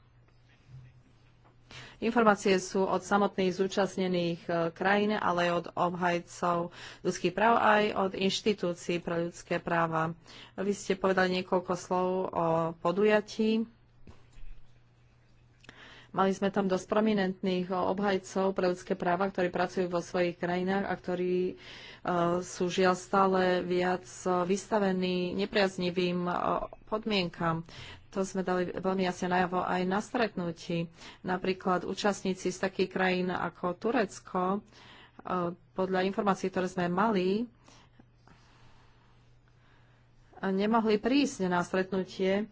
Informácie sú od samotných zúčastnených e, krajín, ale aj od obhajcov ľudských práv, aj od inštitúcií pre ľudské práva. Vy ste povedali niekoľko slov o podujatí Mali sme tam dosť prominentných eh, obhajcov pre ľudské práva, ktorí pracujú vo svojich krajinách a ktorí eh, sú žiaľ stále viac eh, vystavení nepriaznivým podmienkam. To sme dali veľmi jasne najavo aj na stretnutí. Napríklad účastníci z takých krajín ako Turecko, podľa informácií, ktoré sme mali, nemohli prísť na stretnutie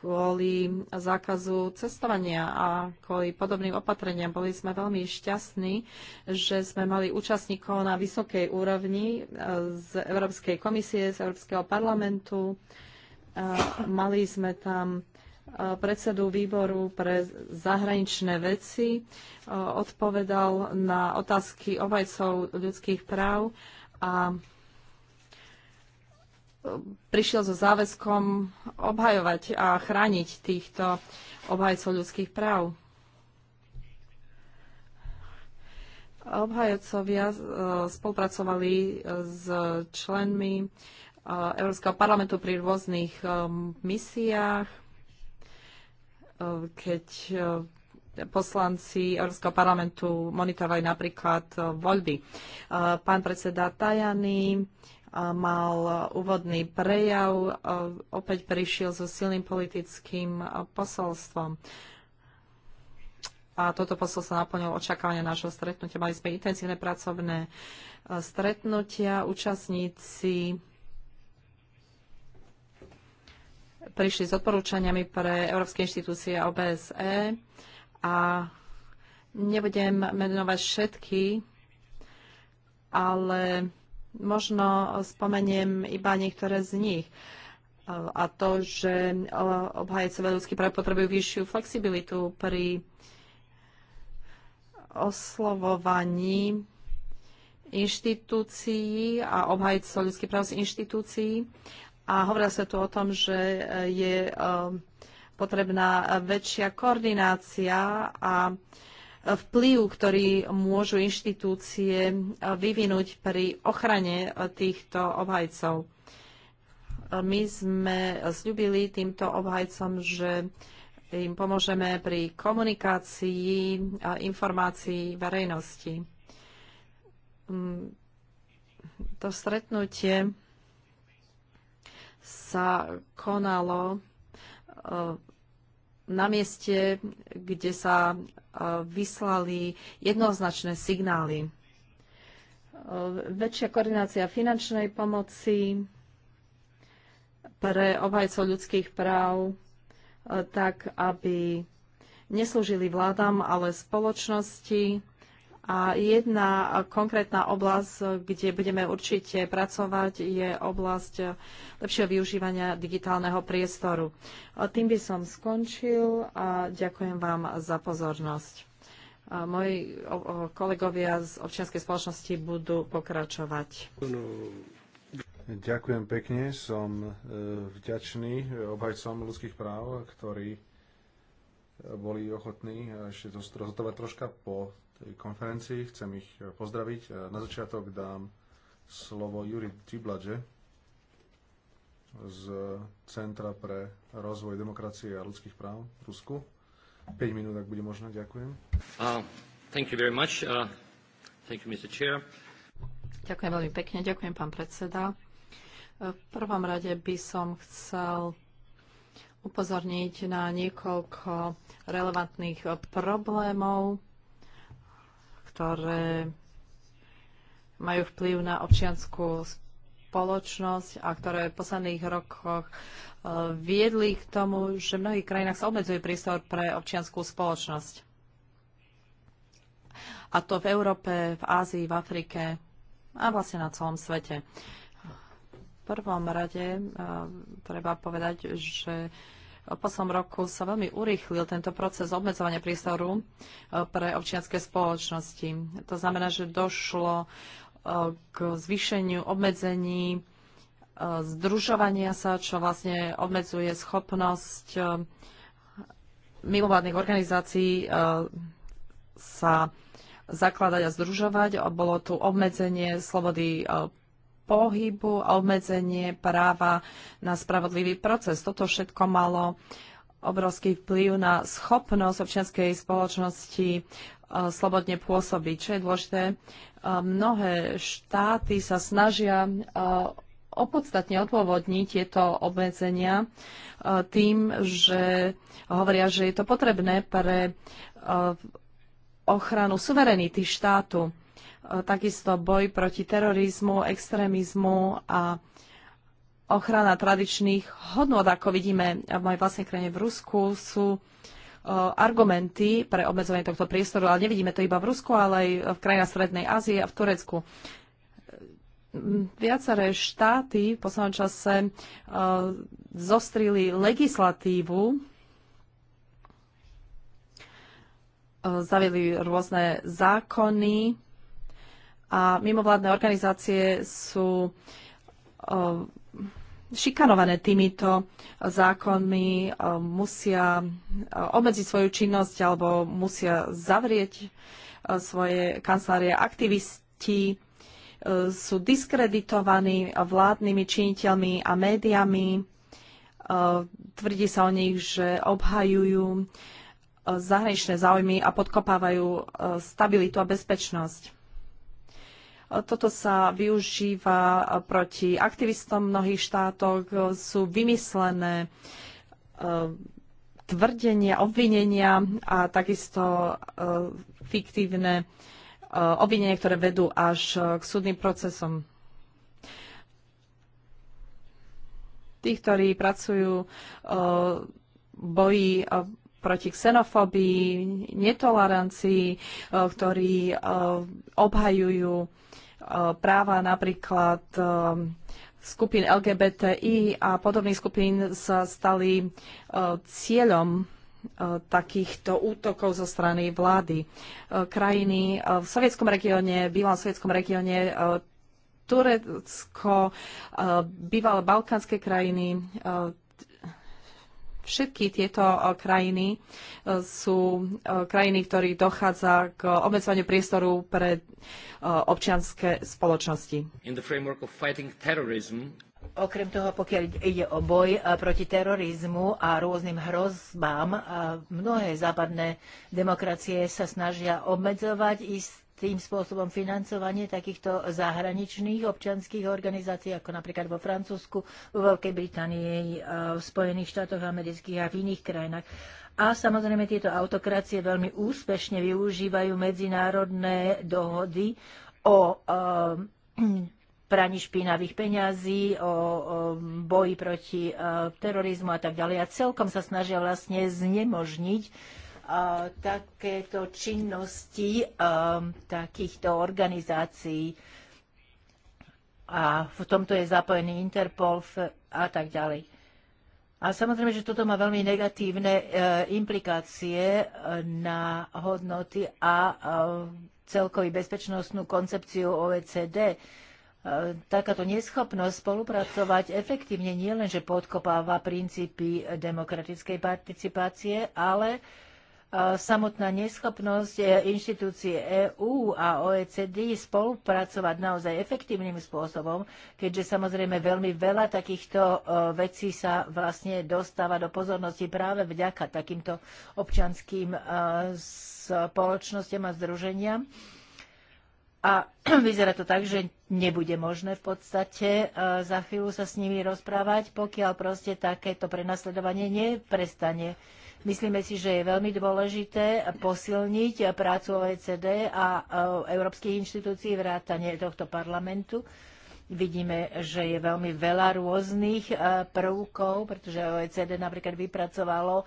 kvôli zákazu cestovania a kvôli podobným opatreniam. Boli sme veľmi šťastní, že sme mali účastníkov na vysokej úrovni e, z Európskej komisie, z Európskeho parlamentu. E, mali sme tam e, predsedu výboru pre zahraničné veci. Odpovedal na otázky obajcov ľudských práv a prišiel so záväzkom obhajovať a chrániť týchto obhajcov ľudských práv. Obhajcovia e, spolupracovali e, s členmi e, Európskeho parlamentu pri rôznych misiách, keď poslanci Európskeho parlamentu monitorovali napríklad voľby. Pán predseda Tajany mal e, úvodný prejav, e, opäť prišiel so silným politickým e, posolstvom. A toto posolstvo naplnilo očakávania nášho stretnutia. Mali sme intenzívne pracovné stretnutia. Účastníci prišli s odporúčaniami pre Európske inštitúcie a OBSE a nebudem menovať všetky, ale Možno spomeniem iba niektoré z nich a to, že obhajcovia ľudských práv potrebujú vyššiu flexibilitu pri oslovovaní inštitúcií a obhajcov ľudských práv z inštitúcií. A hovorilo sa tu o tom, že je eh, potrebná väčšia koordinácia a vplyv, ktorý môžu inštitúcie vyvinúť pri ochrane týchto obhajcov. My sme zľubili týmto obhajcom, že im pomôžeme pri komunikácii a informácií verejnosti. To stretnutie sa konalo na mieste, kde sa e, vyslali jednoznačné signály. E, väčšia koordinácia finančnej pomoci pre obhajcov ľudských práv, e, tak aby neslúžili vládam, ale spoločnosti, a jedna konkrétna oblasť, kde budeme určite pracovať, je oblasť lepšieho využívania digitálneho priestoru. Tým by som skončil a ďakujem vám za pozornosť. Moji kolegovia z občianskej spoločnosti budú pokračovať. Ďakujem pekne, som e, vďačný obhajcom ľudských práv, ktorí boli ochotní ešte to troška po tej konferencii. Chcem ich eh, pozdraviť. Eh, na začiatok dám slovo Juri Tibladže z Centra pre rozvoj demokracie a ľudských práv v Rusku. 5 minút, ak bude možné. Ďakujem. Uh, thank you very much. Uh, thank you, Mr. Chair. Ďakujem veľmi pekne. Ďakujem, pán predseda. Eh, v prvom rade by som chcel upozorniť na niekoľko relevantných problémov, ktoré majú vplyv na občianskú spoločnosť a ktoré v posledných rokoch e, viedli k tomu, že v mnohých krajinách sa obmedzuje prístor pre občianskú spoločnosť. A to v Európe, v Ázii, v Afrike a vlastne na celom svete. V prvom rade e, treba povedať, že v poslednom roku sa veľmi urýchlil tento proces obmedzovania priestoru e, pre občianske spoločnosti. To znamená, že došlo e, k zvýšeniu obmedzení e, združovania sa, čo vlastne obmedzuje schopnosť mimovládnych organizácií sa zakladať a združovať. Bolo tu obmedzenie slobody pohybu a obmedzenie práva na spravodlivý proces. Toto všetko malo obrovský vplyv na schopnosť občianskej spoločnosti e, slobodne pôsobiť. Čo je dôležité, e, mnohé štáty sa snažia e, opodstatne odôvodniť tieto obmedzenia tým, že hovoria, že je to potrebné pre ochranu suverenity štátu takisto boj proti terorizmu, extrémizmu a ochrana tradičných hodnot, ako vidíme v mojej vlastnej krajine v Rusku, sú e, argumenty pre obmedzovanie tohto priestoru, ale nevidíme to iba v Rusku, ale aj v krajinách Srednej Ázie a v Turecku. Viaceré štáty v poslednom čase e, zostrili legislatívu, e, zaviedli rôzne zákony, a mimovládne organizácie sú eh, šikanované týmito zákonmi, eh, musia eh, obmedziť svoju činnosť alebo musia zavrieť svoje kancelárie. Aktivisti sú diskreditovaní vládnymi činiteľmi a médiami. Tvrdí sa o nich, že obhajujú zahraničné záujmy a podkopávajú stabilitu a bezpečnosť toto sa využíva proti aktivistom mnohých štátoch, sú vymyslené e, tvrdenia, obvinenia a takisto e, fiktívne e, obvinenia, ktoré vedú až k súdnym procesom. Tí, ktorí pracujú boji proti xenofóbii, netolerancii, eh, ktorí eh, obhajujú eh, práva napríklad skupín LGBTI a podobných skupín sa stali cieľom takýchto útokov zo strany vlády. Krajiny v sovietskom regióne, bývalom sovietskom regióne Turecko, bývalé balkánske krajiny, Všetky tieto e, krajiny e, sú e, krajiny, ktorých dochádza k obmedzovaniu priestoru pre občianske spoločnosti. Okrem toho, pokiaľ ide o boj proti terorizmu a rôznym hrozbám, mnohé západné demokracie sa snažia obmedzovať isté tým spôsobom financovanie takýchto zahraničných občanských organizácií, ako napríklad vo Francúzsku, vo Veľkej Británii, eh, v Spojených štátoch amerických a v iných krajinách. A samozrejme tieto autokracie veľmi úspešne využívajú medzinárodné dohody o eh, praní špinavých peňazí, o, o boji proti e, terorizmu a tak ďalej. A celkom sa snažia vlastne znemožniť takéto činnosti um, takýchto organizácií a v tomto je zapojený Interpol a tak ďalej. A samozrejme, že toto má veľmi negatívne e, implikácie e, na hodnoty a e, celkový bezpečnostnú koncepciu OECD. Takáto neschopnosť spolupracovať efektívne nielenže podkopáva princípy demokratickej participácie, ale samotná neschopnosť e, inštitúcie EÚ a OECD spolupracovať naozaj efektívnym spôsobom, keďže samozrejme veľmi veľa takýchto e, vecí sa vlastne dostáva do pozornosti práve vďaka takýmto občanským e, spoločnosťam a združeniam. A vyzerá to tak, že nebude možné v podstate za chvíľu sa s nimi rozprávať, pokiaľ proste takéto prenasledovanie neprestane Myslíme si, že je veľmi dôležité posilniť prácu OECD a e, európskych inštitúcií vrátane tohto parlamentu. Vidíme, že je veľmi veľa rôznych e, prvkov, pretože OECD napríklad vypracovalo e,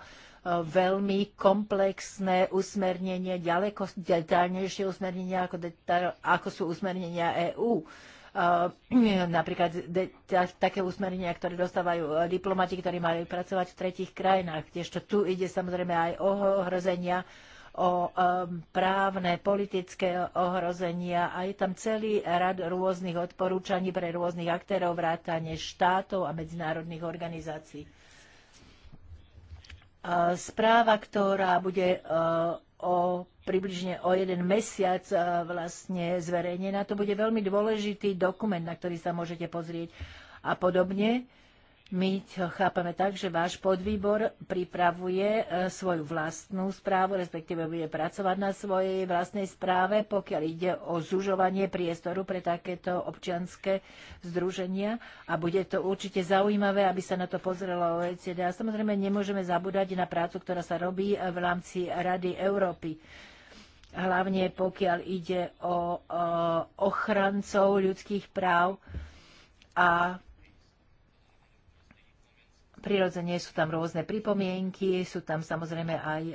veľmi komplexné usmernenie, ďaleko detaľnejšie usmernenia, ako, ako sú usmernenia EÚ. Eh, napríklad také usmerenia, ktoré dostávajú eh, diplomati, ktorí majú pracovať v tretich krajinách. Tiež to tu ide samozrejme aj o ohrozenia o um, právne, politické ohrozenia a je tam celý rad rôznych odporúčaní pre rôznych aktérov, vrátane štátov a medzinárodných organizácií. Eh, správa, ktorá bude uh, o približne o jeden mesiac e, vlastne zverejnená. To bude veľmi dôležitý dokument, na ktorý sa môžete pozrieť a podobne. My chápame tak, že váš podvýbor pripravuje e, svoju vlastnú správu, respektíve bude pracovať na svojej vlastnej správe, pokiaľ ide o zužovanie priestoru pre takéto občianské združenia. A bude to určite zaujímavé, aby sa na to pozrelo OECD. A samozrejme nemôžeme zabúdať na prácu, ktorá sa robí v rámci Rady Európy hlavne pokiaľ ide o ochrancov ľudských práv a prirodzene sú tam rôzne pripomienky, sú tam samozrejme aj e,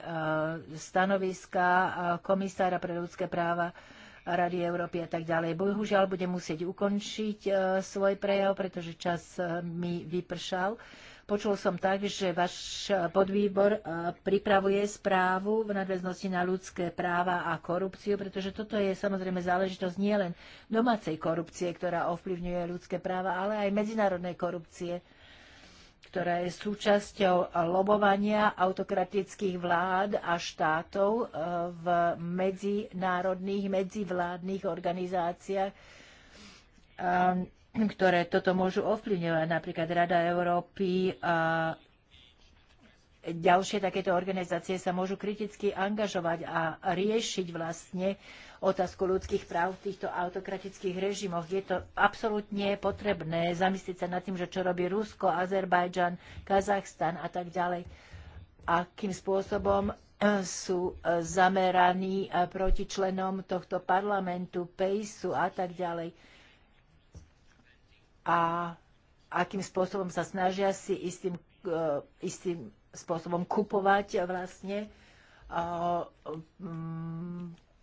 stanoviska e, komisára pre ľudské práva Rady Európy a tak ďalej. Bohužiaľ budem musieť ukončiť e, svoj prejav, pretože čas mi vypršal. Počul som tak, že váš eh, podvýbor eh, pripravuje správu v nadväznosti na ľudské práva a korupciu, pretože toto je samozrejme záležitosť nielen domácej korupcie, ktorá ovplyvňuje ľudské práva, ale aj medzinárodnej korupcie ktorá je súčasťou lobovania autokratických vlád a štátov eh, v medzinárodných, medzivládnych organizáciách ehm, ktoré toto môžu ovplyvňovať, napríklad Rada Európy a ďalšie takéto organizácie sa môžu kriticky angažovať a riešiť vlastne otázku ľudských práv v týchto autokratických režimoch. Je to absolútne potrebné zamyslieť sa nad tým, že čo robí Rusko, Azerbajdžan, Kazachstan a tak ďalej. Akým spôsobom eh, sú eh, zameraní eh, proti členom tohto parlamentu, PEISu a tak ďalej a akým spôsobom sa snažia si istým, e, istým spôsobom kupovať vlastne e,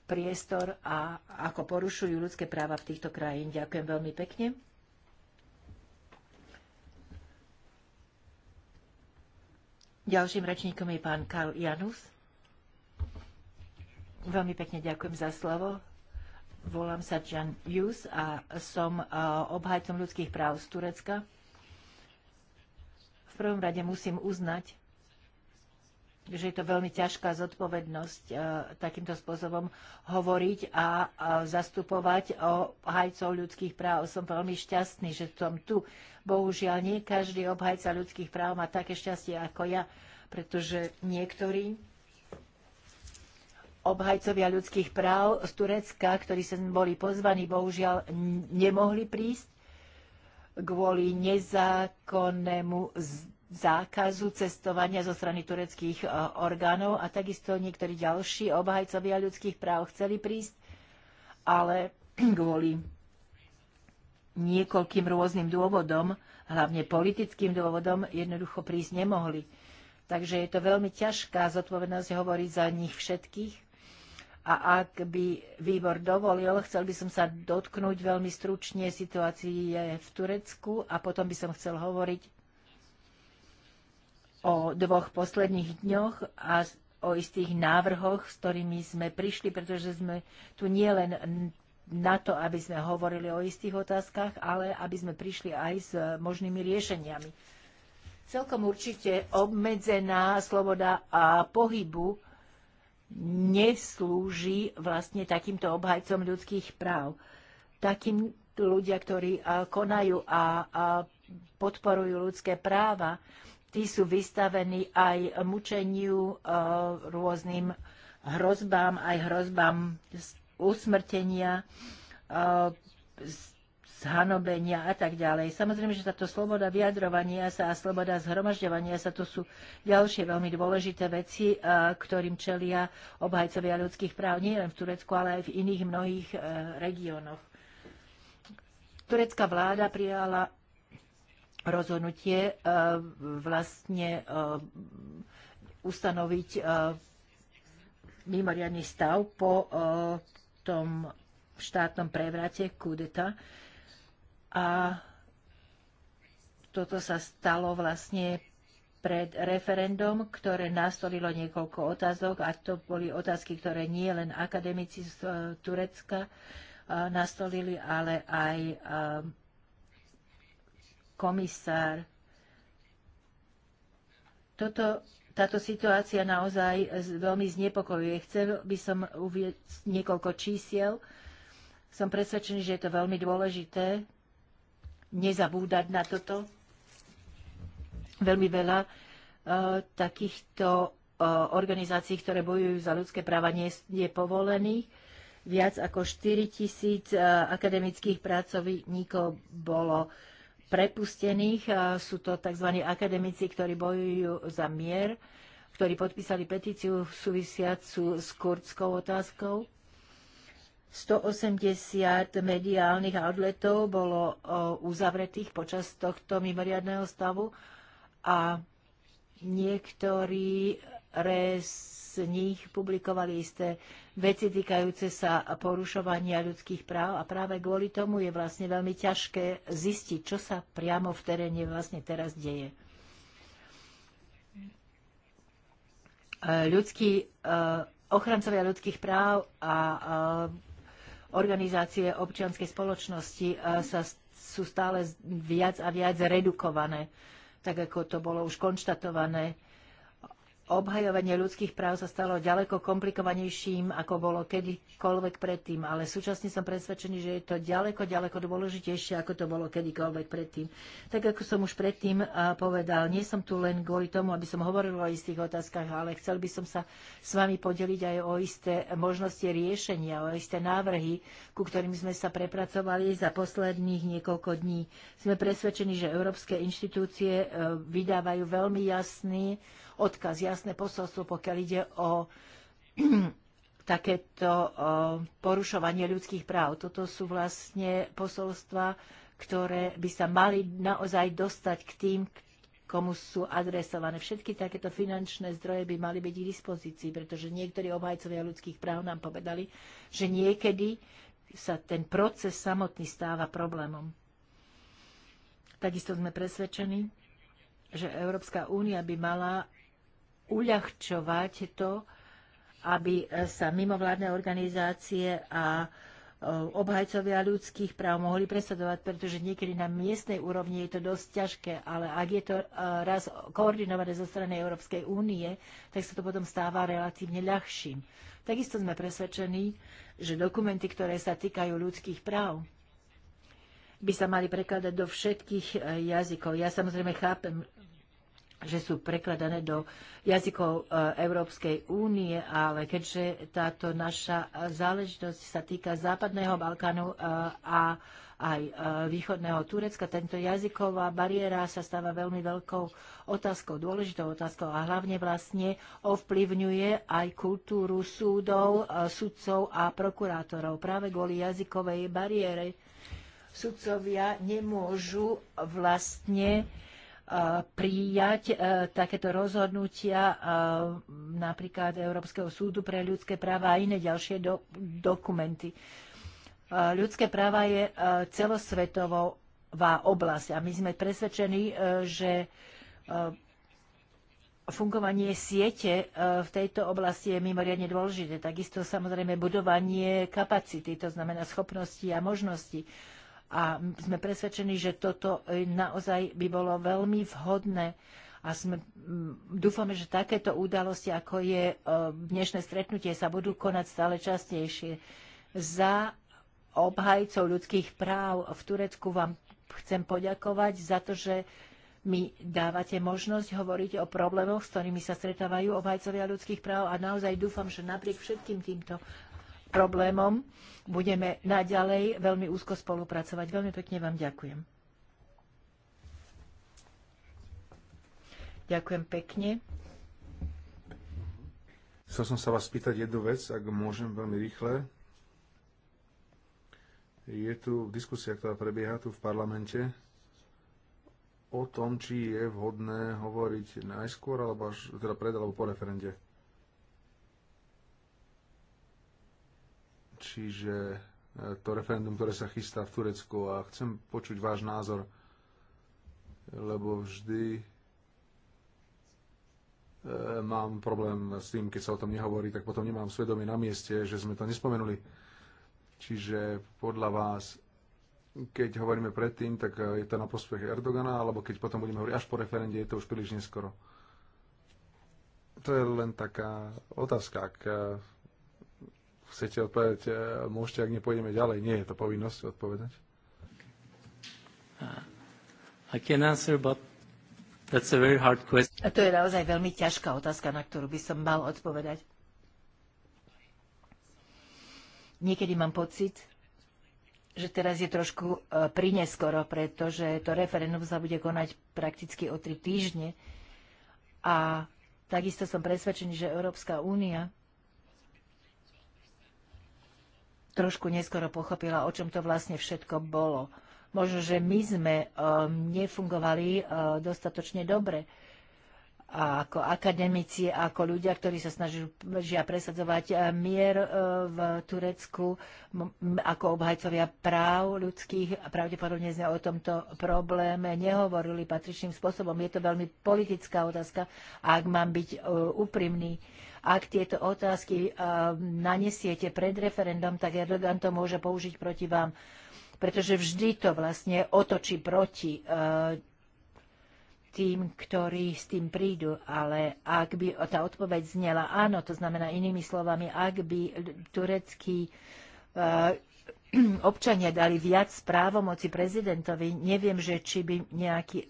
priestor a ako porušujú ľudské práva v týchto krajín. Ďakujem veľmi pekne. Ďalším rečníkom je pán Karl Janus. Veľmi pekne ďakujem za slovo. Volám sa Jan Yus a som e, obhajcom ľudských práv z Turecka. V prvom rade musím uznať, že je to veľmi ťažká zodpovednosť e, takýmto spôsobom hovoriť a, a zastupovať o hajcov ľudských práv. Som veľmi šťastný, že som tu. Bohužiaľ, nie každý obhajca ľudských práv má také šťastie ako ja, pretože niektorí obhajcovia ľudských práv z Turecka, ktorí sa boli pozvaní, bohužiaľ nemohli prísť kvôli nezákonnému zákazu cestovania zo strany tureckých e, orgánov a takisto niektorí ďalší obhajcovia ľudských práv chceli prísť, ale kvôli niekoľkým rôznym dôvodom, hlavne politickým dôvodom, jednoducho prísť nemohli. Takže je to veľmi ťažká zodpovednosť hovoriť za nich všetkých a ak by výbor dovolil, chcel by som sa dotknúť veľmi stručne situácie v Turecku a potom by som chcel hovoriť o dvoch posledných dňoch a o istých návrhoch, s ktorými sme prišli, pretože sme tu nie len na to, aby sme hovorili o istých otázkach, ale aby sme prišli aj s možnými riešeniami. Celkom určite obmedzená sloboda a pohybu neslúži vlastne takýmto obhajcom ľudských práv. Takým ľudia, ktorí konajú a podporujú ľudské práva, tí sú vystavení aj mučeniu, e, rôznym hrozbám, aj hrozbám usmrtenia, e, zhanobenia a tak ďalej. Samozrejme, že táto sloboda vyjadrovania sa a sloboda zhromažďovania sa, to sú ďalšie veľmi dôležité veci, ktorým čelia obhajcovia ľudských práv nielen v Turecku, ale aj v iných mnohých e, regiónoch. Turecká vláda prijala rozhodnutie e, vlastne e, ustanoviť mimoriadný stav po tom štátnom prevrate kudeta. A toto sa stalo vlastne pred referendum, ktoré nastolilo niekoľko otázok a to boli otázky, ktoré nie len akademici z e, Turecka e, nastolili, ale aj e, komisár. Toto, táto situácia naozaj veľmi znepokojuje. Chcel by som uvieť niekoľko čísiel. Som presvedčený, že je to veľmi dôležité nezabúdať na toto. Veľmi veľa e, takýchto e, organizácií, ktoré bojujú za ľudské práva, nie je povolených. Viac ako 4 tisíc e, akademických pracovníkov bolo prepustených. Sú to tzv. akademici, ktorí bojujú za mier, ktorí podpísali petíciu súvisiacu s kurdskou otázkou. 180 mediálnych outletov bolo uzavretých počas tohto mimoriadného stavu a niektorí z nich publikovali isté veci týkajúce sa porušovania ľudských práv a práve kvôli tomu je vlastne veľmi ťažké zistiť, čo sa priamo v teréne vlastne teraz deje. Ľudský e, ochrancovia ľudských práv a, a organizácie občianskej spoločnosti e, sa, sú stále viac a viac redukované, tak ako to bolo už konštatované obhajovanie ľudských práv sa stalo ďaleko komplikovanejším, ako bolo kedykoľvek predtým, ale súčasne som presvedčený, že je to ďaleko, ďaleko dôležitejšie, ako to bolo kedykoľvek predtým. Tak ako som už predtým povedal, nie som tu len kvôli tomu, aby som hovoril o istých otázkach, ale chcel by som sa s vami podeliť aj o isté možnosti riešenia, o isté návrhy, ku ktorým sme sa prepracovali za posledných niekoľko dní. Sme presvedčení, že európske inštitúcie e, vydávajú veľmi jasný odkaz, jasné posolstvo, pokiaľ ide o takéto porušovanie ľudských práv. Toto sú vlastne posolstva, ktoré by sa mali naozaj dostať k tým, komu sú adresované. Všetky takéto finančné zdroje by mali byť k dispozícii, pretože niektorí obhajcovia ľudských práv nám povedali, že niekedy sa ten proces samotný stáva problémom. Takisto sme presvedčení, že Európska únia by mala uľahčovať to, aby e, sa mimovládne organizácie a e, obhajcovia ľudských práv mohli presadovať, pretože niekedy na miestnej úrovni je to dosť ťažké, ale ak je to e, raz koordinované zo strany Európskej únie, tak sa to potom stáva relatívne ľahším. Takisto sme presvedčení, že dokumenty, ktoré sa týkajú ľudských práv, by sa mali prekladať do všetkých jazykov. Ja samozrejme chápem že sú prekladané do jazykov e, Európskej únie, ale keďže táto naša záležitosť sa týka Západného Balkánu e, a aj e, východného Turecka, tento jazyková bariéra sa stáva veľmi veľkou otázkou, dôležitou otázkou a hlavne vlastne ovplyvňuje aj kultúru súdov, sudcov a prokurátorov práve kvôli jazykovej bariére. Sudcovia nemôžu vlastne uh, prijať e, takéto rozhodnutia napríklad Európskeho súdu pre ľudské práva a iné ďalšie do, dokumenty. Ľudské práva je e, celosvetová oblasť a my sme presvedčení, e, že fungovanie siete v tejto oblasti je mimoriadne dôležité. Takisto samozrejme budovanie kapacity, to znamená schopnosti a možnosti a sme presvedčení, že toto e, naozaj by bolo veľmi vhodné a sme, mm, dúfame, že takéto udalosti, ako je e, dnešné stretnutie, sa budú konať stále častejšie. Za obhajcov ľudských práv v Turecku vám chcem poďakovať za to, že mi dávate možnosť hovoriť o problémoch, s ktorými sa stretávajú obhajcovia ľudských práv a naozaj dúfam, že napriek všetkým týmto problémom. Budeme naďalej veľmi úzko spolupracovať. Veľmi pekne vám ďakujem. Ďakujem pekne. Chcel som sa vás spýtať jednu vec, ak môžem veľmi rýchle. Je tu diskusia, ktorá prebieha tu v parlamente o tom, či je vhodné hovoriť najskôr, alebo až, teda pred, alebo po referende. čiže e, to referendum, ktoré sa chystá v Turecku a chcem počuť váš názor, lebo vždy e, mám problém s tým, keď sa o tom nehovorí, tak potom nemám svedomie na mieste, že sme to nespomenuli. Čiže podľa vás, keď hovoríme predtým, tak e, je to na prospech Erdogana, alebo keď potom budeme hovoriť až po referende, je to už príliš neskoro. To je len taká otázka, ak chcete odpovedať, e, môžete, ak nepôjdeme ďalej. Nie je to povinnosť odpovedať. I can answer, but that's a very hard question. A to je naozaj veľmi ťažká otázka, na ktorú by som mal odpovedať. Niekedy mám pocit, že teraz je trošku e, prineskoro, pretože to referendum sa bude konať prakticky o tri týždne. A takisto som presvedčený, že Európska únia trošku neskoro pochopila, o čom to vlastne všetko bolo. Možno, že my sme um, nefungovali uh, dostatočne dobre a ako akademici, ako ľudia, ktorí sa snažia presadzovať uh, mier uh, v Turecku ako obhajcovia práv ľudských. A pravdepodobne sme o tomto probléme nehovorili patričným spôsobom. Je to veľmi politická otázka a ak mám byť úprimný, ak tieto otázky eh, nanesiete pred referendum, tak Erdogan to môže použiť proti vám, pretože vždy to vlastne otočí proti eh, tým, ktorí s tým prídu, ale ak by tá odpoveď znela áno, to znamená inými slovami, ak by tureckí uh, občania dali viac právomoci prezidentovi, neviem, že či by nejaké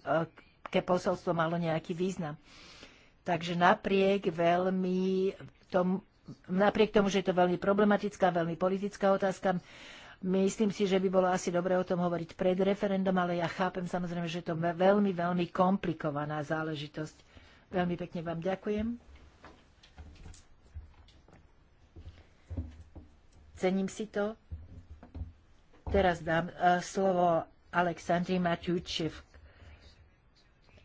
posolstvo malo nejaký význam. Uh, Takže napriek veľmi tom, napriek tomu, že je to veľmi problematická, veľmi politická otázka, myslím si, že by bolo asi dobre o tom hovoriť pred referendum, ale ja chápem samozrejme, že je to veľmi, veľmi komplikovaná záležitosť. Veľmi pekne vám ďakujem. Cením si to. Teraz dám eh, slovo Aleksandri Matiučev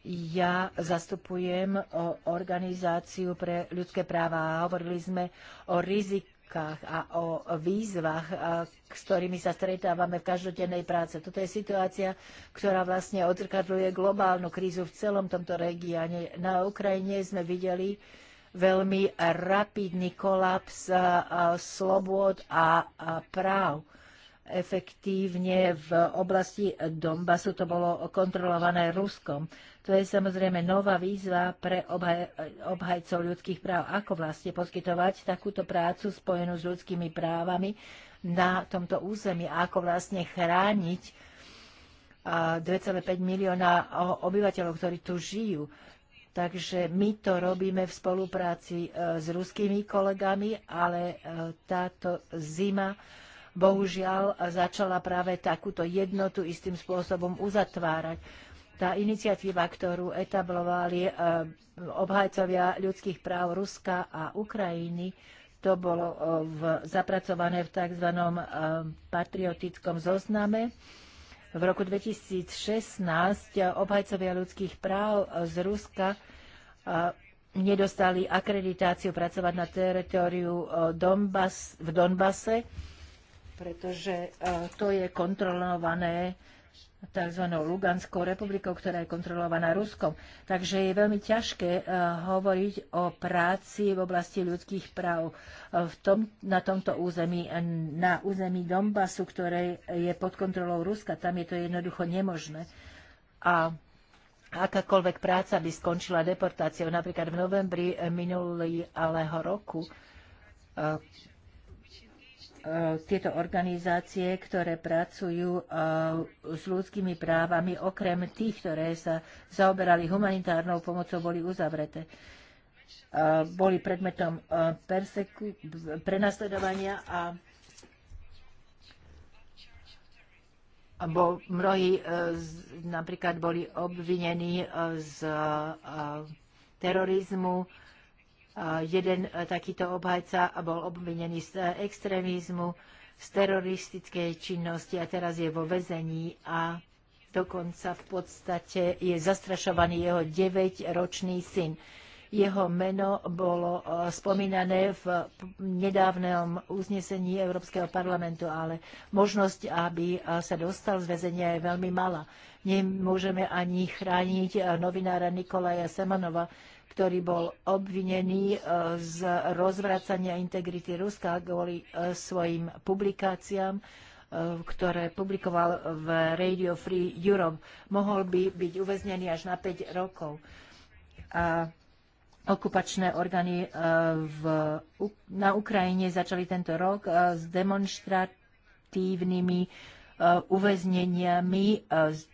ja zastupujem organizáciu pre ľudské práva a hovorili sme o rizikách a o výzvach, s ktorými sa stretávame v každodennej práce. Toto je situácia, ktorá vlastne odzrkadľuje globálnu krízu v celom tomto regióne. Na Ukrajine sme videli veľmi rapidný kolaps slobôd a práv efektívne v oblasti Donbasu to bolo kontrolované Ruskom. To je samozrejme nová výzva pre obhaj, obhajcov ľudských práv, ako vlastne poskytovať takúto prácu spojenú s ľudskými právami na tomto území ako vlastne chrániť 2,5 milióna obyvateľov, ktorí tu žijú. Takže my to robíme v spolupráci e, s ruskými kolegami, ale e, táto zima bohužiaľ začala práve takúto jednotu istým spôsobom uzatvárať. Tá iniciatíva, ktorú etablovali e, obhajcovia ľudských práv Ruska a Ukrajiny, to bolo e, v, zapracované v tzv. E, patriotickom zozname. V roku 2016 obhajcovia ľudských práv z Ruska nedostali akreditáciu pracovať na teritoriu v Donbase, pretože to je kontrolované tzv. Luganskou republikou, ktorá je kontrolovaná Ruskom. Takže je veľmi ťažké eh, hovoriť o práci v oblasti ľudských práv eh, v tom, na tomto území, eh, na území Donbasu, ktoré je pod kontrolou Ruska. Tam je to jednoducho nemožné. A akákoľvek práca by skončila deportáciou. Napríklad v novembri minulého roku Eh, tieto organizácie, ktoré pracujú eh, s ľudskými právami, okrem tých, ktoré sa zaoberali humanitárnou pomocou, boli uzavreté. Eh, boli predmetom prenasledovania a bo mnohí napríklad boli obvinení z terorizmu, Jeden e, takýto obhajca bol obvinený z e, extrémizmu, z teroristickej činnosti a teraz je vo vezení a dokonca v podstate je zastrašovaný jeho 9-ročný syn. Jeho meno bolo e, spomínané v nedávnom uznesení Európskeho parlamentu, ale možnosť, aby sa dostal z väzenia, je veľmi malá. Nemôžeme ani chrániť novinára Nikolaja Semanova, ktorý bol obvinený e, z rozvracania integrity Ruska kvôli e, svojim publikáciám, e, ktoré publikoval v Radio Free Europe. Mohol by byť uväznený až na 5 rokov. A okupačné orgány v, na Ukrajine začali tento rok s demonstratívnymi E, uväzneniami e,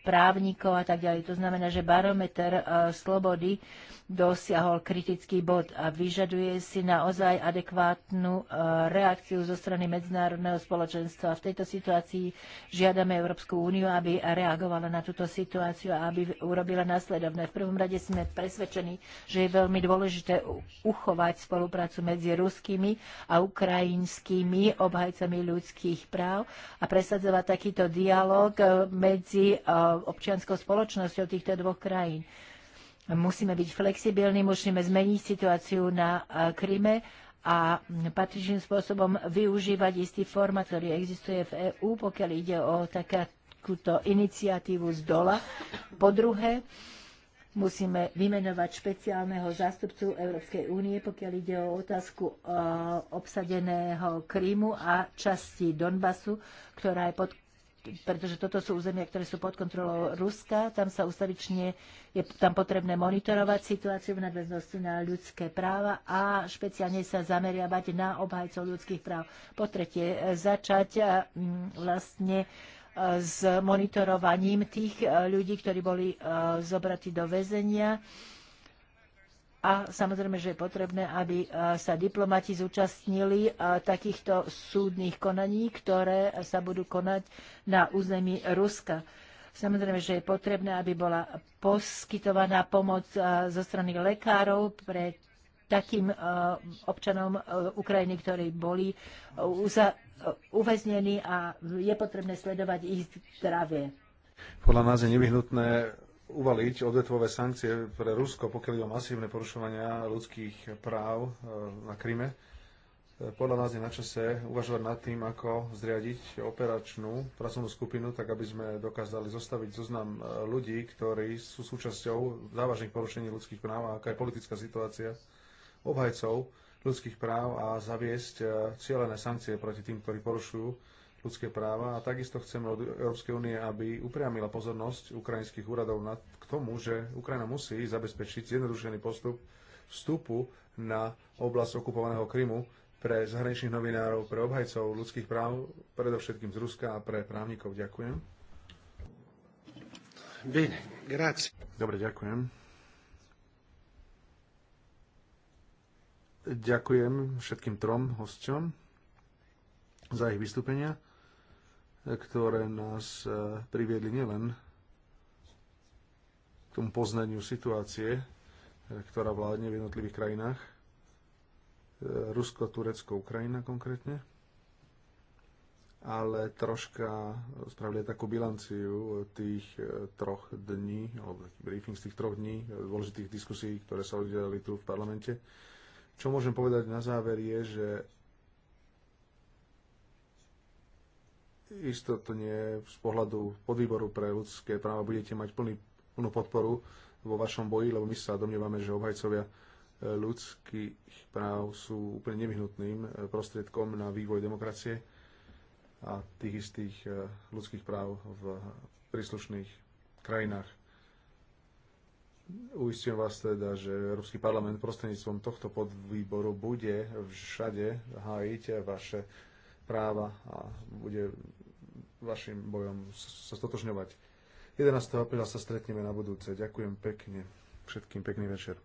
právnikov a tak ďalej. To znamená, že barometer e, slobody dosiahol kritický bod a vyžaduje si naozaj adekvátnu reakciu zo strany medzinárodného spoločenstva. V tejto situácii žiadame Európsku úniu, aby reagovala na túto situáciu a aby urobila následovné. V prvom rade sme presvedčení, že je veľmi dôležité uchovať spoluprácu medzi ruskými a ukrajinskými obhajcami ľudských práv a presadzovať taký takýto dialog eh, medzi eh, občianskou spoločnosťou týchto dvoch krajín. Musíme byť flexibilní, musíme zmeniť situáciu na eh, Kryme a patričným spôsobom využívať istý format, ktorý existuje v EÚ, pokiaľ ide o takúto iniciatívu z dola. Po druhé, musíme vymenovať špeciálneho zástupcu Európskej únie, pokiaľ ide o otázku obsadeného Krímu a časti Donbasu, ktorá je pod pretože toto sú územia, ktoré sú pod kontrolou Ruska. Tam sa ustavične je tam potrebné monitorovať situáciu v nadväznosti na ľudské práva a špeciálne sa zameriavať na obhajcov ľudských práv. Po tretie, začať eh, vlastne eh, s monitorovaním tých eh, ľudí, ktorí boli zobratí do väzenia a samozrejme, že je potrebné, aby e, sa diplomati zúčastnili e, takýchto súdnych konaní, ktoré sa budú konať na území Ruska. Samozrejme, že je potrebné, aby bola poskytovaná pomoc e, zo strany lekárov pre takým občanom Ukrajiny, ktorí boli uväznení a je potrebné sledovať ich zdravie. Podľa nás je nevyhnutné uvaliť odvetvové sankcie pre Rusko, pokiaľ ide o masívne porušovania ľudských práv e, na Kryme. E, podľa nás je na čase uvažovať nad tým, ako zriadiť operačnú pracovnú skupinu, tak aby sme dokázali zostaviť zoznam e, ľudí, ktorí sú súčasťou závažných porušení ľudských práv a aká je politická situácia obhajcov ľudských práv a zaviesť cieľené sankcie proti tým, ktorí porušujú ľudské práva a takisto chceme od Európskej únie, aby upriamila pozornosť ukrajinských úradov na, k tomu, že Ukrajina musí zabezpečiť zjednodušený postup vstupu na oblasť okupovaného Krymu pre zahraničných novinárov, pre obhajcov ľudských práv, predovšetkým z Ruska a pre právnikov. Ďakujem. Bene, grazie. Dobre, ďakujem. Ďakujem všetkým trom hosťom za ich vystúpenia ktoré nás e, priviedli nielen k tomu poznaniu situácie, e, ktorá vládne v jednotlivých krajinách, e, Rusko, Turecko, Ukrajina konkrétne, ale troška spravili takú bilanciu tých troch dní, alebo taký briefing z tých troch dní dôležitých diskusí, ktoré sa udiali tu v parlamente. Čo môžem povedať na záver je, že istotne z pohľadu podvýboru pre ľudské práva budete mať plný, plnú podporu vo vašom boji, lebo my sa domnievame, že obhajcovia e, ľudských práv sú úplne nevyhnutným e, prostriedkom na vývoj demokracie a tých istých e, ľudských práv v príslušných krajinách. Uistím vás teda, že Európsky parlament prostredníctvom tohto podvýboru bude všade hájiť vaše práva a bude vašim bojom sa stotožňovať. 11. apríla sa stretneme na budúce. Ďakujem pekne. Všetkým pekný večer.